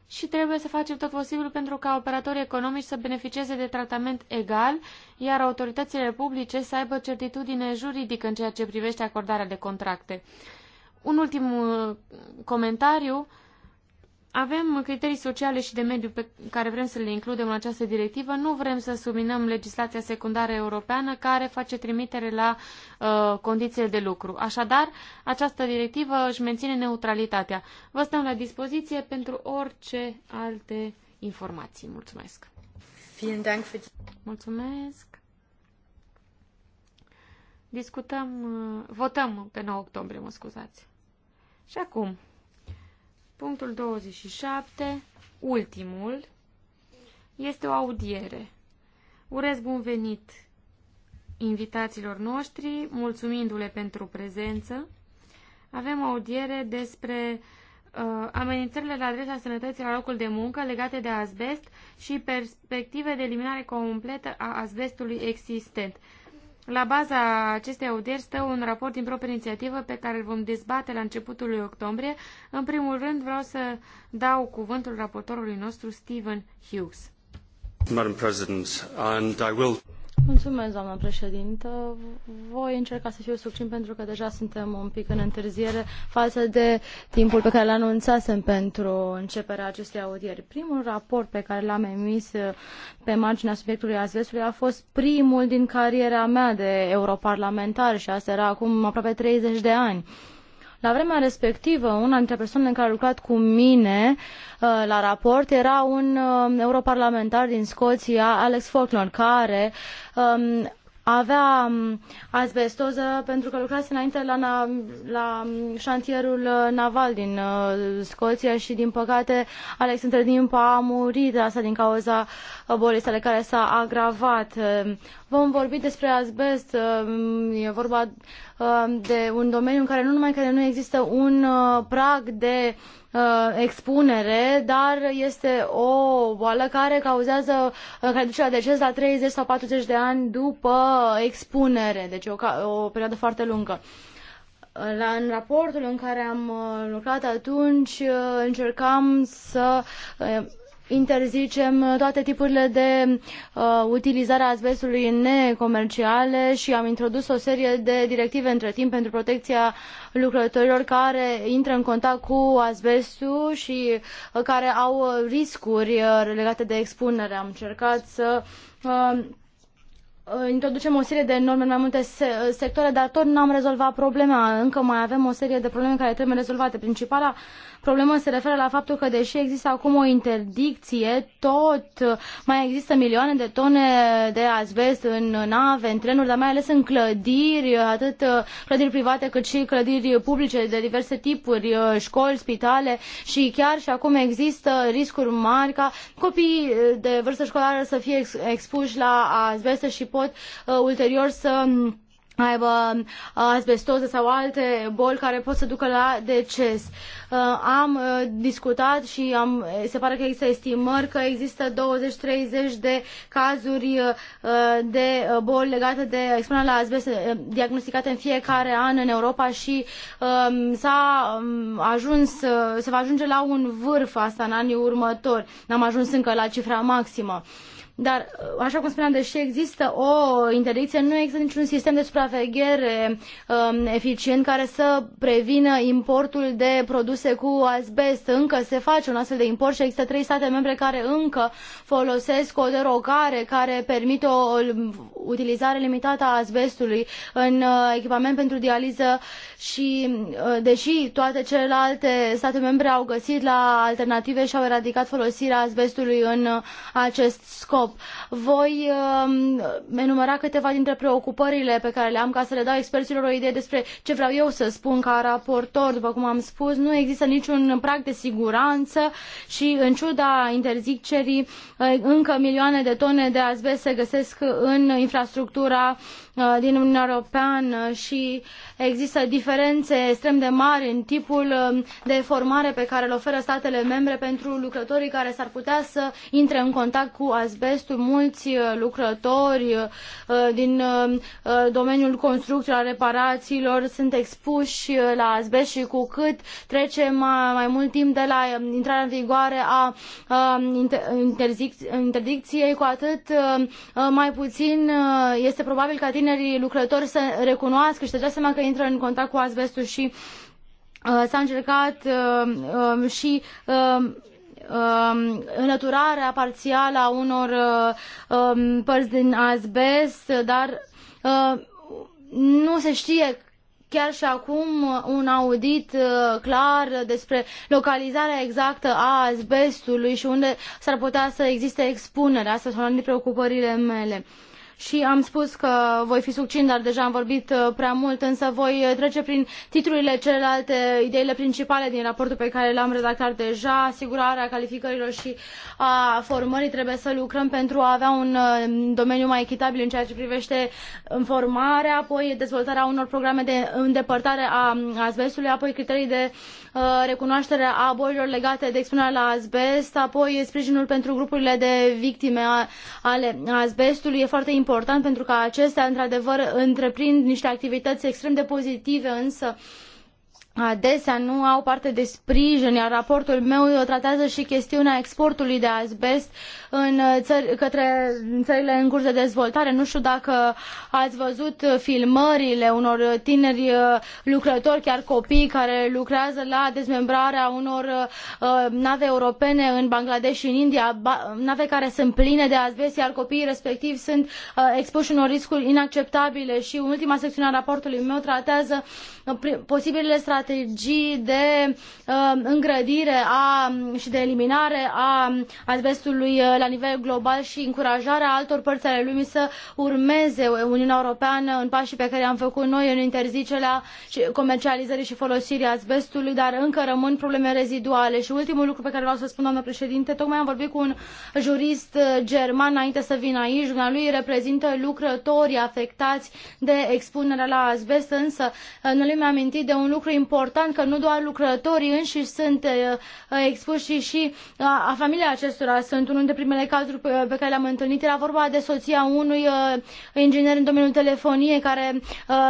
și trebuie să facem tot posibilul pentru ca operatorii economici să beneficieze de tratament egal, iar autoritățile publice să aibă certitudine juridică în ceea ce privește acordarea de contracte. Un ultim uh, comentariu avem criterii sociale și de mediu pe care vrem să le includem în această directivă. Nu vrem să subminăm legislația secundară europeană care face trimitere la uh, condițiile de lucru. Așadar, această directivă își menține neutralitatea. Vă stăm la dispoziție pentru orice alte informații. Mulțumesc! Mulțumesc! Discutăm, uh, votăm pe 9 octombrie, mă scuzați. Și acum, Punctul 27, ultimul, este o audiere. Urez bun venit invitațiilor noștri, mulțumindu-le pentru prezență. Avem o audiere despre uh, amenințările la adresa sănătății la locul de muncă legate de azbest și perspective de eliminare completă a azbestului existent. La baza acestei audieri stă un raport din proprie inițiativă pe care îl vom dezbate la începutul lui octombrie. În primul rând vreau să dau cuvântul raportorului nostru, Stephen Hughes. Madam President, and I will...
Mulțumesc, doamnă președintă. Voi încerca să fiu succint pentru că deja suntem un pic în întârziere față de timpul pe care l anunțasem pentru începerea acestei audieri. Primul raport pe care l-am emis pe marginea subiectului azvestului a fost primul din cariera mea de europarlamentar și asta era acum aproape 30 de ani. La vremea respectivă, una dintre persoanele care a lucrat cu mine uh, la raport era un uh, europarlamentar din Scoția, Alex Faulkner, care um, avea um, asbestoză pentru că lucrase înainte la, na, la um, șantierul uh, naval din uh, Scoția și din păcate Alex între timp a murit asta din cauza bolii sale care s-a agravat vom vorbi despre asbest. Um, e vorba um, de un domeniu în care nu numai că nu există un uh, prag de uh, expunere, dar este o boală care cauzează, uh, care duce la deces la 30 sau 40 de ani după expunere, deci o, o perioadă foarte lungă la, în raportul în care am lucrat atunci încercam să interzicem uh, toate tipurile de uh, utilizare a azbestului necomerciale și am introdus o serie de directive între timp pentru protecția lucrătorilor care intră în contact cu azbestul și uh, care au uh, riscuri uh, legate de expunere. Am încercat să uh, introducem o serie de norme în mai multe uh, sectoare, dar tot n-am rezolvat problema. Încă mai avem o serie de probleme care trebuie rezolvate. Principala uh, Problema se referă la faptul că, deși există acum o interdicție, tot mai există milioane de tone de azbest în nave, în trenuri, dar mai ales în clădiri, atât uh, clădiri private cât și clădiri publice de diverse tipuri, uh, școli, spitale și chiar și acum există riscuri mari ca copiii uh, de vârstă școlară să fie expuși la azbest și pot ulterior să aibă uh, asbestoză sau alte boli care pot să ducă la deces. Uh, am uh, discutat și am, se pare că există estimări că există 20-30 de cazuri de boli legate de expunerea la asbest diagnosticate în fiecare an în Europa și um, s-a um, ajuns, se va ajunge la un vârf asta în anii următori. N-am ajuns încă la cifra maximă. Dar, uh, așa cum spuneam, deși există o interdicție, nu există niciun sistem de supraveghere um, eficient care să prevină importul de produse cu asbest. Încă se face un astfel de import și există trei state membre care încă folosesc o derogare care permite o utilizare limitată a asbestului în uh, echipament pentru dializă și, uh, deși toate celelalte state membre au găsit la alternative și au eradicat folosirea asbestului în uh, acest scop, stop. Voi uh, enumera câteva dintre preocupările pe care le am ca să le dau experților o idee despre ce vreau eu să spun ca raportor. După cum am spus, nu există niciun prag de siguranță și în ciuda interzicerii uh, încă milioane de tone de azbest se găsesc în infrastructura uh, Uh, din Uniunea Europeană și există diferențe extrem de mari în tipul um, de formare pe care îl oferă statele membre pentru lucrătorii care s-ar putea să intre în contact cu asbestul. Mulți uh, lucrători uh, din domeniul construcțiilor, reparațiilor sunt expuși la asbest și cu cât trece mai mult timp de la um, intrarea în vigoare a um, interdicției, cu atât mai puțin este probabil ca tine tinerii lucrători să recunoască și să dea seama că intră în contact cu asbestul și uh, s-a încercat uh, um, și uh, înlăturarea parțială a unor uh, părți din asbest, dar uh, nu se știe chiar și acum un audit uh, clar despre localizarea exactă a asbestului și unde s-ar putea să existe expunere. asta sunt preocupările mele. Uh, și am spus că voi fi succint, dar deja am vorbit uh, prea mult, însă voi uh, trece prin titlurile celelalte, ideile principale din raportul pe care l-am redactat deja, asigurarea calificărilor și a formării trebuie să lucrăm pentru a avea un uh, domeniu mai echitabil în ceea ce privește formarea, apoi dezvoltarea unor programe de îndepărtare a azbestului, apoi criterii de recunoaștere a bolilor legate de expunerea la azbest, apoi sprijinul pentru grupurile de victime ale azbestului. E foarte important important pentru că acestea, într-adevăr, întreprind niște activități extrem de pozitive, însă adesea nu au parte de sprijin, iar raportul meu tratează și chestiunea exportului de asbest în uh, țări, către țările în curs de dezvoltare. Nu știu dacă ați văzut filmările unor tineri uh, lucrători, chiar copii, care lucrează la dezmembrarea unor uh, nave europene în Bangladesh și în India, nave care sunt pline de asbest, iar copiii respectiv sunt expuși unor riscuri inacceptabile. Și ultima secțiune a raportului meu tratează posibilele strategii de uh, îngrădire a, și de eliminare a asbestului uh, la nivel global și încurajarea altor părți ale lumii să urmeze Uniunea Europeană în pașii pe care am făcut noi în interzicerea comercializării și folosirii asbestului, dar încă rămân probleme reziduale. Și ultimul lucru pe care vreau să spun, doamnă președinte, tocmai am vorbit cu un jurist uh, german înainte să vină aici, lui reprezintă lucrătorii afectați de expunerea la asbest, însă în mi-a amintit de un lucru important, că nu doar lucrătorii înși sunt uh, uh, expuși și, și uh, a, familia acestora. Sunt unul dintre primele cazuri pe, pe care le-am întâlnit. Era vorba de soția unui inginer în domeniul telefoniei care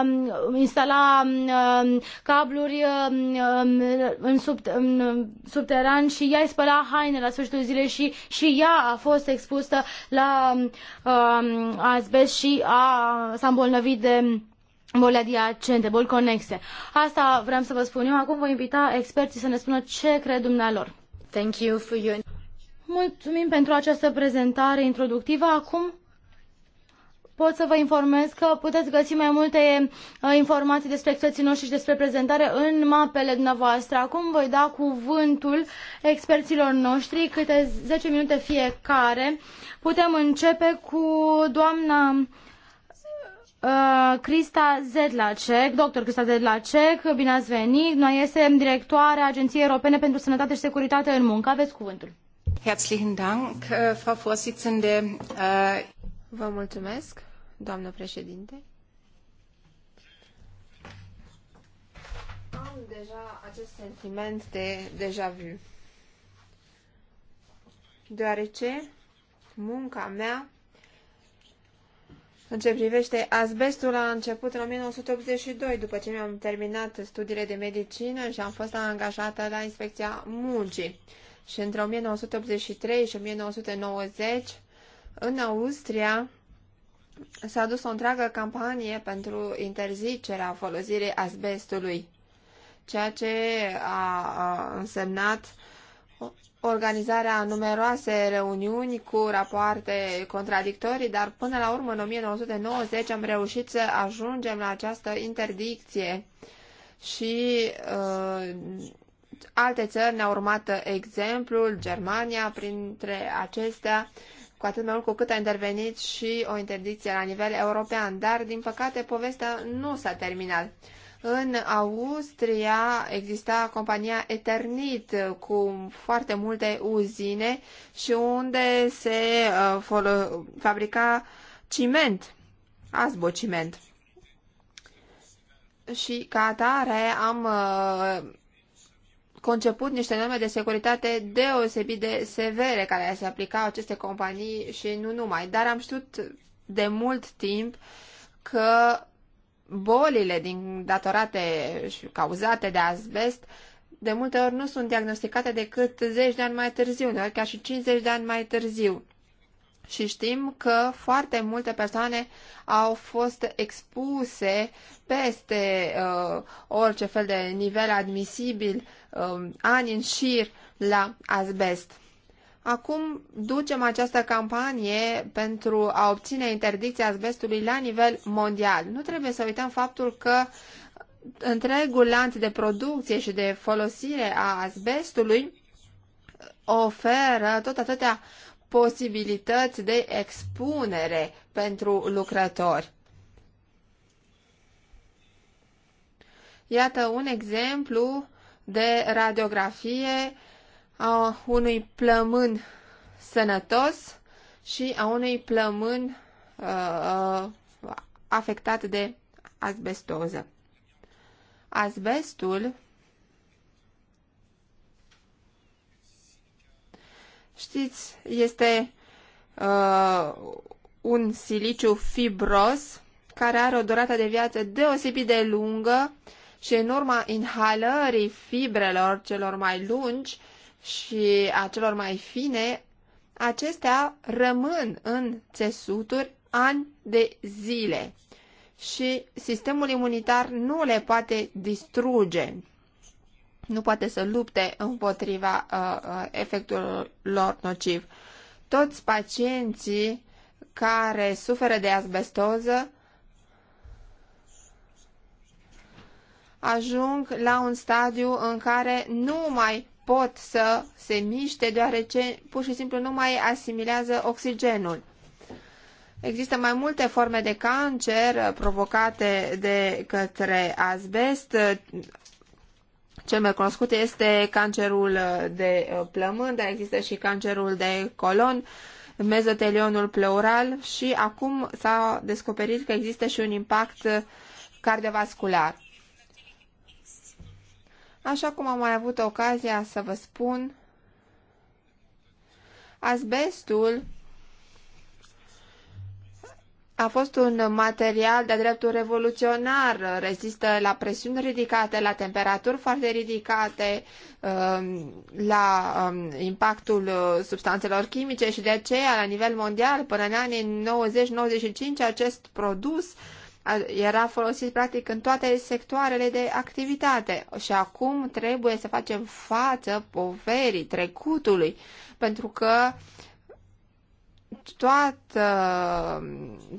um, instala um, cabluri um, în, sub, subteran și ea îi spăla haine la sfârșitul zilei și, și ea a fost expusă la um, și a, s-a îmbolnăvit de boli adiacente, boli conexe. Asta vreau să vă spun eu. Acum voi invita experții să ne spună ce cred dumnealor. Thank you for your... Mulțumim pentru această prezentare introductivă. Acum pot să vă informez că puteți găsi mai multe uh, informații despre experții noștri și despre prezentare în mapele dumneavoastră. Acum voi da cuvântul experților noștri, câte 10 minute fiecare. Putem începe cu doamna Crista uh, Zedlacek, doctor Crista Zedlacek, bine ați venit. Noi este directoarea Agenției Europene pentru Sănătate și Securitate în
Muncă. Aveți cuvântul. Herzlichen Dank, uh, Frau Vorsitzende. Uh, Vă mulțumesc, doamnă președinte. Am deja acest sentiment de deja vu. Deoarece munca mea în ce privește asbestul, a început în 1982, după ce mi-am terminat studiile de medicină și am fost angajată la Inspecția Muncii. Și între 1983 și 1990, în Austria, s-a dus o întreagă campanie pentru interzicerea folosirii asbestului, ceea ce a, însemnat organizarea numeroase reuniuni cu rapoarte contradictorii, dar până la urmă, în 1990, am reușit să ajungem la această interdicție și uh, alte țări ne-au urmat exemplul, Germania printre acestea, cu atât mai mult cu cât a intervenit și o interdicție la nivel european, dar din păcate povestea nu s-a terminat. În Austria exista compania Eternit cu foarte multe uzine și unde se uh, fabrica ciment, azbociment. Și ca atare am uh, conceput niște norme de securitate deosebit de severe care se aplicau aceste companii și nu numai. Dar am știut de mult timp că bolile din datorate și cauzate de asbest de multe ori nu sunt diagnosticate decât 10 de ani mai târziu, ori chiar și 50 de ani mai târziu. Și știm că foarte multe persoane au fost expuse peste uh, orice fel de nivel admisibil uh, ani în șir la asbest. Acum ducem această campanie pentru a obține interdicția asbestului la nivel mondial. Nu trebuie să uităm faptul că întregul lanț de producție și de folosire a asbestului oferă tot atâtea posibilități de expunere pentru lucrători. Iată un exemplu de radiografie a unui plămân sănătos și a unui plămân uh, uh, afectat de asbestoză. Asbestul Știți, este uh, un siliciu fibros care are o durată de viață deosebit de lungă și în urma inhalării fibrelor celor mai lungi și a celor mai fine, acestea rămân în țesuturi ani de zile și sistemul imunitar nu le poate distruge, nu poate să lupte împotriva uh, uh efectul lor nociv. Toți pacienții care suferă de asbestoză ajung la un stadiu în care nu mai pot să se miște deoarece pur și simplu nu mai asimilează oxigenul. Există mai multe forme de cancer provocate de către asbest. Cel mai cunoscut este cancerul de uh, plămân, dar există și cancerul de colon, mezotelionul pleural și acum s-a descoperit că există și un impact cardiovascular. Așa cum am mai avut ocazia să vă spun, asbestul a fost un material de dreptul revoluționar, rezistă la presiuni ridicate, la temperaturi foarte ridicate, um, la um, impactul uh, substanțelor chimice și de aceea, la nivel mondial, până în anii 90-95, acest produs era folosit practic în toate sectoarele de activitate și acum trebuie să facem față poverii trecutului, pentru că toată,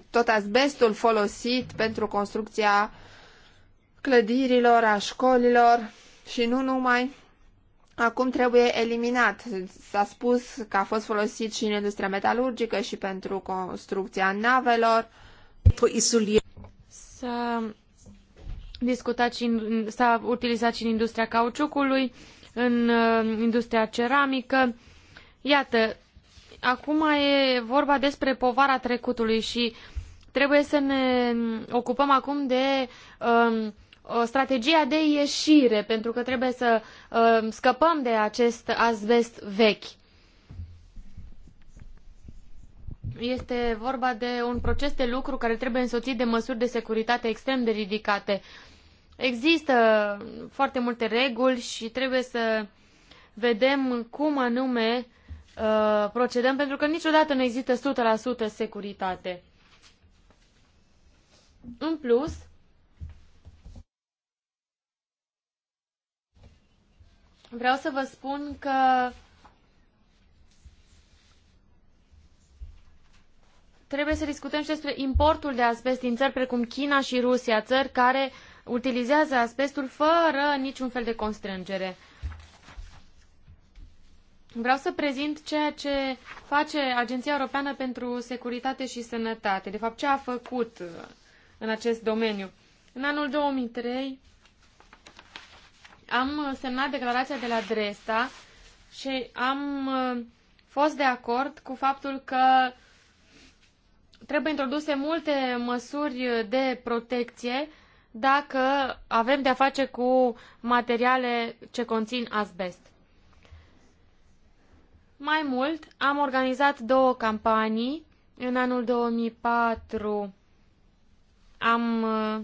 tot asbestul folosit pentru construcția clădirilor, a școlilor și nu numai, acum trebuie eliminat. S-a spus că a fost folosit și în industria metalurgică și pentru construcția navelor. S-a discutat și
s-a utilizat și în industria cauciucului, în uh, industria ceramică. Iată, acum e vorba despre povara trecutului și trebuie să ne ocupăm acum de um, o strategia de ieșire, pentru că trebuie să um, scăpăm de acest azbest vechi. Este vorba de un proces de lucru care trebuie însoțit de măsuri de securitate extrem de ridicate. Există foarte multe reguli și trebuie să vedem cum anume uh, procedăm, pentru că niciodată nu există 100% securitate. În plus, vreau să vă spun că Trebuie să discutăm și despre importul de asbest din țări precum China și Rusia, țări care utilizează asbestul fără niciun fel de constrângere. Vreau să prezint ceea ce face Agenția Europeană pentru Securitate și Sănătate, de fapt ce a făcut uh, în acest domeniu. În anul 2003 am uh, semnat declarația de la Dresda și am uh, fost de acord cu faptul că trebuie introduse multe măsuri de protecție dacă avem de-a face cu materiale ce conțin asbest. Mai mult, am organizat două campanii. În anul 2004 am uh,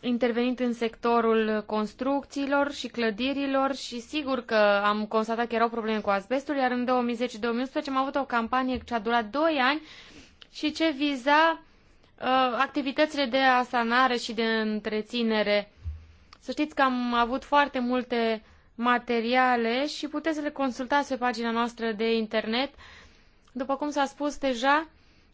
intervenit în sectorul construcțiilor și clădirilor și sigur că am constatat că erau probleme cu asbestul, iar în 2010-2011 am avut o campanie ce a durat 2 ani și ce viza uh, activitățile de asanare și de întreținere. Să știți că am avut foarte multe materiale și puteți să le consultați pe pagina noastră de internet. După cum s-a spus deja,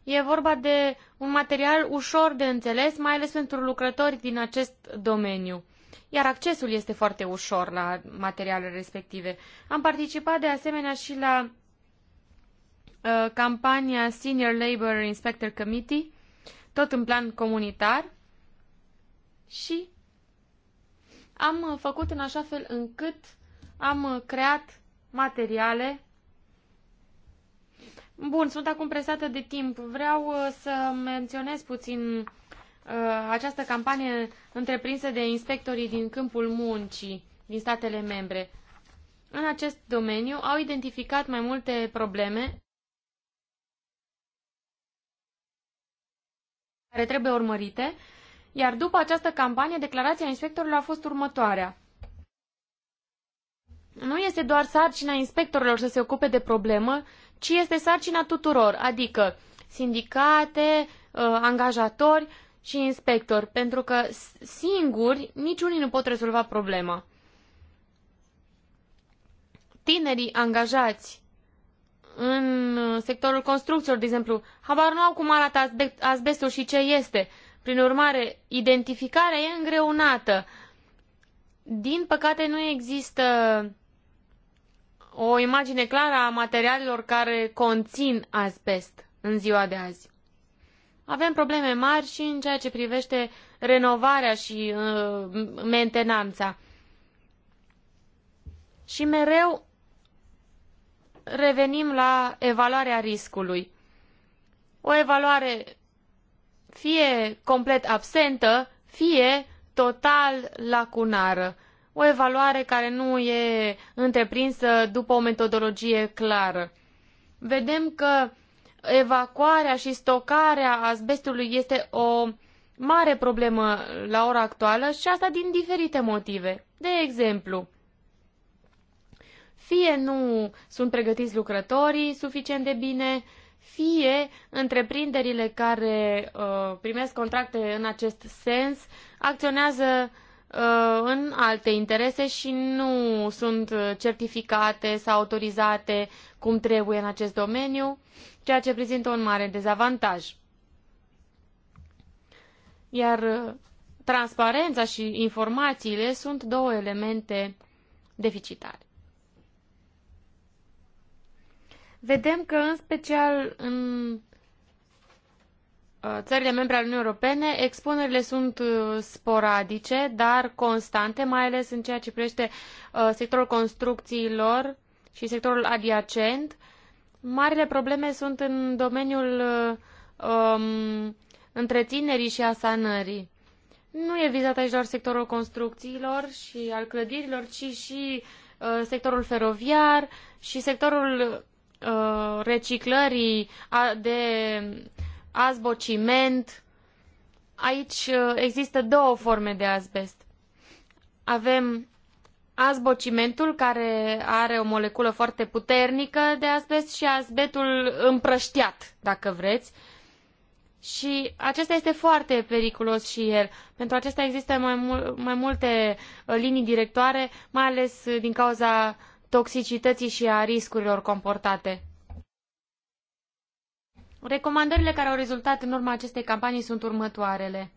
e vorba de un material ușor de înțeles, mai ales pentru lucrători din acest domeniu iar accesul este foarte ușor la materialele respective. Am participat de asemenea și la Uh, campania Senior Labor Inspector Committee, tot în plan comunitar și am uh, făcut în așa fel încât am uh, creat materiale. Bun, sunt acum presată de timp. Vreau să menționez puțin această campanie întreprinsă de inspectorii din câmpul muncii din statele membre. În acest domeniu au identificat mai multe probleme care trebuie urmărite, iar după această campanie, declarația inspectorilor a fost următoarea. Nu este doar sarcina inspectorilor să se ocupe de problemă, ci este sarcina tuturor, adică sindicate, uh, angajatori și inspectori, pentru că singuri niciunii nu pot rezolva problema. Tinerii angajați în sectorul construcțiilor, de exemplu, habar nu au cum arată asbestul și ce este. Prin urmare, identificarea e îngreunată. Din păcate, nu există o imagine clară a materialelor care conțin asbest în ziua de azi. Avem probleme mari și în ceea ce privește renovarea și uh, mentenanța. Și mereu revenim la evaluarea riscului. O evaluare fie complet absentă, fie total lacunară. O evaluare care nu e întreprinsă după o metodologie clară. Vedem că evacuarea și stocarea asbestului este o mare problemă la ora actuală și asta din diferite motive. De exemplu, fie nu sunt pregătiți lucrătorii suficient de bine, fie întreprinderile care uh, primesc contracte în acest sens acționează uh, în alte interese și nu sunt certificate sau autorizate cum trebuie în acest domeniu, ceea ce prezintă un mare dezavantaj. Iar uh, transparența și informațiile sunt două elemente deficitare. vedem că, în special în uh, țările membre ale Uniunii Europene, expunerile sunt uh, sporadice, dar constante, mai ales în ceea ce privește uh, sectorul construcțiilor și sectorul adiacent. Marile probleme sunt în domeniul um, întreținerii și a sanării. Nu e vizat aici doar sectorul construcțiilor și al clădirilor, ci și uh, sectorul feroviar și sectorul Uh, reciclării de azbociment. Aici uh, există două forme de azbest. Avem azbocimentul, care are o moleculă foarte puternică de azbest și azbetul împrăștiat, dacă vreți. Și acesta este foarte periculos și el. Pentru acesta există mai, mul mai multe uh, linii directoare, mai ales din cauza toxicității și a riscurilor comportate. Recomandările care au rezultat în urma acestei campanii sunt următoarele.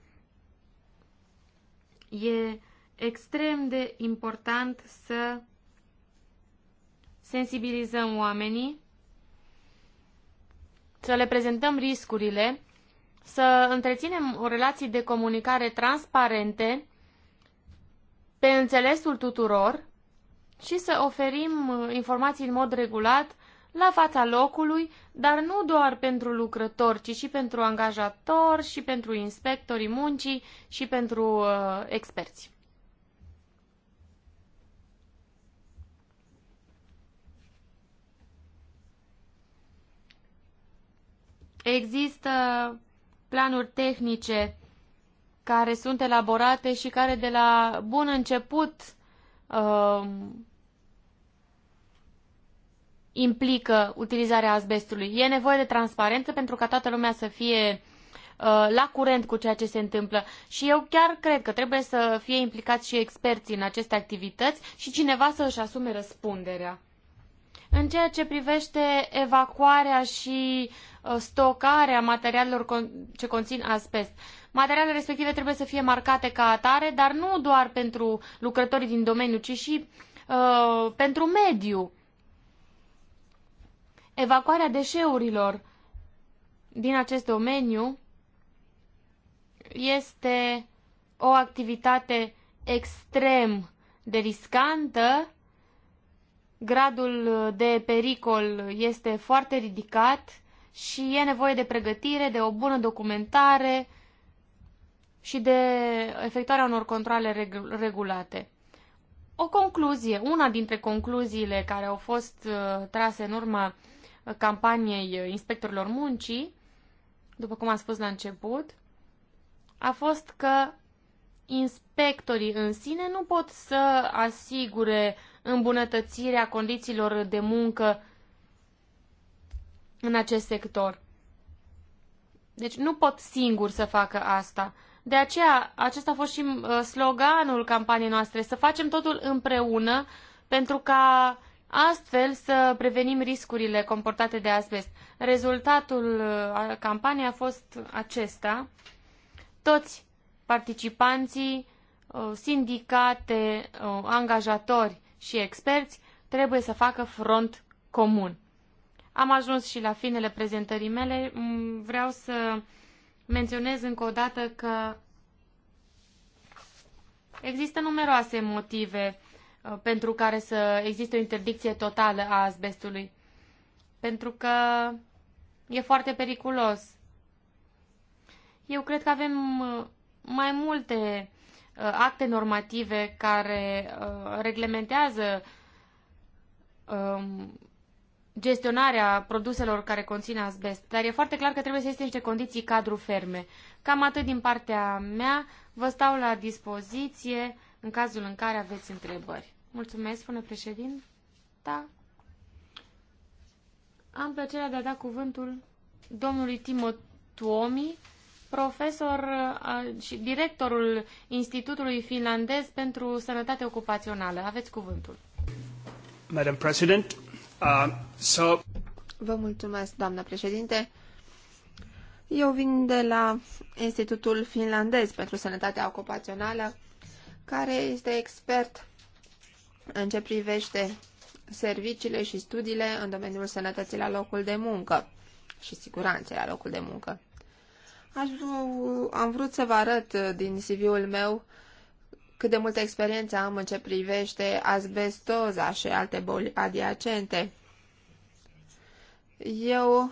E extrem de important să sensibilizăm oamenii, să le prezentăm riscurile, să întreținem o relație de comunicare transparente pe înțelesul tuturor și să oferim uh, informații în mod regulat la fața locului, dar nu doar pentru lucrători, ci și pentru angajatori, și pentru inspectorii muncii și pentru uh, experți. Există planuri tehnice care sunt elaborate și care de la bun început uh, implică utilizarea asbestului. E nevoie de transparență pentru ca toată lumea să fie uh, la curent cu ceea ce se întâmplă. Și eu chiar cred că trebuie să fie implicați și experții în aceste activități și cineva să își asume răspunderea. În ceea ce privește evacuarea și uh, stocarea materialelor ce conțin asbest, materialele respective trebuie să fie marcate ca atare, dar nu doar pentru lucrătorii din domeniu, ci și uh, pentru mediu evacuarea deșeurilor din acest domeniu este o activitate extrem de riscantă, gradul de pericol este foarte ridicat și e nevoie de pregătire, de o bună documentare și de efectuarea unor controle regulate. O concluzie, una dintre concluziile care au fost uh, trase în urma campaniei inspectorilor muncii, după cum am spus la început, a fost că inspectorii în sine nu pot să asigure îmbunătățirea condițiilor de muncă în acest sector. Deci nu pot singur să facă asta. De aceea, acesta a fost și uh, sloganul campaniei noastre, să facem totul împreună pentru ca astfel să prevenim riscurile comportate de asbest. Rezultatul uh, campaniei a fost acesta. Toți participanții, uh, sindicate, uh, angajatori și experți trebuie să facă front comun. Am ajuns și la finele prezentării mele. Mm, vreau să menționez încă o dată că există numeroase motive Uh, pentru care să existe o interdicție totală a asbestului. Pentru că e foarte periculos. Eu cred că avem uh, mai multe uh, acte normative care reglementează um, gestionarea produselor care conțin asbest, dar e foarte clar că trebuie să existe niște condiții cadru ferme. Cam atât din partea mea, vă stau la dispoziție în cazul în care aveți întrebări. Mulțumesc, spune președinta. Am plăcerea de a da cuvântul domnului Timo Tuomi, profesor uh, și directorul Institutului Finlandez
pentru Sănătate Ocupațională. Aveți cuvântul. Madam President, uh, so... Vă mulțumesc, doamnă președinte. Eu vin de la Institutul Finlandez pentru Sănătatea Ocupațională, care este expert în ce privește serviciile și studiile în domeniul sănătății la locul de muncă și siguranței la locul de muncă. Aș, am vrut să vă arăt din CV-ul meu cât de multă experiență am în ce privește asbestoza și alte boli adiacente. Eu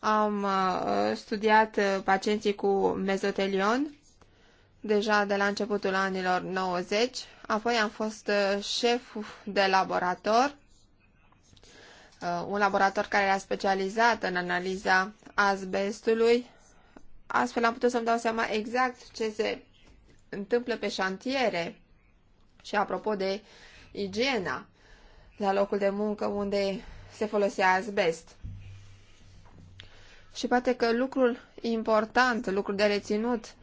am uh, studiat uh, pacienții cu mezotelion deja de la începutul anilor 90, apoi am fost uh, șef de laborator, uh, un laborator care era specializat în analiza azbestului. Astfel am putut să-mi dau seama exact ce se întâmplă pe șantiere și apropo de igiena la locul de muncă unde se folosea azbest. Și poate că lucrul important, lucrul de reținut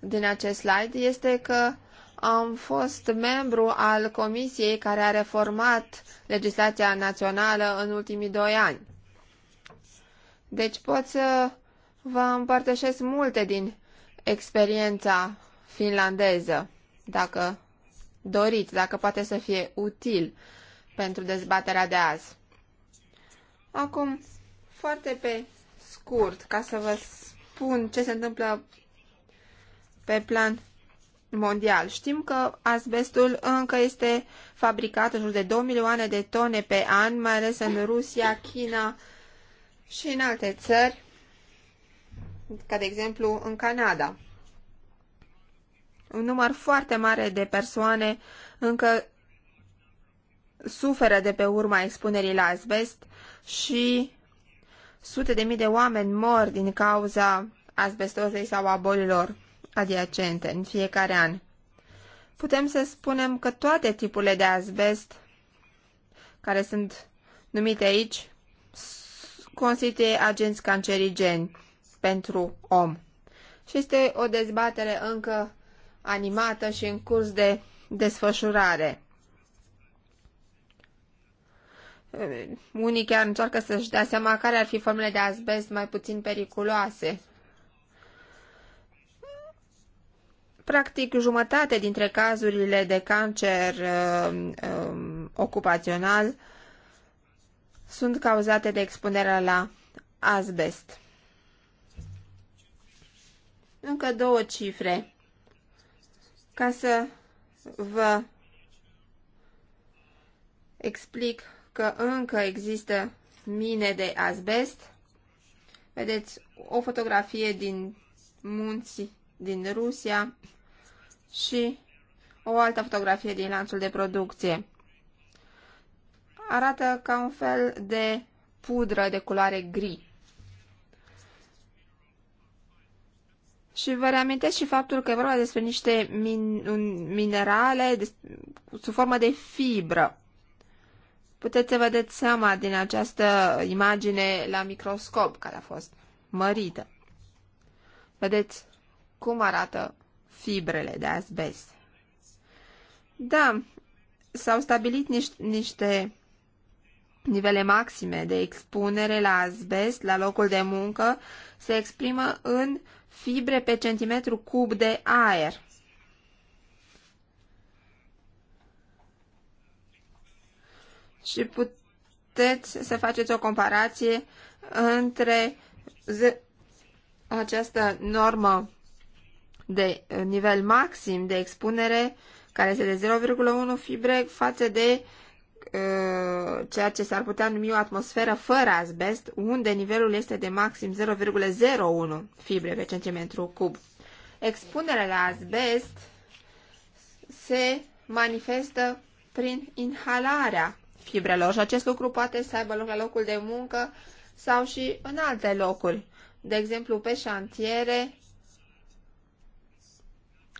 din acest slide este că am fost membru al comisiei care a reformat legislația națională în ultimii doi ani. Deci pot să vă împărtășesc multe din experiența finlandeză, dacă doriți, dacă poate să fie util pentru dezbaterea de azi. Acum, foarte pe scurt, ca să vă spun ce se întâmplă pe plan mondial. Știm că asbestul încă este fabricat în jur de 2 milioane de tone pe an, mai ales în Rusia, China și în alte țări, ca de exemplu în Canada. Un număr foarte mare de persoane încă suferă de pe urma expunerii la asbest și sute de mii de oameni mor din cauza asbestozei sau a bolilor adiacente în fiecare an. Putem să spunem că toate tipurile de azbest care sunt numite aici constituie agenți cancerigeni pentru om. Și este o dezbatere încă animată și în curs de desfășurare. Unii chiar încearcă să-și dea seama care ar fi formele de azbest mai puțin periculoase. Practic, jumătate dintre cazurile de cancer uh, uh, ocupațional sunt cauzate de expunerea la asbest. Încă două cifre ca să vă explic că încă există mine de asbest. Vedeți o fotografie din munți din Rusia și o altă fotografie din lanțul de producție. Arată ca un fel de pudră de culoare gri. Și vă reamintesc și faptul că e vorba despre niște min- minerale sub formă de fibră. Puteți să vă dați seama din această imagine la microscop care a fost mărită. Vedeți cum arată fibrele de asbest. Da, s-au stabilit niște, niște nivele maxime de expunere la asbest la locul de muncă se exprimă în fibre pe centimetru cub de aer. Și puteți să faceți o comparație între această normă de nivel maxim de expunere, care este de 0,1 fibre, față de uh, ceea ce s-ar putea numi o atmosferă fără asbest, unde nivelul este de maxim 0,01 fibre pe centimetru cub. Expunerea la asbest se manifestă prin inhalarea fibrelor și acest lucru poate să aibă loc la locul de muncă sau și în alte locuri, de exemplu pe șantiere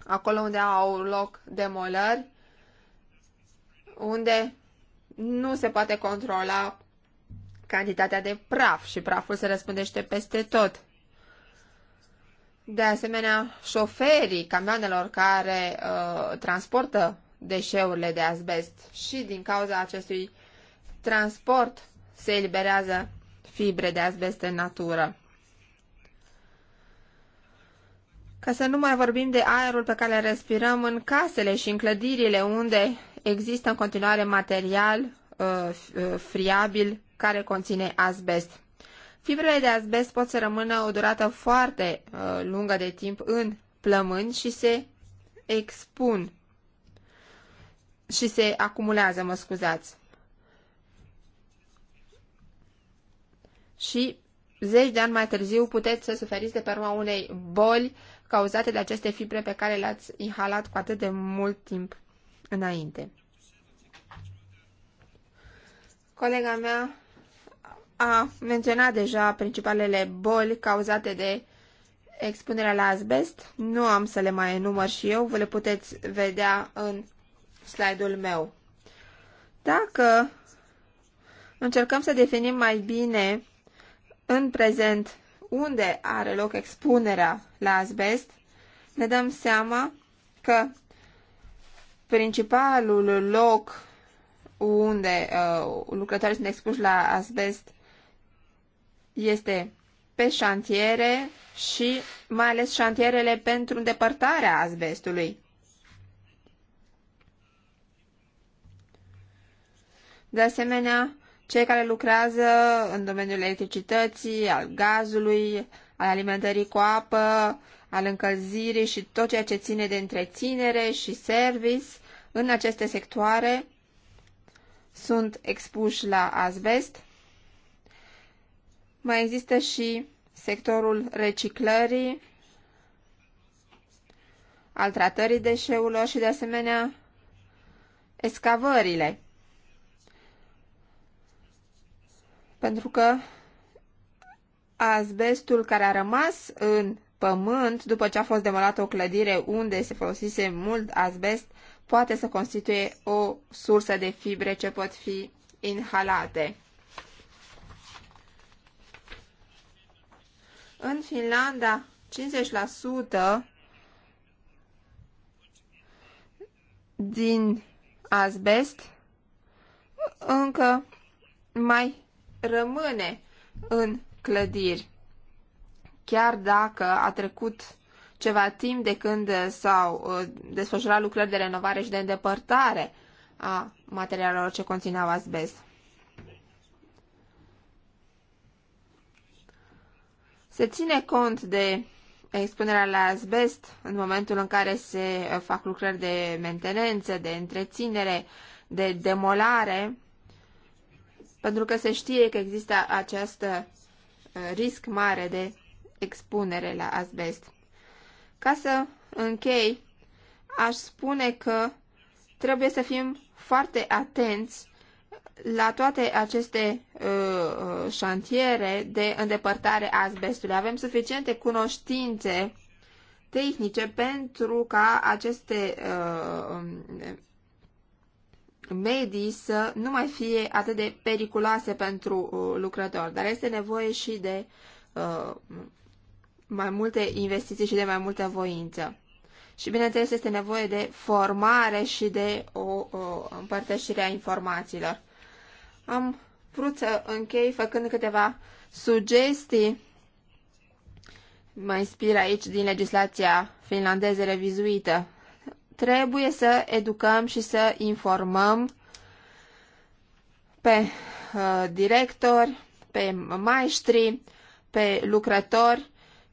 acolo unde au loc demolări, unde nu se poate controla cantitatea de praf și praful se răspândește peste tot. De asemenea, șoferii camioanelor care uh, transportă deșeurile de asbest și din cauza acestui transport se eliberează fibre de asbest în natură. Ca să nu mai vorbim de aerul pe care îl respirăm în casele și în clădirile unde există în continuare material uh, uh, friabil care conține asbest. Fibrele de asbest pot să rămână o durată foarte uh, lungă de timp în plămâni și se expun și se acumulează, mă scuzați. Și zeci de ani mai târziu puteți să suferiți de pe urma unei boli cauzate de aceste fibre pe care le-ați inhalat cu atât de mult timp înainte. Colega mea a menționat deja principalele boli cauzate de expunerea la asbest. Nu am să le mai enumăr și eu, vă le puteți vedea în slide-ul meu. Dacă încercăm să definim mai bine în prezent unde are loc expunerea la asbest, ne dăm seama că principalul loc unde uh, lucrătorii sunt expuși la asbest este pe șantiere și mai ales șantierele pentru îndepărtarea asbestului. De asemenea, cei care lucrează în domeniul electricității, al gazului, al alimentării cu apă, al încălzirii și tot ceea ce ține de întreținere și service în aceste sectoare sunt expuși la azbest. Mai există și sectorul reciclării, al tratării deșeurilor și, de asemenea, escavările. pentru că azbestul care a rămas în pământ după ce a fost demolată o clădire unde se folosise mult azbest poate să constituie o sursă de fibre ce pot fi inhalate. În Finlanda, 50% din azbest încă mai rămâne în clădiri, chiar dacă a trecut ceva timp de când s-au uh, desfășurat lucrări de renovare și de îndepărtare a materialelor ce conțineau asbest. Se ține cont de expunerea la asbest în momentul în care se uh, fac lucrări de mentenență, de întreținere, de demolare pentru că se știe că există acest uh, risc mare de expunere la asbest. Ca să închei, aș spune că trebuie să fim foarte atenți la toate aceste uh, uh șantiere de îndepărtare a asbestului. Avem suficiente cunoștințe tehnice pentru ca aceste uh, medii să nu mai fie atât de periculoase pentru uh, lucrători, dar este nevoie și de uh, mai multe investiții și de mai multă voință. Și bineînțeles este nevoie de formare și de o, o împărtășire a informațiilor. Am vrut să închei făcând câteva sugestii. Mă inspir aici din legislația finlandeză revizuită trebuie să educăm și să informăm pe uh, directori, pe maestri, pe lucrători,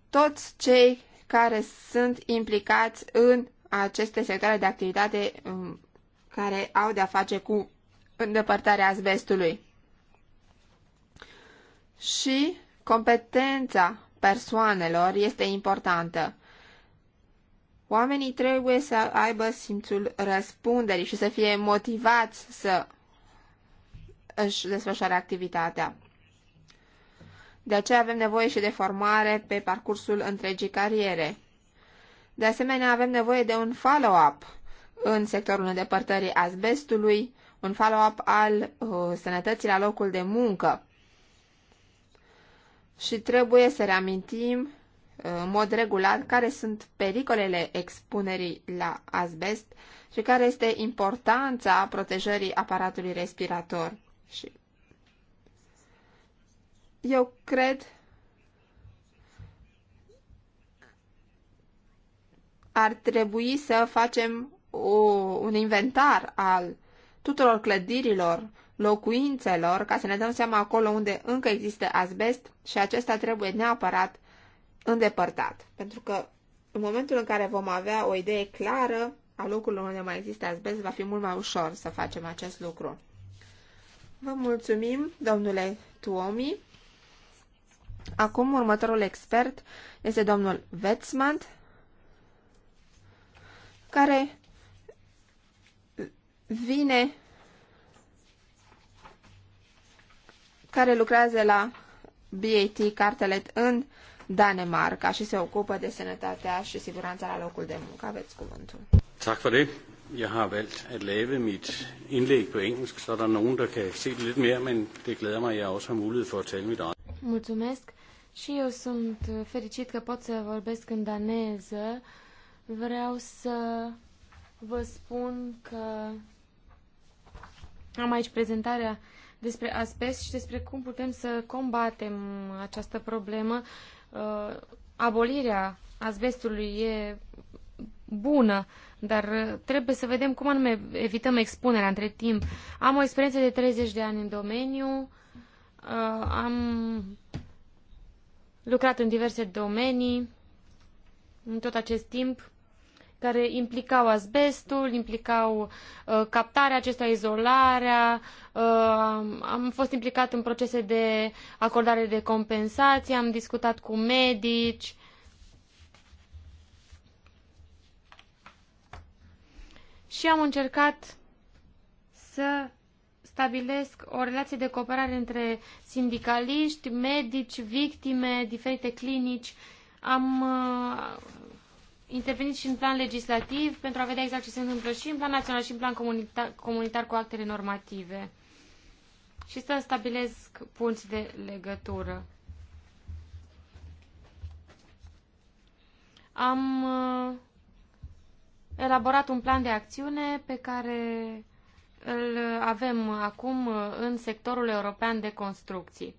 toți cei care sunt implicați în aceste sectoare de activitate um, care au de-a face cu îndepărtarea asbestului. Și competența persoanelor este importantă. Oamenii trebuie să aibă simțul răspunderii și să fie motivați să își desfășoare activitatea. De aceea avem nevoie și de formare pe parcursul întregii cariere. De asemenea, avem nevoie de un follow-up în sectorul îndepărtării azbestului, un follow-up al uh, sănătății la locul de muncă. Și trebuie să reamintim în mod regulat care sunt pericolele expunerii la asbest și care este importanța protejării aparatului respirator. Și eu cred ar trebui să facem o, un inventar al tuturor clădirilor, locuințelor, ca să ne dăm seama acolo unde încă există asbest și acesta trebuie neapărat îndepărtat. Pentru că în momentul în care vom avea o idee clară a locului unde mai există azbest, va fi mult mai ușor să facem acest lucru. Vă mulțumim, domnule Tuomi. Acum, următorul expert este domnul Wetzman, care vine, care lucrează la BAT Cartelet în Danemarca și se ocupă de sănătatea și siguranța la locul de muncă. Aveți cuvântul.
Tak for det. Jeg har valgt at
lave mit indlæg på engelsk, så er der er nogen, der kan se det lidt mere, men det glæder mig, at jeg også har mulighed for at tale mit eget.
Mulțumesc. Și eu sunt fericit că pot să vorbesc în daneză. Vreau să vă spun că am aici prezentarea despre asbest și despre cum putem să combatem această problemă uh, abolirea azbestului e bună, dar uh, trebuie să vedem cum anume evităm expunerea între timp. Am o experiență de 30 de ani în domeniu, uh, am lucrat în diverse domenii în tot acest timp care implicau asbestul, implicau uh, captarea acestuia, izolarea, uh, am fost implicat în procese de acordare de compensații, am discutat cu medici. Și am încercat să stabilesc o relație de cooperare între sindicaliști, medici, victime, diferite clinici. Am uh, intervenit și în plan legislativ pentru a vedea exact ce se întâmplă și în plan național și în plan comunitar, comunitar cu actele normative și să stabilesc punți de legătură. Am uh, elaborat un plan de acțiune pe care îl avem acum uh, în sectorul european de construcții.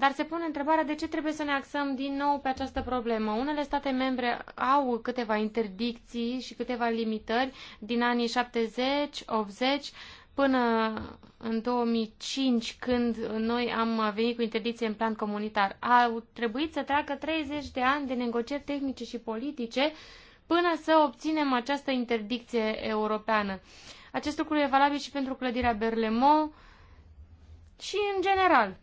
Dar se pune întrebarea de ce trebuie să ne axăm din nou pe această problemă. Unele state membre au câteva interdicții și câteva limitări din anii 70, 80 până în 2005, când noi am venit cu interdicție în plan comunitar. Au trebuit să treacă 30 de ani de negocieri tehnice și politice până să obținem această interdicție europeană. Acest lucru e valabil și pentru clădirea Berlemont și în general.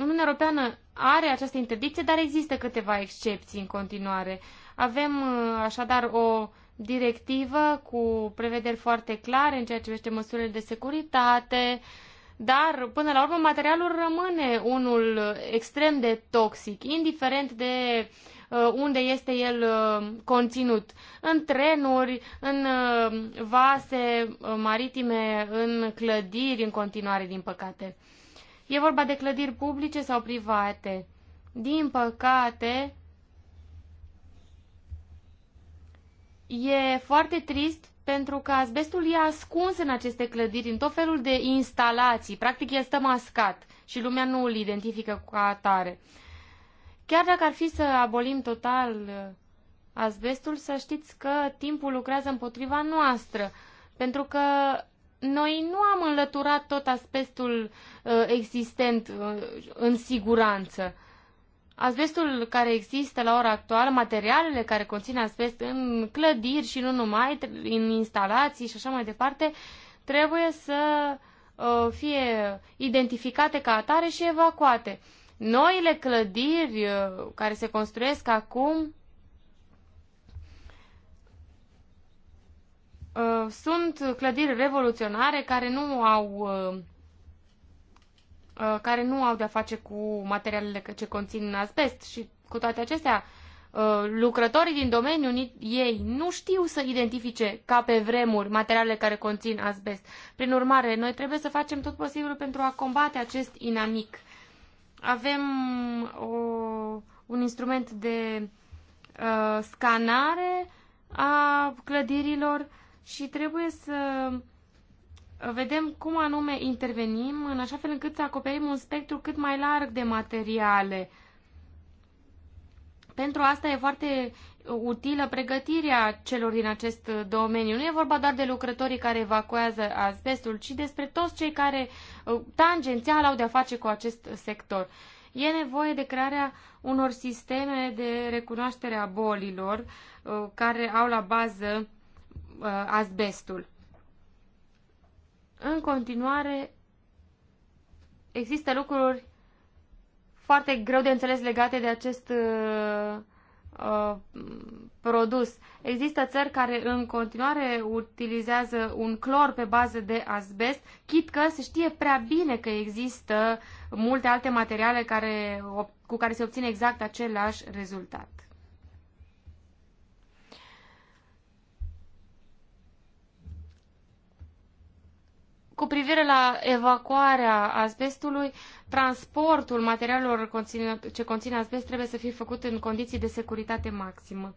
Uniunea Europeană are această interdicție, dar există câteva excepții în continuare. Avem uh, așadar o directivă cu prevederi foarte clare în ceea ce privește măsurile de securitate, dar până la urmă materialul rămâne unul extrem de toxic, indiferent de uh, unde este el uh, conținut. În trenuri, în vase maritime, în clădiri în continuare, din păcate. E vorba de clădiri publice sau private. Din păcate, e foarte trist pentru că asbestul e ascuns în aceste clădiri, în tot felul de instalații. Practic, el stă mascat și lumea nu îl identifică ca atare. Chiar dacă ar fi să abolim total uh, asbestul, să știți că timpul lucrează împotriva noastră, pentru că noi nu am înlăturat tot asbestul uh, existent uh, în siguranță. Asbestul care există la ora actuală, materialele care conțin asbest în clădiri și nu numai, în instalații și așa mai departe, trebuie să uh, fie identificate ca atare și evacuate. Noile clădiri uh, care se construiesc acum Uh, sunt clădiri revoluționare care nu au uh, uh, care nu au de-a face cu materialele ce conțin asbest și cu toate acestea lucrătorii din domeniul ei nu știu să identifice ca pe vremuri materialele care conțin asbest. Prin urmare, noi trebuie să facem tot posibilul pentru a combate acest inamic. Avem o, un instrument de uh, scanare a clădirilor și trebuie să vedem cum anume intervenim în așa fel încât să acoperim un spectru cât mai larg de materiale. Pentru asta e foarte utilă pregătirea celor din acest domeniu. Nu e vorba doar de lucrătorii care evacuează asbestul, ci despre toți cei care uh, tangențial au de-a face cu acest sector. E nevoie de crearea unor sisteme de recunoaștere a bolilor uh, care au la bază Uh, asbestul. În continuare, există lucruri foarte greu de înțeles legate de acest uh, uh, produs. Există țări care în continuare utilizează un clor pe bază de asbest, chit că se știe prea bine că există multe alte materiale care, cu care se obține exact același rezultat. cu privire la evacuarea asbestului, transportul materialelor ce conține asbest trebuie să fie făcut în condiții de securitate maximă.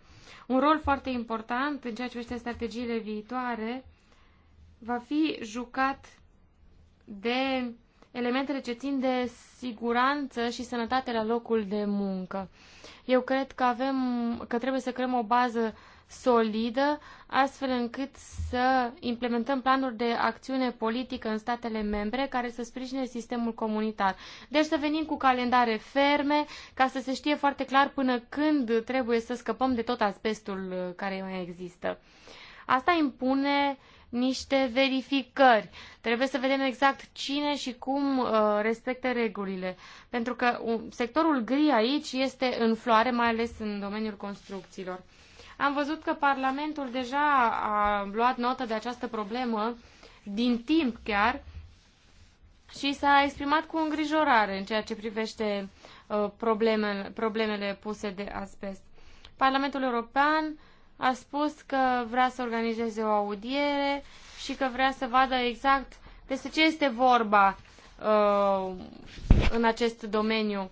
Un rol foarte important în ceea ce privește strategiile viitoare va fi jucat de elementele ce țin de siguranță și sănătate la locul de muncă. Eu cred că avem că trebuie să creăm o bază solidă, astfel încât să implementăm planuri de acțiune politică în statele membre care să sprijine sistemul comunitar. Deci să venim cu calendare ferme ca să se știe foarte clar până când trebuie să scăpăm de tot asbestul uh, care mai există. Asta impune niște verificări. Trebuie să vedem exact cine și cum uh, respectă regulile. Pentru că uh, sectorul gri aici este în floare, mai ales în domeniul construcțiilor. Am văzut că Parlamentul deja a luat notă de această problemă din timp chiar și s-a exprimat cu îngrijorare în ceea ce privește uh, problemele, problemele puse de asbest. Parlamentul European a spus că vrea să organizeze o audiere și că vrea să vadă exact despre ce este vorba uh, în acest domeniu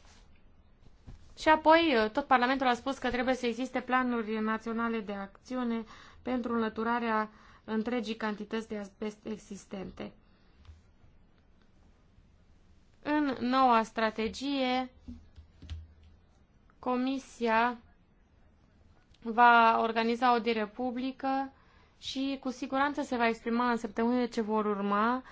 și apoi, uh, tot Parlamentul a spus că trebuie să existe planuri naționale de acțiune pentru înlăturarea întregii cantități de asbest existente. În noua strategie, Comisia va organiza o dire publică și cu siguranță se va exprima în săptămânile ce vor urma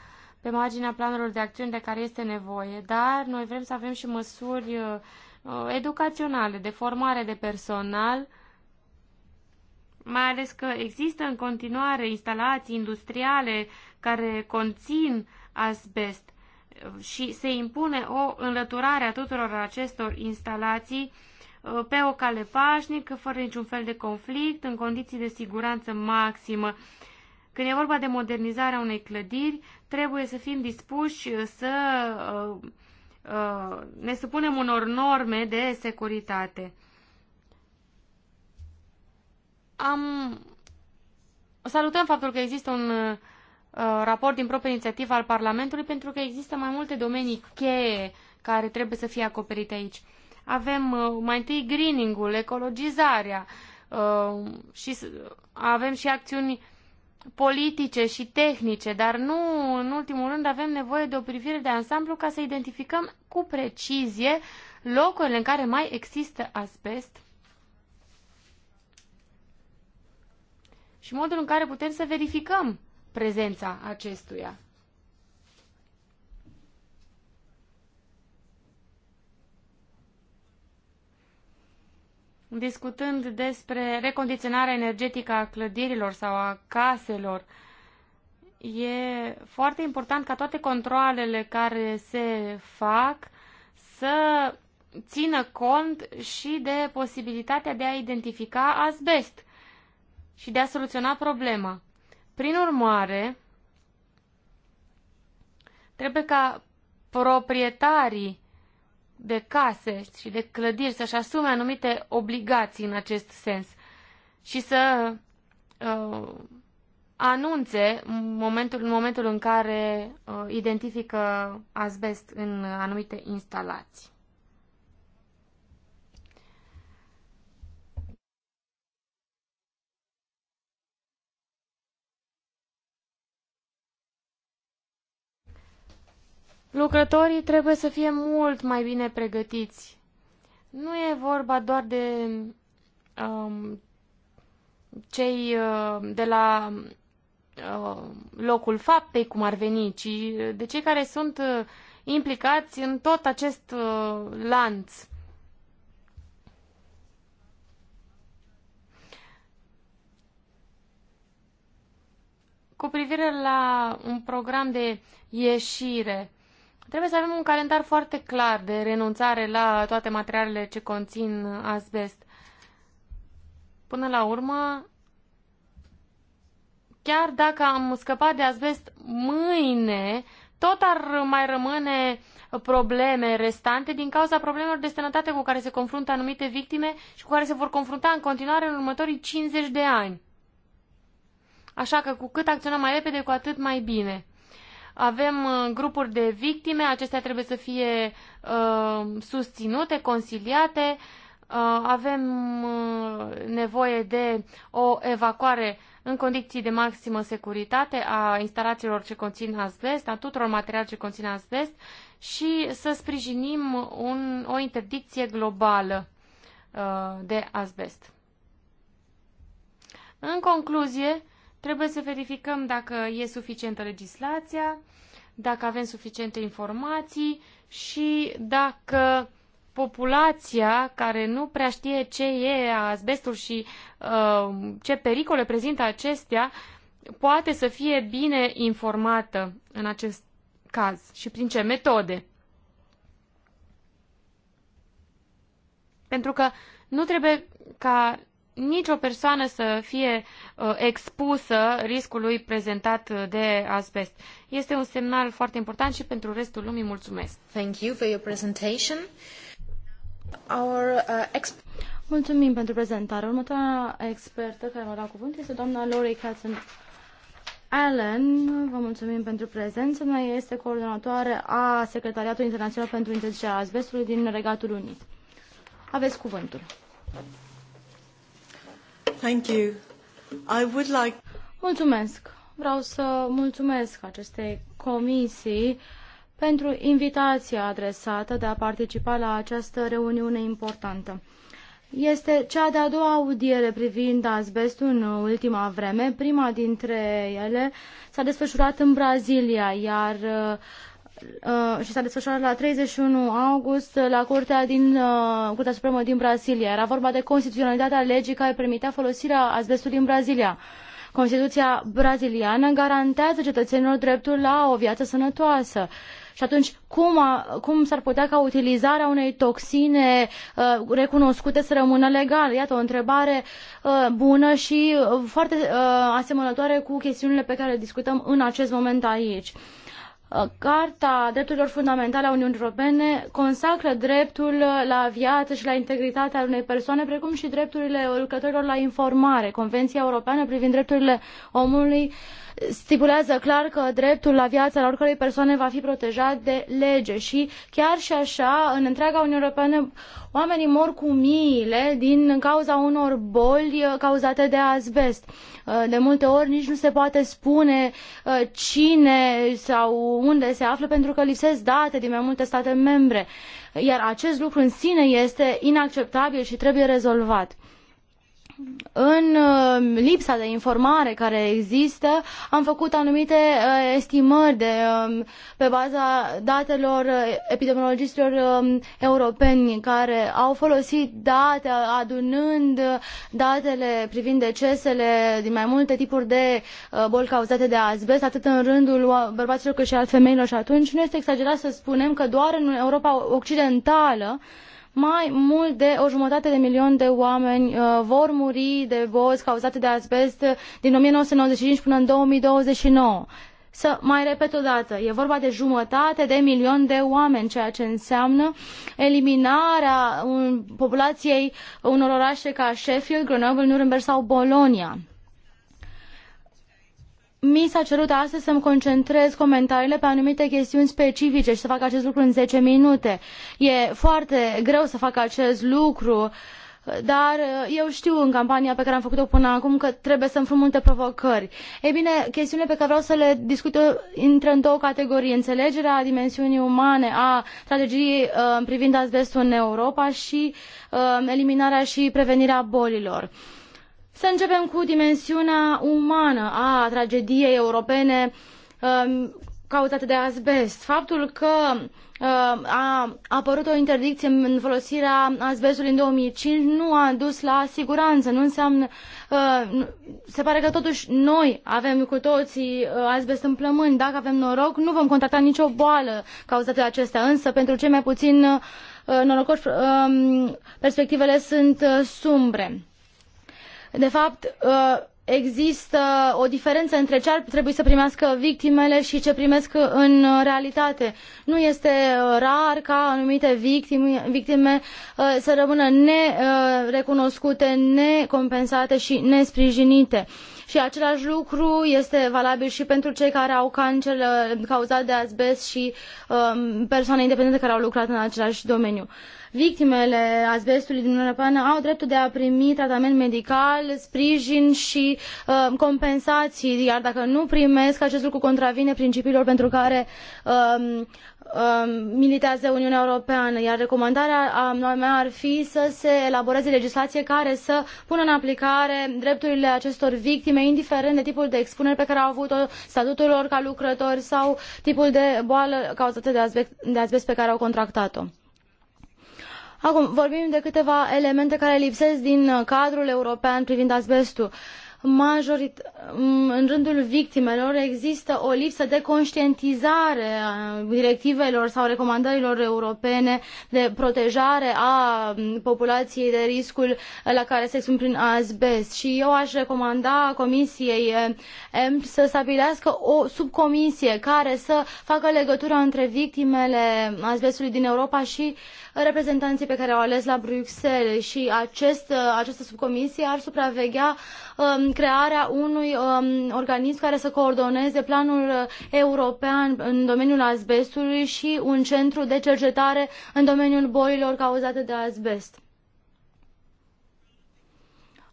pe marginea planurilor de acțiuni de care este nevoie, dar noi vrem să avem și măsuri uh, uh, educaționale, de formare de personal, mai ales că există în continuare instalații industriale care conțin asbest uh, și se impune o înlăturare a tuturor acestor instalații pe o cale pașnică, fără niciun fel de conflict, în condiții de siguranță maximă. Când e vorba de modernizarea unei clădiri, trebuie să fim dispuși să uh, uh, ne supunem unor norme de securitate. Am... Salutăm faptul că există un uh, raport din proprie inițiativă al Parlamentului pentru că există mai multe domenii cheie care trebuie să fie acoperite aici. Avem mai întâi greening-ul, ecologizarea și avem și acțiuni uh, politice și tehnice, dar nu, în ultimul rând, avem nevoie de o privire de ansamblu ca să identificăm cu precizie locurile în care mai există asbest și modul în care putem să verificăm prezența acestuia. discutând despre recondiționarea energetică a clădirilor sau a caselor, e foarte important ca toate controlele care se fac să țină cont și de posibilitatea de a identifica asbest și de a soluționa problema. Prin urmare, trebuie ca proprietarii de case și de clădiri să-și asume anumite obligații în acest sens și să uh, anunțe momentul, în momentul în care uh, identifică asbest în anumite instalații. Lucrătorii trebuie să fie mult mai bine pregătiți. Nu e vorba doar de um, cei uh, de la uh, locul faptei, cum ar veni, ci de cei care sunt uh, implicați în tot acest uh, lanț. Cu privire la un program de ieșire, Trebuie să avem un calendar foarte clar de renunțare la toate materialele ce conțin asbest. Până la urmă, chiar dacă am scăpat de asbest mâine, tot ar mai rămâne probleme restante din cauza problemelor de sănătate cu care se confruntă anumite victime și cu care se vor confrunta în continuare în următorii 50 de ani. Așa că cu cât acționăm mai repede, cu atât mai bine. Avem uh, grupuri de victime, acestea trebuie să fie uh, susținute, conciliate, Uh, avem uh, nevoie de o evacuare în condiții de maximă securitate a instalațiilor ce conțin asbest, a tuturor materialelor ce conțin asbest și să sprijinim un, o interdicție globală uh, de asbest. În concluzie, Trebuie să verificăm dacă e suficientă legislația, dacă avem suficiente informații și dacă populația care nu prea știe ce e asbestul și uh, ce pericole prezintă acestea, poate să fie bine informată în acest caz și prin ce metode. Pentru că nu trebuie ca nicio persoană să fie uh, expusă riscului prezentat de asbest. Este un semnal foarte important și pentru restul lumii mulțumesc. Thank you for your presentation.
Our, uh, Mulțumim pentru prezentare. Următoarea expertă care va lua cuvânt este doamna Lori Katzen Allen. Vă mulțumim pentru prezență. Noi este coordonatoare a Secretariatului Internațional pentru Interzicerea Asbestului din Regatul Unit. Aveți cuvântul. Thank you. I would like... Mulțumesc. Vreau să mulțumesc acestei comisii pentru invitația adresată de a participa la această reuniune importantă. Este cea de-a doua audiere privind azbestul în ultima vreme. Prima dintre ele s-a desfășurat în Brazilia, iar uh, Uh, și s-a desfășurat la 31 august la Curtea, din, uh, Curtea Supremă din Brazilia. Era vorba de constituționalitatea legii care permitea folosirea azbestului în Brazilia. Constituția braziliană garantează cetățenilor dreptul la o viață sănătoasă. Și atunci, cum, a, cum s-ar putea ca utilizarea unei toxine uh, recunoscute să rămână legală? Iată, o întrebare uh, bună și uh, foarte uh, asemănătoare cu chestiunile pe care le discutăm în acest moment aici. Uh, Uh, Carta Drepturilor Fundamentale a Uniunii Europene consacră dreptul la viață și la integritatea unei persoane, precum și drepturile lucrătorilor la informare. Convenția Europeană privind drepturile omului uh, stipulează clar că dreptul la viață, al oricărei persoane va fi protejat de lege și chiar și așa, în întreaga Uniune Europeană, oamenii mor cu miile din cauza unor boli uh, cauzate de azbest. Uh, de multe ori nici nu se poate spune uh, cine sau unde se află pentru că lipsesc date din mai multe state membre. Iar acest lucru în sine este inacceptabil și trebuie rezolvat în uh, lipsa de informare care există, am făcut anumite uh, estimări de, um, pe baza datelor uh, epidemiologistilor um, europeni care au folosit date adunând datele privind decesele din mai multe tipuri de boli cauzate de azbest, atât în rândul bărbaților cât și al femeilor și atunci nu este exagerat să spunem că doar în Europa Occidentală mai mult de o jumătate de milion de oameni uh, vor muri de bozi cauzate de asbest din 1995 până în 2029. Să mai repet o dată, e vorba de jumătate de milion de oameni, ceea ce înseamnă eliminarea populației unor orașe ca Sheffield, Grenoble, Nuremberg sau Bologna mi s-a cerut astăzi să-mi concentrez comentariile pe anumite chestiuni specifice și să fac acest lucru în 10 minute. E foarte greu să fac acest lucru, dar uh, eu știu în campania pe care am făcut-o până acum că trebuie să înfrunt multe provocări. Ei bine, chestiunile pe care vreau să le discut uh, intră în două categorii. Înțelegerea dimensiunii umane a strategiei uh, privind asbestul în Europa și eliminarea și prevenirea bolilor. Uh, să începem cu dimensiunea umană a tragediei europene um, cauzate de asbest. Faptul că um, a apărut o interdicție în folosirea asbestului în 2005 nu a dus la siguranță, nu înseamnă... Uh, se pare că totuși noi avem cu toții uh, asbest în plămâni. Dacă avem noroc, nu vom contracta nicio boală cauzată de acestea. Însă, pentru cei mai puțin uh, norocoși, um, perspectivele sunt sumbre de fapt, ă, există o diferență între ce ar trebui să primească victimele și ce primesc în realitate. Nu este ă, rar ca anumite victime, victime ă, să rămână nerecunoscute, necompensate și nesprijinite. Și același lucru este valabil și pentru cei care au cancer cauzat de azbest și persoane independente care au lucrat în același domeniu. Uh, victimele azbestului din Europeană au dreptul de a primi tratament medical, sprijin și uh, compensații, iar dacă nu primesc, acest lucru contravine principiilor pentru care uh, militează Uniunea Europeană, iar recomandarea a mea ar fi să se elaboreze legislație care să pună în aplicare drepturile acestor victime, indiferent de tipul de expunere pe care au avut-o, statutul lor ca lucrători sau tipul de boală cauzată de azbest, de azbest pe care au contractat-o. Acum, vorbim de câteva elemente care lipsesc din uh, cadrul european privind asbestul. Majorit, mm, în rândul victimelor există o lipsă de conștientizare a directivelor sau recomandărilor europene de protejare a mm, populației de riscul uh, la care se expun prin asbest. Și eu aș recomanda Comisiei EMP uh, să stabilească o subcomisie care să facă legătura între victimele asbestului din Europa și reprezentanții pe care au ales la Bruxelles și acest, uh, această subcomisie ar supraveghea um, crearea unui um, organism care să coordoneze planul uh, european în domeniul asbestului și un centru de cercetare în domeniul bolilor cauzate de asbest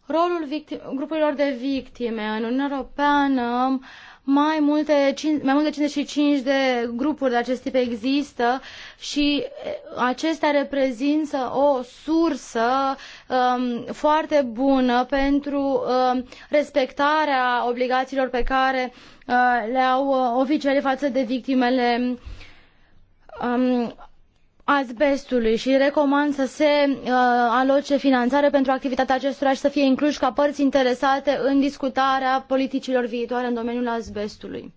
rolul victim, grupurilor de victime în Uniunea Europeană mai, multe, mai mult de 55 de grupuri de acest tip există și acestea reprezintă o sursă um, foarte bună pentru um, respectarea obligațiilor pe care uh, le au uh, oficiale față de victimele um, azbestului și recomand să se uh, aloce finanțare pentru activitatea acestora și să fie incluși ca părți interesate în discutarea politicilor viitoare în domeniul azbestului.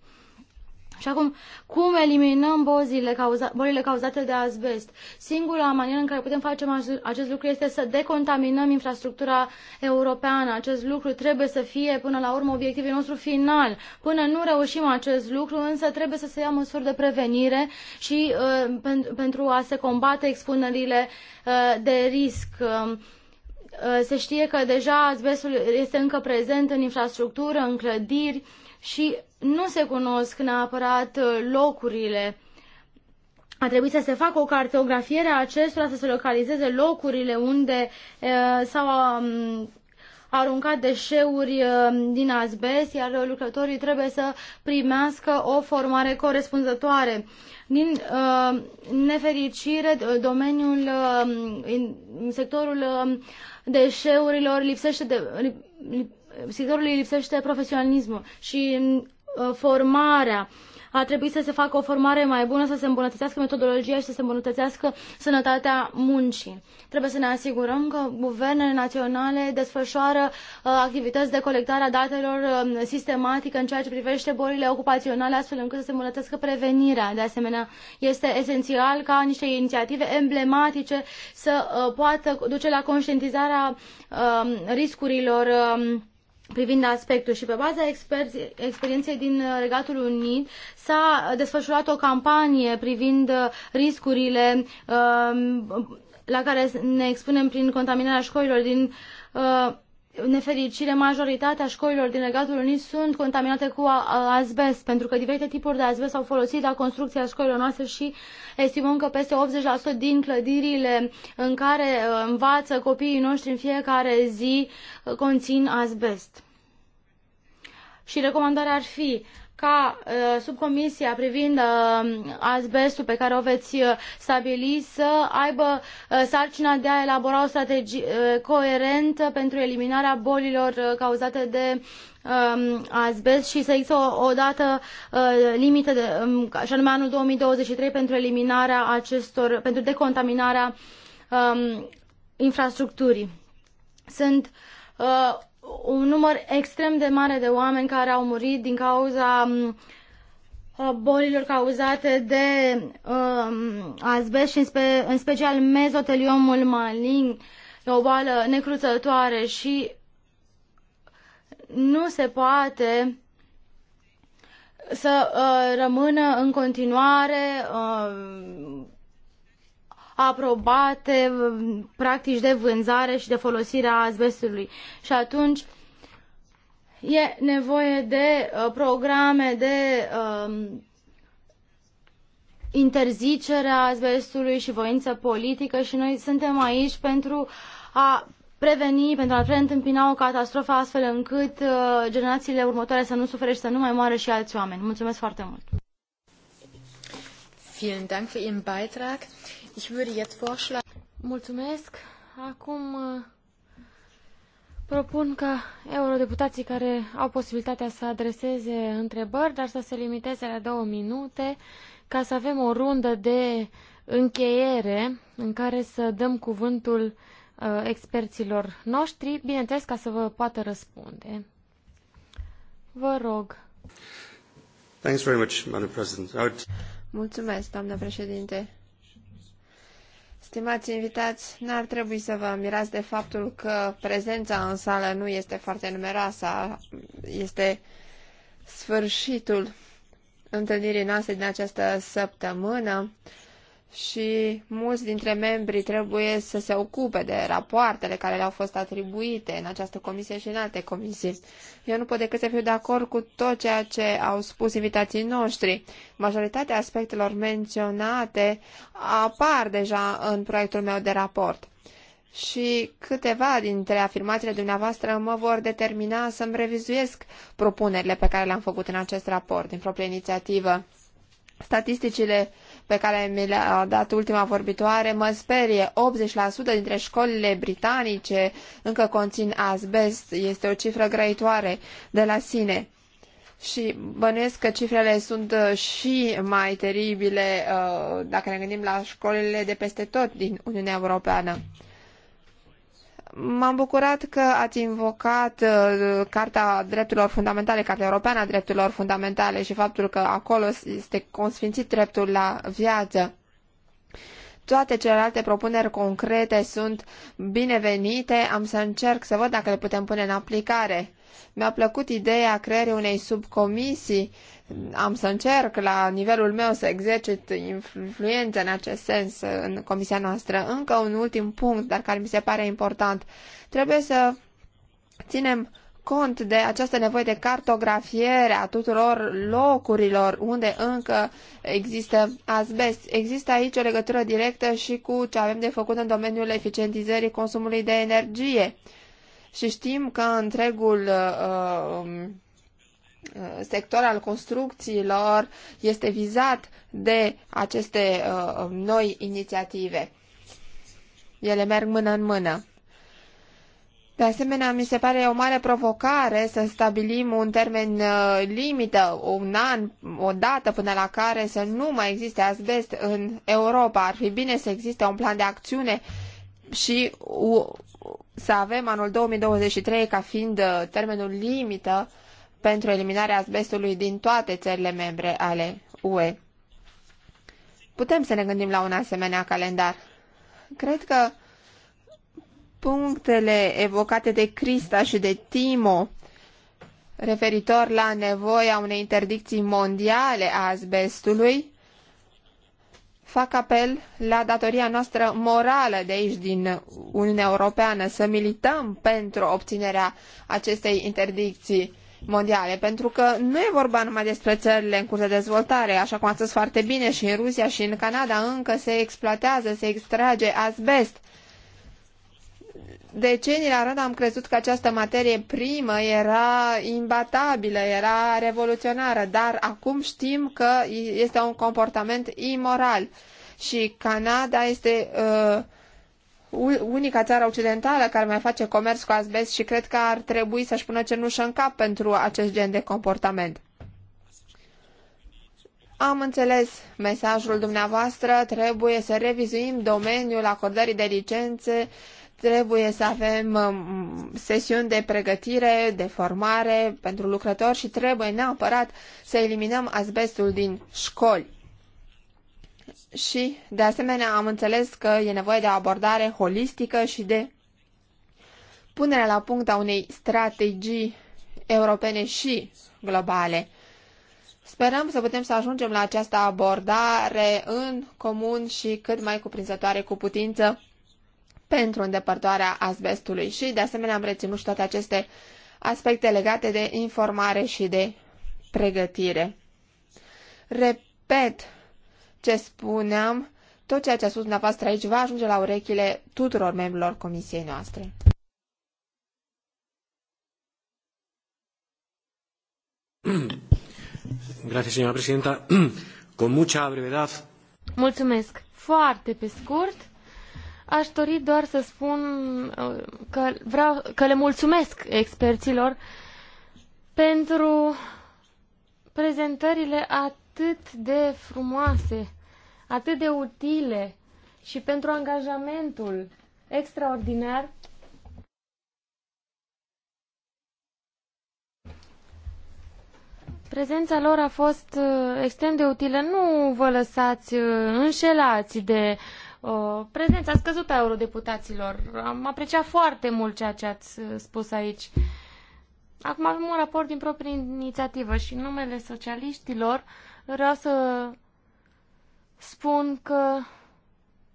Și acum, cum eliminăm bozile, cauza, bolile cauzate de azbest? Singura manieră în care putem face acest lucru este să decontaminăm infrastructura europeană. Acest lucru trebuie să fie, până la urmă, obiectivul nostru final. Până nu reușim acest lucru, însă trebuie să se ia măsuri de prevenire și uh, pen, pentru a se combate expunerile uh, de risc. Um, uh, se știe că deja azbestul este încă prezent în infrastructură, în clădiri și nu se cunosc neapărat uh, locurile. A trebuit să se facă o cartografiere a acestora, să se localizeze locurile unde uh, s-au um, aruncat deșeuri uh, din azbest, iar lucrătorii trebuie să primească o formare corespunzătoare. Din uh, nefericire, domeniul, uh, sectorul uh, deșeurilor lipsește de, lip, sectorului lipsește profesionalismul și Uh, formarea. A trebuit să se facă o formare mai bună, să se îmbunătățească metodologia și să se îmbunătățească sănătatea muncii. Trebuie să ne asigurăm că guvernele naționale desfășoară uh, activități de colectare a datelor uh, sistematică în ceea ce privește bolile ocupaționale, astfel încât să se îmbunătățească prevenirea. De asemenea, este esențial ca niște inițiative emblematice să uh, poată duce la conștientizarea uh, riscurilor uh, privind aspectul și pe baza exper- experienței din Regatul Unit s-a desfășurat o campanie privind riscurile uh, la care ne expunem prin contaminarea școlilor din uh, nefericire, majoritatea școlilor din Regatul Unit sunt contaminate cu azbest, pentru că diferite tipuri de azbest au folosit la construcția școlilor noastre și estimăm că peste 80% din clădirile în care uh, învață copiii noștri în fiecare zi uh, conțin azbest. Și recomandarea ar fi ca uh, subcomisia privind uh, azbestul pe care o veți uh, stabili să aibă sarcina de a elabora o strategie coerentă pentru eliminarea bolilor cauzate de um, azbest și să există o, o dată limită, de, um, și anume anul 2023, pentru eliminarea acestor, pentru decontaminarea um, infrastructurii. Sunt uh, un număr extrem de mare de oameni care au murit din cauza um, uh, bolilor cauzate de um, azbest și în, spe, în special mezoteliomul malign, o boală necruțătoare și nu se poate să uh, rămână în continuare uh, aprobate mm, practici de vânzare și de folosire a azbestului. Și atunci e nevoie de uh, programe de uh, interzicere a azbestului și voință politică și noi suntem aici pentru a preveni, pentru a preîntâmpina o catastrofă astfel încât uh, generațiile următoare să nu sufere și să nu mai moară și alți oameni. Mulțumesc foarte mult!
Vielen Dank für Ihren Beitrag. Ich würde jetzt vorschlagen... Mulțumesc. Acum uh, propun ca eurodeputații care au posibilitatea să adreseze întrebări, dar să se limiteze la două minute, ca să avem o rundă de încheiere în care să dăm cuvântul uh, experților noștri, bineînțeles ca să vă poată
răspunde. Vă rog.
Thanks very much, Madam President.
Mulțumesc, doamnă președinte. Stimați invitați, n-ar trebui să vă mirați de faptul că prezența în sală nu este foarte numeroasă. Este sfârșitul întâlnirii noastre din această săptămână și mulți dintre membrii trebuie să se ocupe de rapoartele care le-au fost atribuite în această comisie și în alte comisii. Eu nu pot decât să fiu de acord cu tot ceea ce au spus invitații noștri. Majoritatea aspectelor menționate apar deja în proiectul meu de raport. Și câteva dintre afirmațiile dumneavoastră mă vor determina să-mi revizuiesc propunerile pe care le-am făcut în acest raport, din proprie inițiativă. Statisticile pe care mi le-a dat ultima vorbitoare mă sperie. 80% dintre școlile britanice încă conțin asbest. Este o cifră grăitoare de la sine. Și bănuiesc că cifrele sunt uh, și mai teribile uh, dacă ne gândim la școlile de peste tot din Uniunea Europeană. M-am bucurat că ați invocat uh, Carta Drepturilor Fundamentale, Carta Europeană a Drepturilor Fundamentale și faptul că acolo este consfințit dreptul la viață. Toate celelalte propuneri concrete sunt binevenite, am să încerc să văd dacă le putem pune în aplicare. Mi-a plăcut ideea creării unei subcomisii am să încerc la nivelul meu să exercit influență în acest sens în comisia noastră. Încă un ultim punct, dar care mi se pare important. Trebuie să ținem cont de această nevoie de cartografiere a tuturor locurilor unde încă există asbest. Există aici o legătură directă și cu ce avem de făcut în domeniul eficientizării consumului de energie. Și știm că întregul uh, um, Uh, sector al construcțiilor este vizat de aceste uh, um, noi inițiative. Ele merg mână în mână. De asemenea, mi se pare o mare provocare să stabilim un termen uh, limită, un an, o dată până la care să nu mai existe asbest în Europa. Ar fi bine să existe un plan de acțiune și să avem anul 2023 ca fiind termenul limită pentru eliminarea asbestului din toate țările membre ale UE. Putem să ne gândim la un asemenea calendar. Cred că punctele evocate de Crista și de Timo referitor la nevoia unei interdicții mondiale a asbestului fac apel la datoria noastră morală de aici din Uniunea Europeană să milităm pentru obținerea acestei interdicții mondiale, pentru că nu e vorba numai despre țările în curs de dezvoltare, așa cum a spus foarte bine și în Rusia și în Canada încă se exploatează, se extrage asbest. Decenii la rând am crezut că această materie primă era imbatabilă, era revoluționară, dar acum știm că este un comportament imoral și Canada este uh, unica țară occidentală care mai face comerț cu asbest și cred că ar trebui să-și pună cenușă în cap pentru acest gen de comportament. Am înțeles mesajul dumneavoastră, trebuie să revizuim domeniul acordării de licențe, trebuie să avem um, sesiuni de pregătire, de formare pentru lucrători și trebuie neapărat să eliminăm asbestul din școli și, de asemenea, am înțeles că e nevoie de o abordare holistică și de punerea la punct a unei strategii europene și globale. Sperăm să putem să ajungem la această abordare în comun și cât mai cuprinzătoare cu putință pentru îndepărtarea asbestului și, de asemenea, am reținut și toate aceste aspecte legate de informare și de pregătire. Repet ce spuneam, tot ceea ce a spus dumneavoastră aici va ajunge la urechile tuturor membrilor comisiei noastre.
Gracias, señora presidenta. Con mucha brevedad. Mulțumesc. Foarte pe scurt. Aș dori doar să spun uh, că, vreau, că le mulțumesc experților pentru prezentările atât atât de frumoase, atât de utile și pentru angajamentul extraordinar Prezența lor a fost uh, extrem de utilă. Nu vă lăsați uh, înșelați de uh, prezența scăzută a eurodeputaților. Am apreciat foarte mult ceea ce ați uh, spus aici. Acum avem un raport din proprie inițiativă și numele socialiștilor uh, Vreau să spun că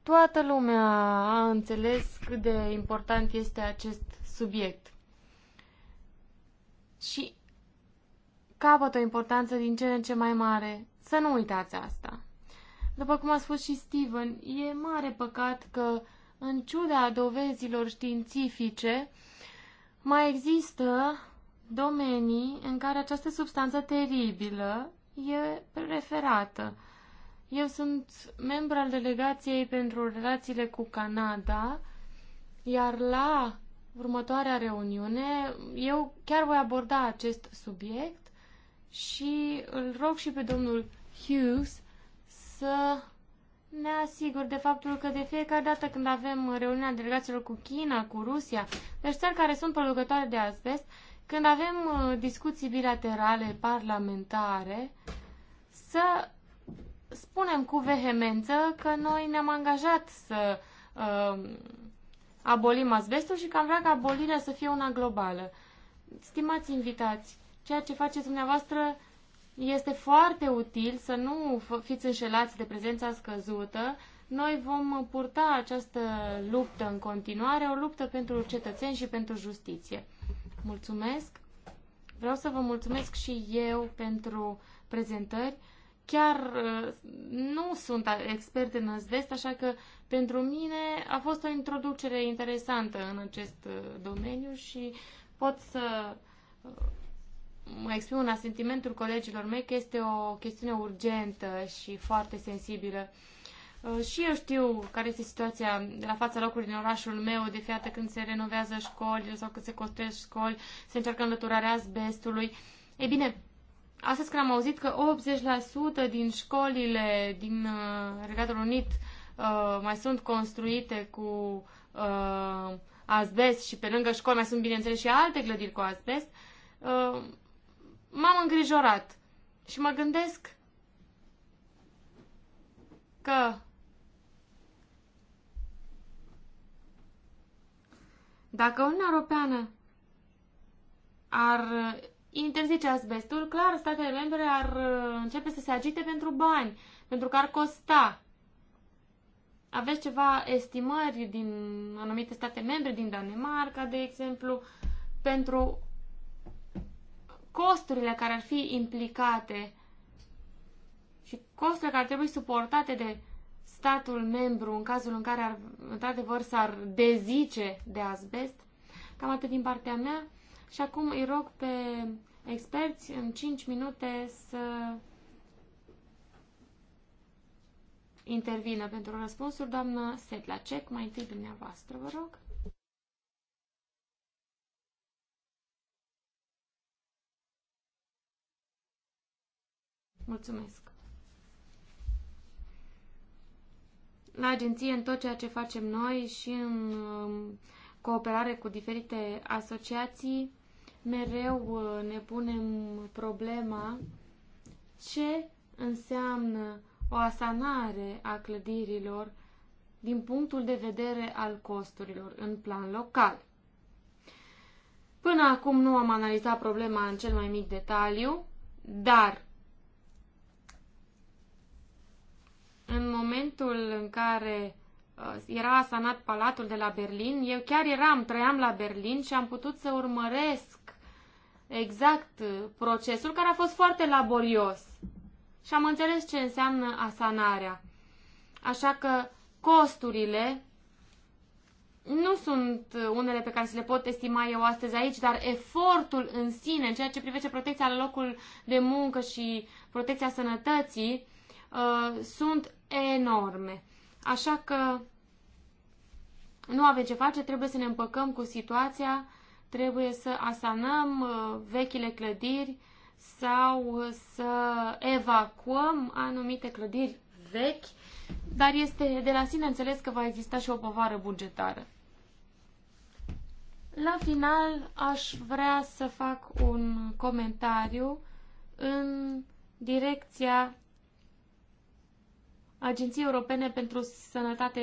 toată lumea a înțeles cât de important este acest subiect. Și capătă o importanță din ce în ce mai mare. Să nu uitați asta. După cum a spus și Steven, e mare păcat că, în ciuda dovezilor științifice, mai există domenii în care această substanță teribilă e preferată. Eu sunt membru al delegației pentru relațiile cu Canada, iar la următoarea reuniune eu chiar voi aborda acest subiect și îl rog și pe domnul Hughes să ne asigur de faptul că de fiecare dată când avem reuniunea delegațiilor cu China, cu Rusia, deci țări care sunt producătoare de asbest, când avem uh, discuții bilaterale, parlamentare, să spunem cu vehemență că noi ne-am angajat să uh, abolim asbestul și că am vrea ca abolirea să fie una globală. Stimați invitați, ceea ce faceți dumneavoastră este foarte util să nu fiți înșelați de prezența scăzută. Noi vom purta această luptă în continuare, o luptă pentru cetățeni și pentru justiție mulțumesc. Vreau să vă mulțumesc și eu pentru prezentări. Chiar uh, nu sunt expert în azvest, așa că pentru mine a fost o introducere interesantă în acest uh, domeniu și pot să uh, mă exprim un asentimentul colegilor mei că este o chestiune urgentă și foarte sensibilă. Uh, și eu știu care este situația de la fața locului din orașul meu, de fiată când se renovează școli sau când se construiesc școli, se încearcă înlăturarea asbestului. Ei bine, astăzi când am auzit că 80% din școlile din uh, Regatul Unit uh, mai sunt construite cu uh, asbest și pe lângă școli mai sunt, bineînțeles, și alte clădiri cu asbest, uh, m-am îngrijorat și mă gândesc că Dacă Uniunea Europeană ar uh, interzice asbestul, clar, statele membre ar uh, începe să se agite pentru bani, pentru că ar costa. Aveți ceva estimări din anumite state membre, din Danemarca, de exemplu, pentru costurile care ar fi implicate și costurile care ar trebui suportate de statul membru, în cazul în care, ar, într-adevăr, s-ar dezice de azbest. Cam atât din partea mea. Și acum îi rog pe experți în 5 minute să intervină pentru răspunsuri. Doamnă Sedlacek, mai întâi dumneavoastră, vă rog. Mulțumesc. la agenție în tot ceea ce facem noi și în um, cooperare cu diferite asociații, mereu uh, ne punem problema ce înseamnă o asanare a clădirilor din punctul de vedere al costurilor în plan local. Până acum nu am analizat problema în cel mai mic detaliu, dar În momentul în care uh, era asanat palatul de la Berlin, eu chiar eram, trăiam la Berlin și am putut să urmăresc exact uh, procesul, care a fost foarte laborios. Și am înțeles ce înseamnă asanarea. Așa că costurile nu sunt uh, unele pe care se le pot estima eu astăzi aici, dar efortul în sine, în ceea ce privește protecția la locul de muncă și protecția sănătății, Uh, sunt enorme. Așa că nu avem ce face, trebuie să ne împăcăm cu situația, trebuie să asanăm uh, vechile clădiri sau să evacuăm anumite clădiri vechi, dar este de la sine înțeles că va exista și o povară bugetară. La final aș vrea să fac un comentariu în direcția Agenției Europene pentru Sănătate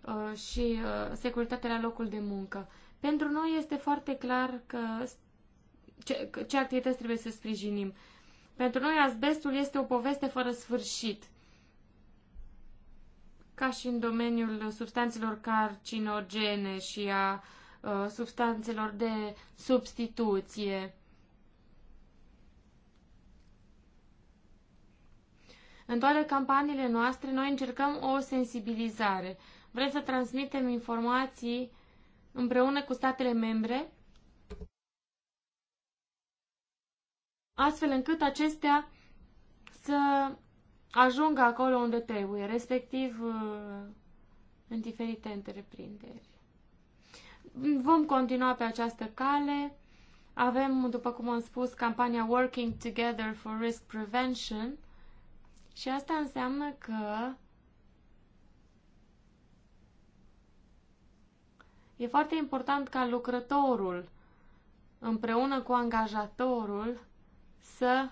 uh, și uh, Securitate la locul de muncă. Pentru noi este foarte clar că ce, ce activități trebuie să sprijinim. Pentru noi asbestul este o poveste fără sfârșit. Ca și în domeniul substanțelor carcinogene și a uh, substanțelor de substituție. În toate campaniile noastre, noi încercăm o sensibilizare. Vrem să transmitem informații împreună cu statele membre, astfel încât acestea să ajungă acolo unde trebuie, respectiv uh, în diferite întreprinderi. Vom continua pe această cale. Avem, după cum am spus, campania Working Together for Risk Prevention, și asta înseamnă că e foarte important ca lucrătorul împreună cu angajatorul să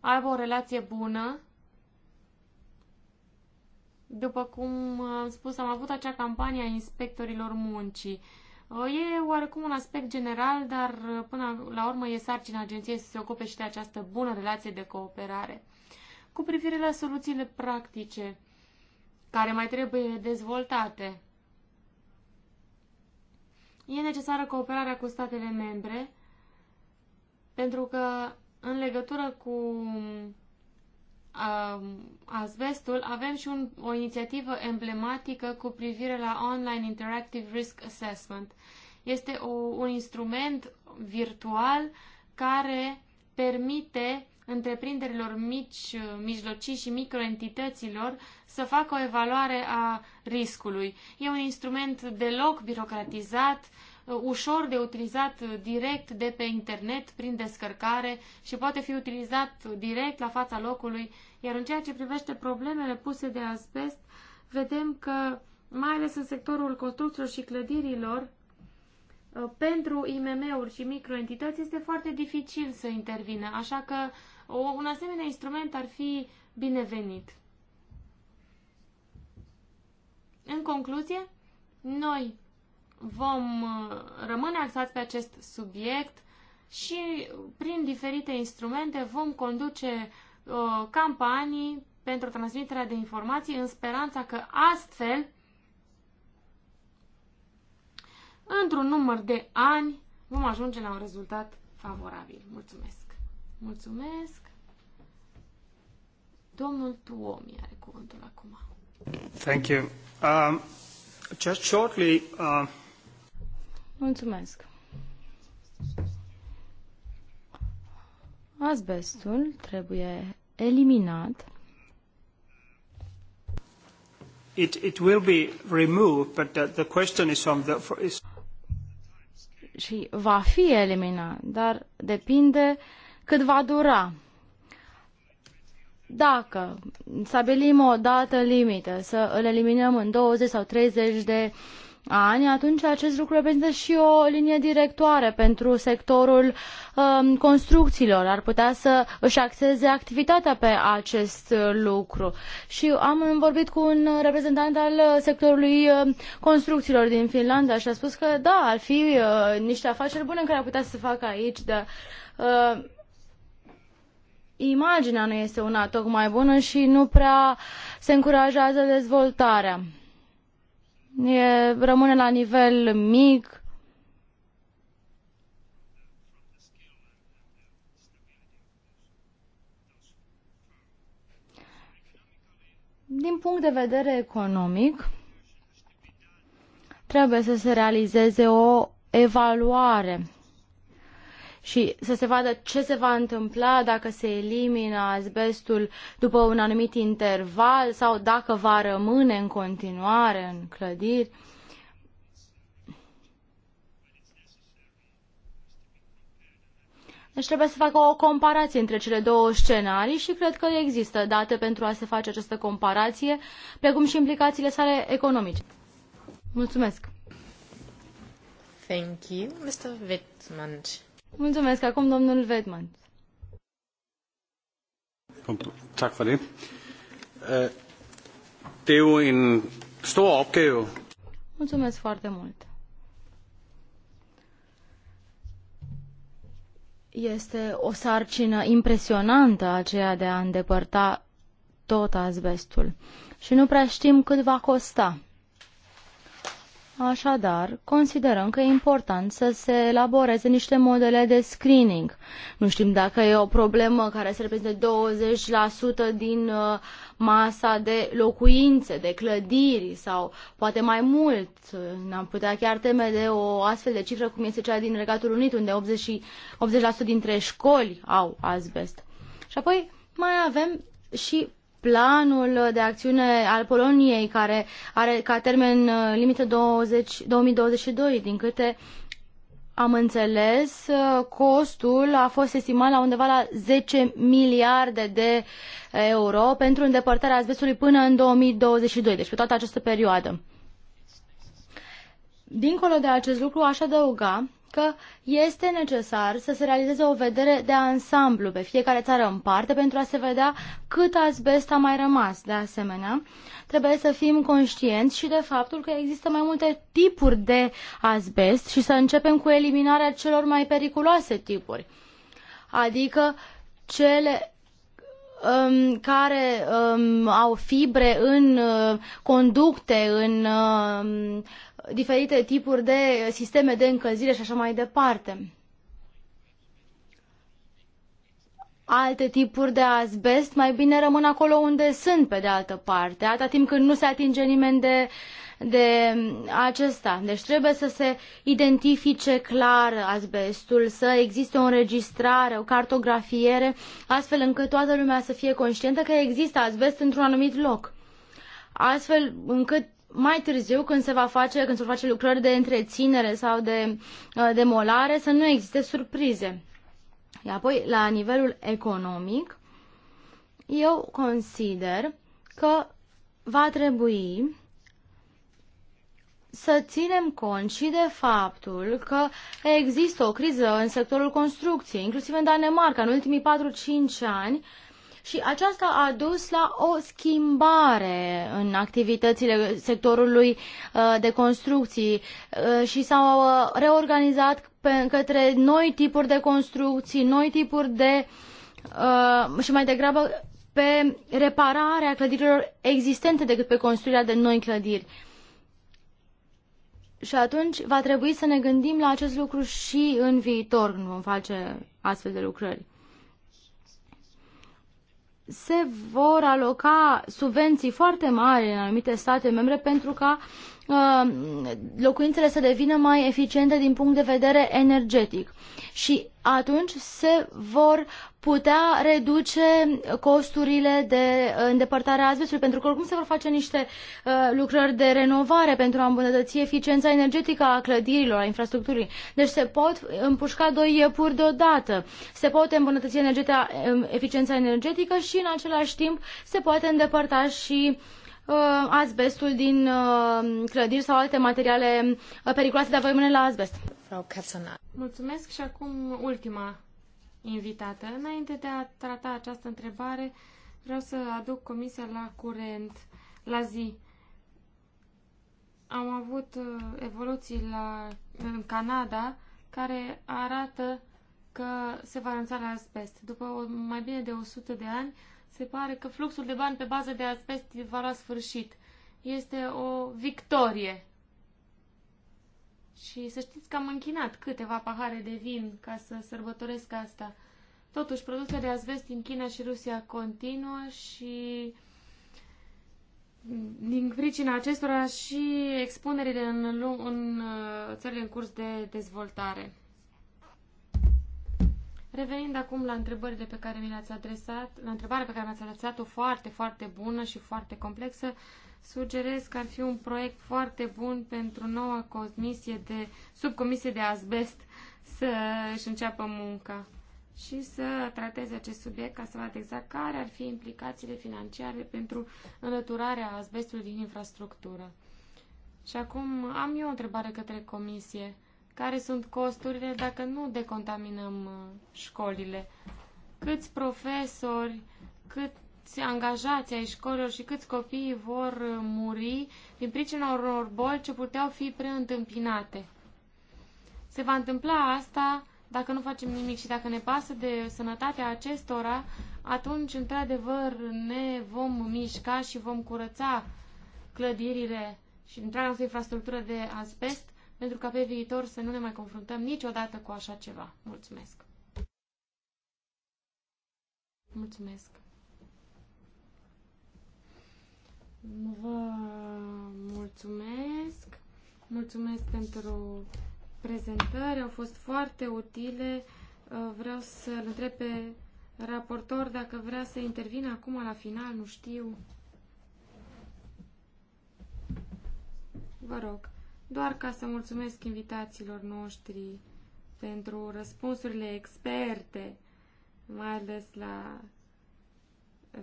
aibă o relație bună. După cum am spus, am avut acea campanie a inspectorilor muncii E oarecum un aspect general, dar uh, până la urmă e sarcina agenției să se ocupe și de această bună relație de cooperare. Cu privire la soluțiile practice care mai trebuie dezvoltate, e necesară cooperarea cu statele membre, pentru că în legătură cu Um, asbestul, avem și un, o inițiativă emblematică cu privire la Online Interactive Risk Assessment. Este o, un instrument virtual care permite întreprinderilor mici, mijlocii și microentităților să facă o evaluare a riscului. E un instrument deloc birocratizat, uh, Uh, ușor de utilizat direct de pe internet prin descărcare și poate fi utilizat direct la fața locului. Iar în ceea ce privește problemele puse de asbest, vedem că, mai ales în sectorul construcțiilor și clădirilor, uh, pentru IMM-uri și microentități este foarte dificil să intervină, așa că o, un asemenea instrument ar fi binevenit. În concluzie, noi vom uh, rămâne axați pe acest subiect și prin diferite instrumente vom conduce uh, campanii pentru transmiterea de informații în speranța că astfel, într-un număr de ani, vom ajunge la un rezultat favorabil. Mulțumesc! Mulțumesc! Domnul Tuomi are cuvântul acum.
Thank you. Um, just shortly, uh... Asbestul trebuie eliminat.
It, it will
be removed, but the, the question is on the... For, is... Și va fi eliminat, dar depinde cât va dura. Dacă stabilim o dată limită, să îl eliminăm în 20 sau 30 de ani, atunci acest lucru reprezintă și o linie directoare pentru sectorul um, construcțiilor. Ar putea să își axeze activitatea pe acest lucru. Și am vorbit cu un reprezentant al sectorului um, construcțiilor din Finlanda și a spus că da, ar fi uh, niște afaceri bune care ar putea să se facă aici, dar uh, imaginea nu este una tocmai bună și nu prea se încurajează dezvoltarea e, rămâne la nivel mic. Din punct de vedere economic, trebuie să se realizeze o evaluare și să se vadă ce se va întâmpla dacă se elimină azbestul după un anumit interval sau dacă va rămâne în continuare în clădiri. Deci trebuie să facă o comparație între cele două scenarii și cred că există date pentru a se face această comparație, precum și implicațiile sale economice. Mulțumesc!
Thank you, Mr. Wittmann.
Mulțumesc. Acum domnul Vedman. Tak for det. Øh, det er jo en stor opgave. Mulțumesc foarte mult. Este o sarcină impresionantă aceea de a îndepărta tot azbestul. Și nu prea știm cât va costa. Așadar, considerăm că e important să se elaboreze niște modele de screening. Nu știm dacă e o problemă care se reprezintă 20% din uh, masa de locuințe, de clădiri sau poate mai mult. n am putea chiar teme de o astfel de cifră cum este cea din Regatul Unit, unde 80%, 80 dintre școli au asbest. Și apoi mai avem și planul de acțiune al Poloniei, care are ca termen uh, limită 20, 2022, din câte am înțeles, uh, costul a fost estimat la undeva la 10 miliarde de euro pentru îndepărtarea azbestului până în 2022, deci pe toată această perioadă. Dincolo de acest lucru, aș adăuga că este necesar să se realizeze o vedere de ansamblu pe fiecare țară în parte pentru a se vedea cât asbest a mai rămas. De asemenea, trebuie să fim conștienți și de faptul că există mai multe tipuri de asbest și să începem cu eliminarea celor mai periculoase tipuri. Adică cele um, care um, au fibre în uh, conducte, în uh, diferite tipuri de sisteme de încălzire și așa mai departe. Alte tipuri de azbest mai bine rămân acolo unde sunt, pe de altă parte, atâta timp când nu se atinge nimeni de, de acesta. Deci trebuie să se identifice clar azbestul, să existe o înregistrare, o cartografiere, astfel încât toată lumea să fie conștientă că există azbest într-un anumit loc astfel încât mai târziu, când se va face, când se vor face lucrări de întreținere sau de uh, demolare, să nu existe surprize. Iar apoi, la nivelul economic, eu consider că va trebui să ținem cont și de faptul că există o criză în sectorul construcției, inclusiv în Danemarca, în ultimii 4-5 ani, și aceasta a dus la o schimbare în activitățile sectorului uh, de construcții uh, și s-au uh, reorganizat către noi tipuri de construcții, noi tipuri de și mai degrabă pe repararea clădirilor existente decât pe construirea de noi clădiri. Și atunci va trebui să ne gândim la acest lucru și în viitor când vom face astfel de lucrări se vor aloca subvenții foarte mari în anumite state membre pentru ca Um, locuințele să devină mai eficiente din punct de vedere energetic. Și atunci se vor putea reduce costurile de uh, îndepărtare a azbestului, pentru că oricum se vor face niște uh, lucrări de renovare pentru a îmbunătăți eficiența energetică a clădirilor, a infrastructurii. Deci se pot împușca doi iepuri deodată. Se poate îmbunătăți energetica, um, eficiența energetică și în același timp se poate îndepărta și uh, Uh, asbestul din uh, clădiri sau alte materiale uh, periculoase, dar voi rămâne la asbest.
Mulțumesc și acum ultima invitată. Înainte de a trata această întrebare, vreau să aduc comisia la curent, la zi. Am avut evoluții la, în Canada care arată că se va renunța la asbest. După mai bine de 100 de ani, se pare că fluxul de bani pe bază de asbest va la sfârșit. Este o victorie. Și să știți că am închinat câteva pahare de vin ca să sărbătoresc asta. Totuși, produsele de asbest din China și Rusia continuă și din pricina acestora și expunerile în, în uh, țările în curs de dezvoltare. Revenind acum la întrebările pe care mi le-ați adresat, la întrebarea pe care mi-ați adresat-o foarte, foarte bună și foarte complexă, sugerez că ar fi un proiect foarte bun pentru noua comisie de, subcomisie de asbest să își înceapă munca și să trateze acest subiect ca să vadă exact care ar fi implicațiile financiare pentru înlăturarea asbestului din infrastructură. Și acum am eu o întrebare către comisie care sunt costurile dacă nu decontaminăm uh, școlile. Câți profesori, câți angajați ai școlilor și câți copii vor uh, muri din pricina unor boli ce puteau fi preîntâmpinate. Se va întâmpla asta dacă nu facem nimic și dacă ne pasă de sănătatea acestora, atunci, într-adevăr, ne vom mișca și vom curăța clădirile și întreaga noastră infrastructură de asbest pentru ca pe viitor să nu ne mai confruntăm niciodată cu așa ceva. Mulțumesc! Mulțumesc! Vă mulțumesc! Mulțumesc pentru prezentări, au fost foarte utile. Uh, vreau să-l întreb pe raportor dacă vrea să intervină acum la final, nu știu. Vă rog doar ca să mulțumesc invitațiilor noștri pentru răspunsurile experte, mai ales la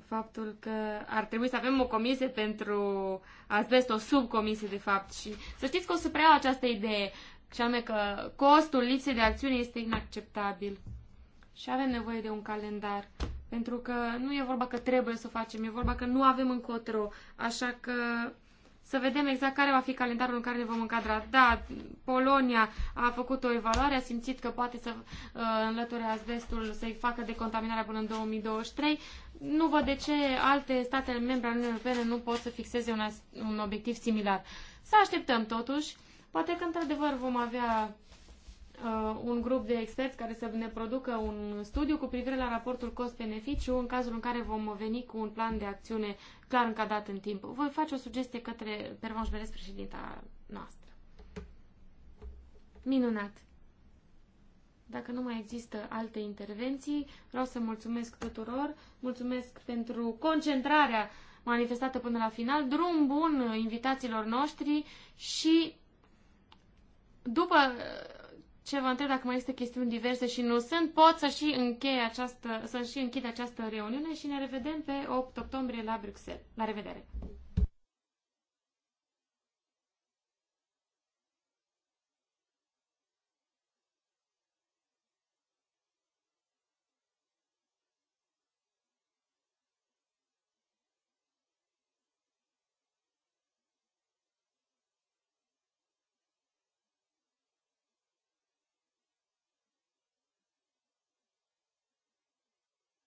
faptul că ar trebui să avem o comisie pentru asbest, o subcomisie de fapt și să știți că o să preiau această idee și anume că costul lipsei de acțiune este inacceptabil și avem nevoie de un calendar pentru că nu e vorba că trebuie să o facem, e vorba că nu avem încotro, așa că să vedem exact care va fi calendarul în care ne vom încadra. Da, Polonia a făcut o evaluare, a simțit că poate să uh, înlăture azbestul, să-i facă decontaminarea până în 2023. Nu văd de ce alte state membre ale Uniunii Europene nu pot să fixeze un, un obiectiv similar. Să așteptăm totuși. Poate că într-adevăr vom avea uh, un grup de experți care să ne producă un studiu cu privire la raportul cost-beneficiu în cazul în care vom veni cu un plan de acțiune clar încadrat în timp. Voi face o sugestie către Pervan Beres, președinta noastră. Minunat! Dacă nu mai există alte intervenții, vreau să mulțumesc tuturor, mulțumesc pentru concentrarea manifestată până la final, drum bun invitațiilor noștri și după ce vă întreb dacă mai este chestiuni diverse și nu sunt, pot să și închei această, să și închid această reuniune și ne revedem pe 8 octombrie la Bruxelles. La revedere!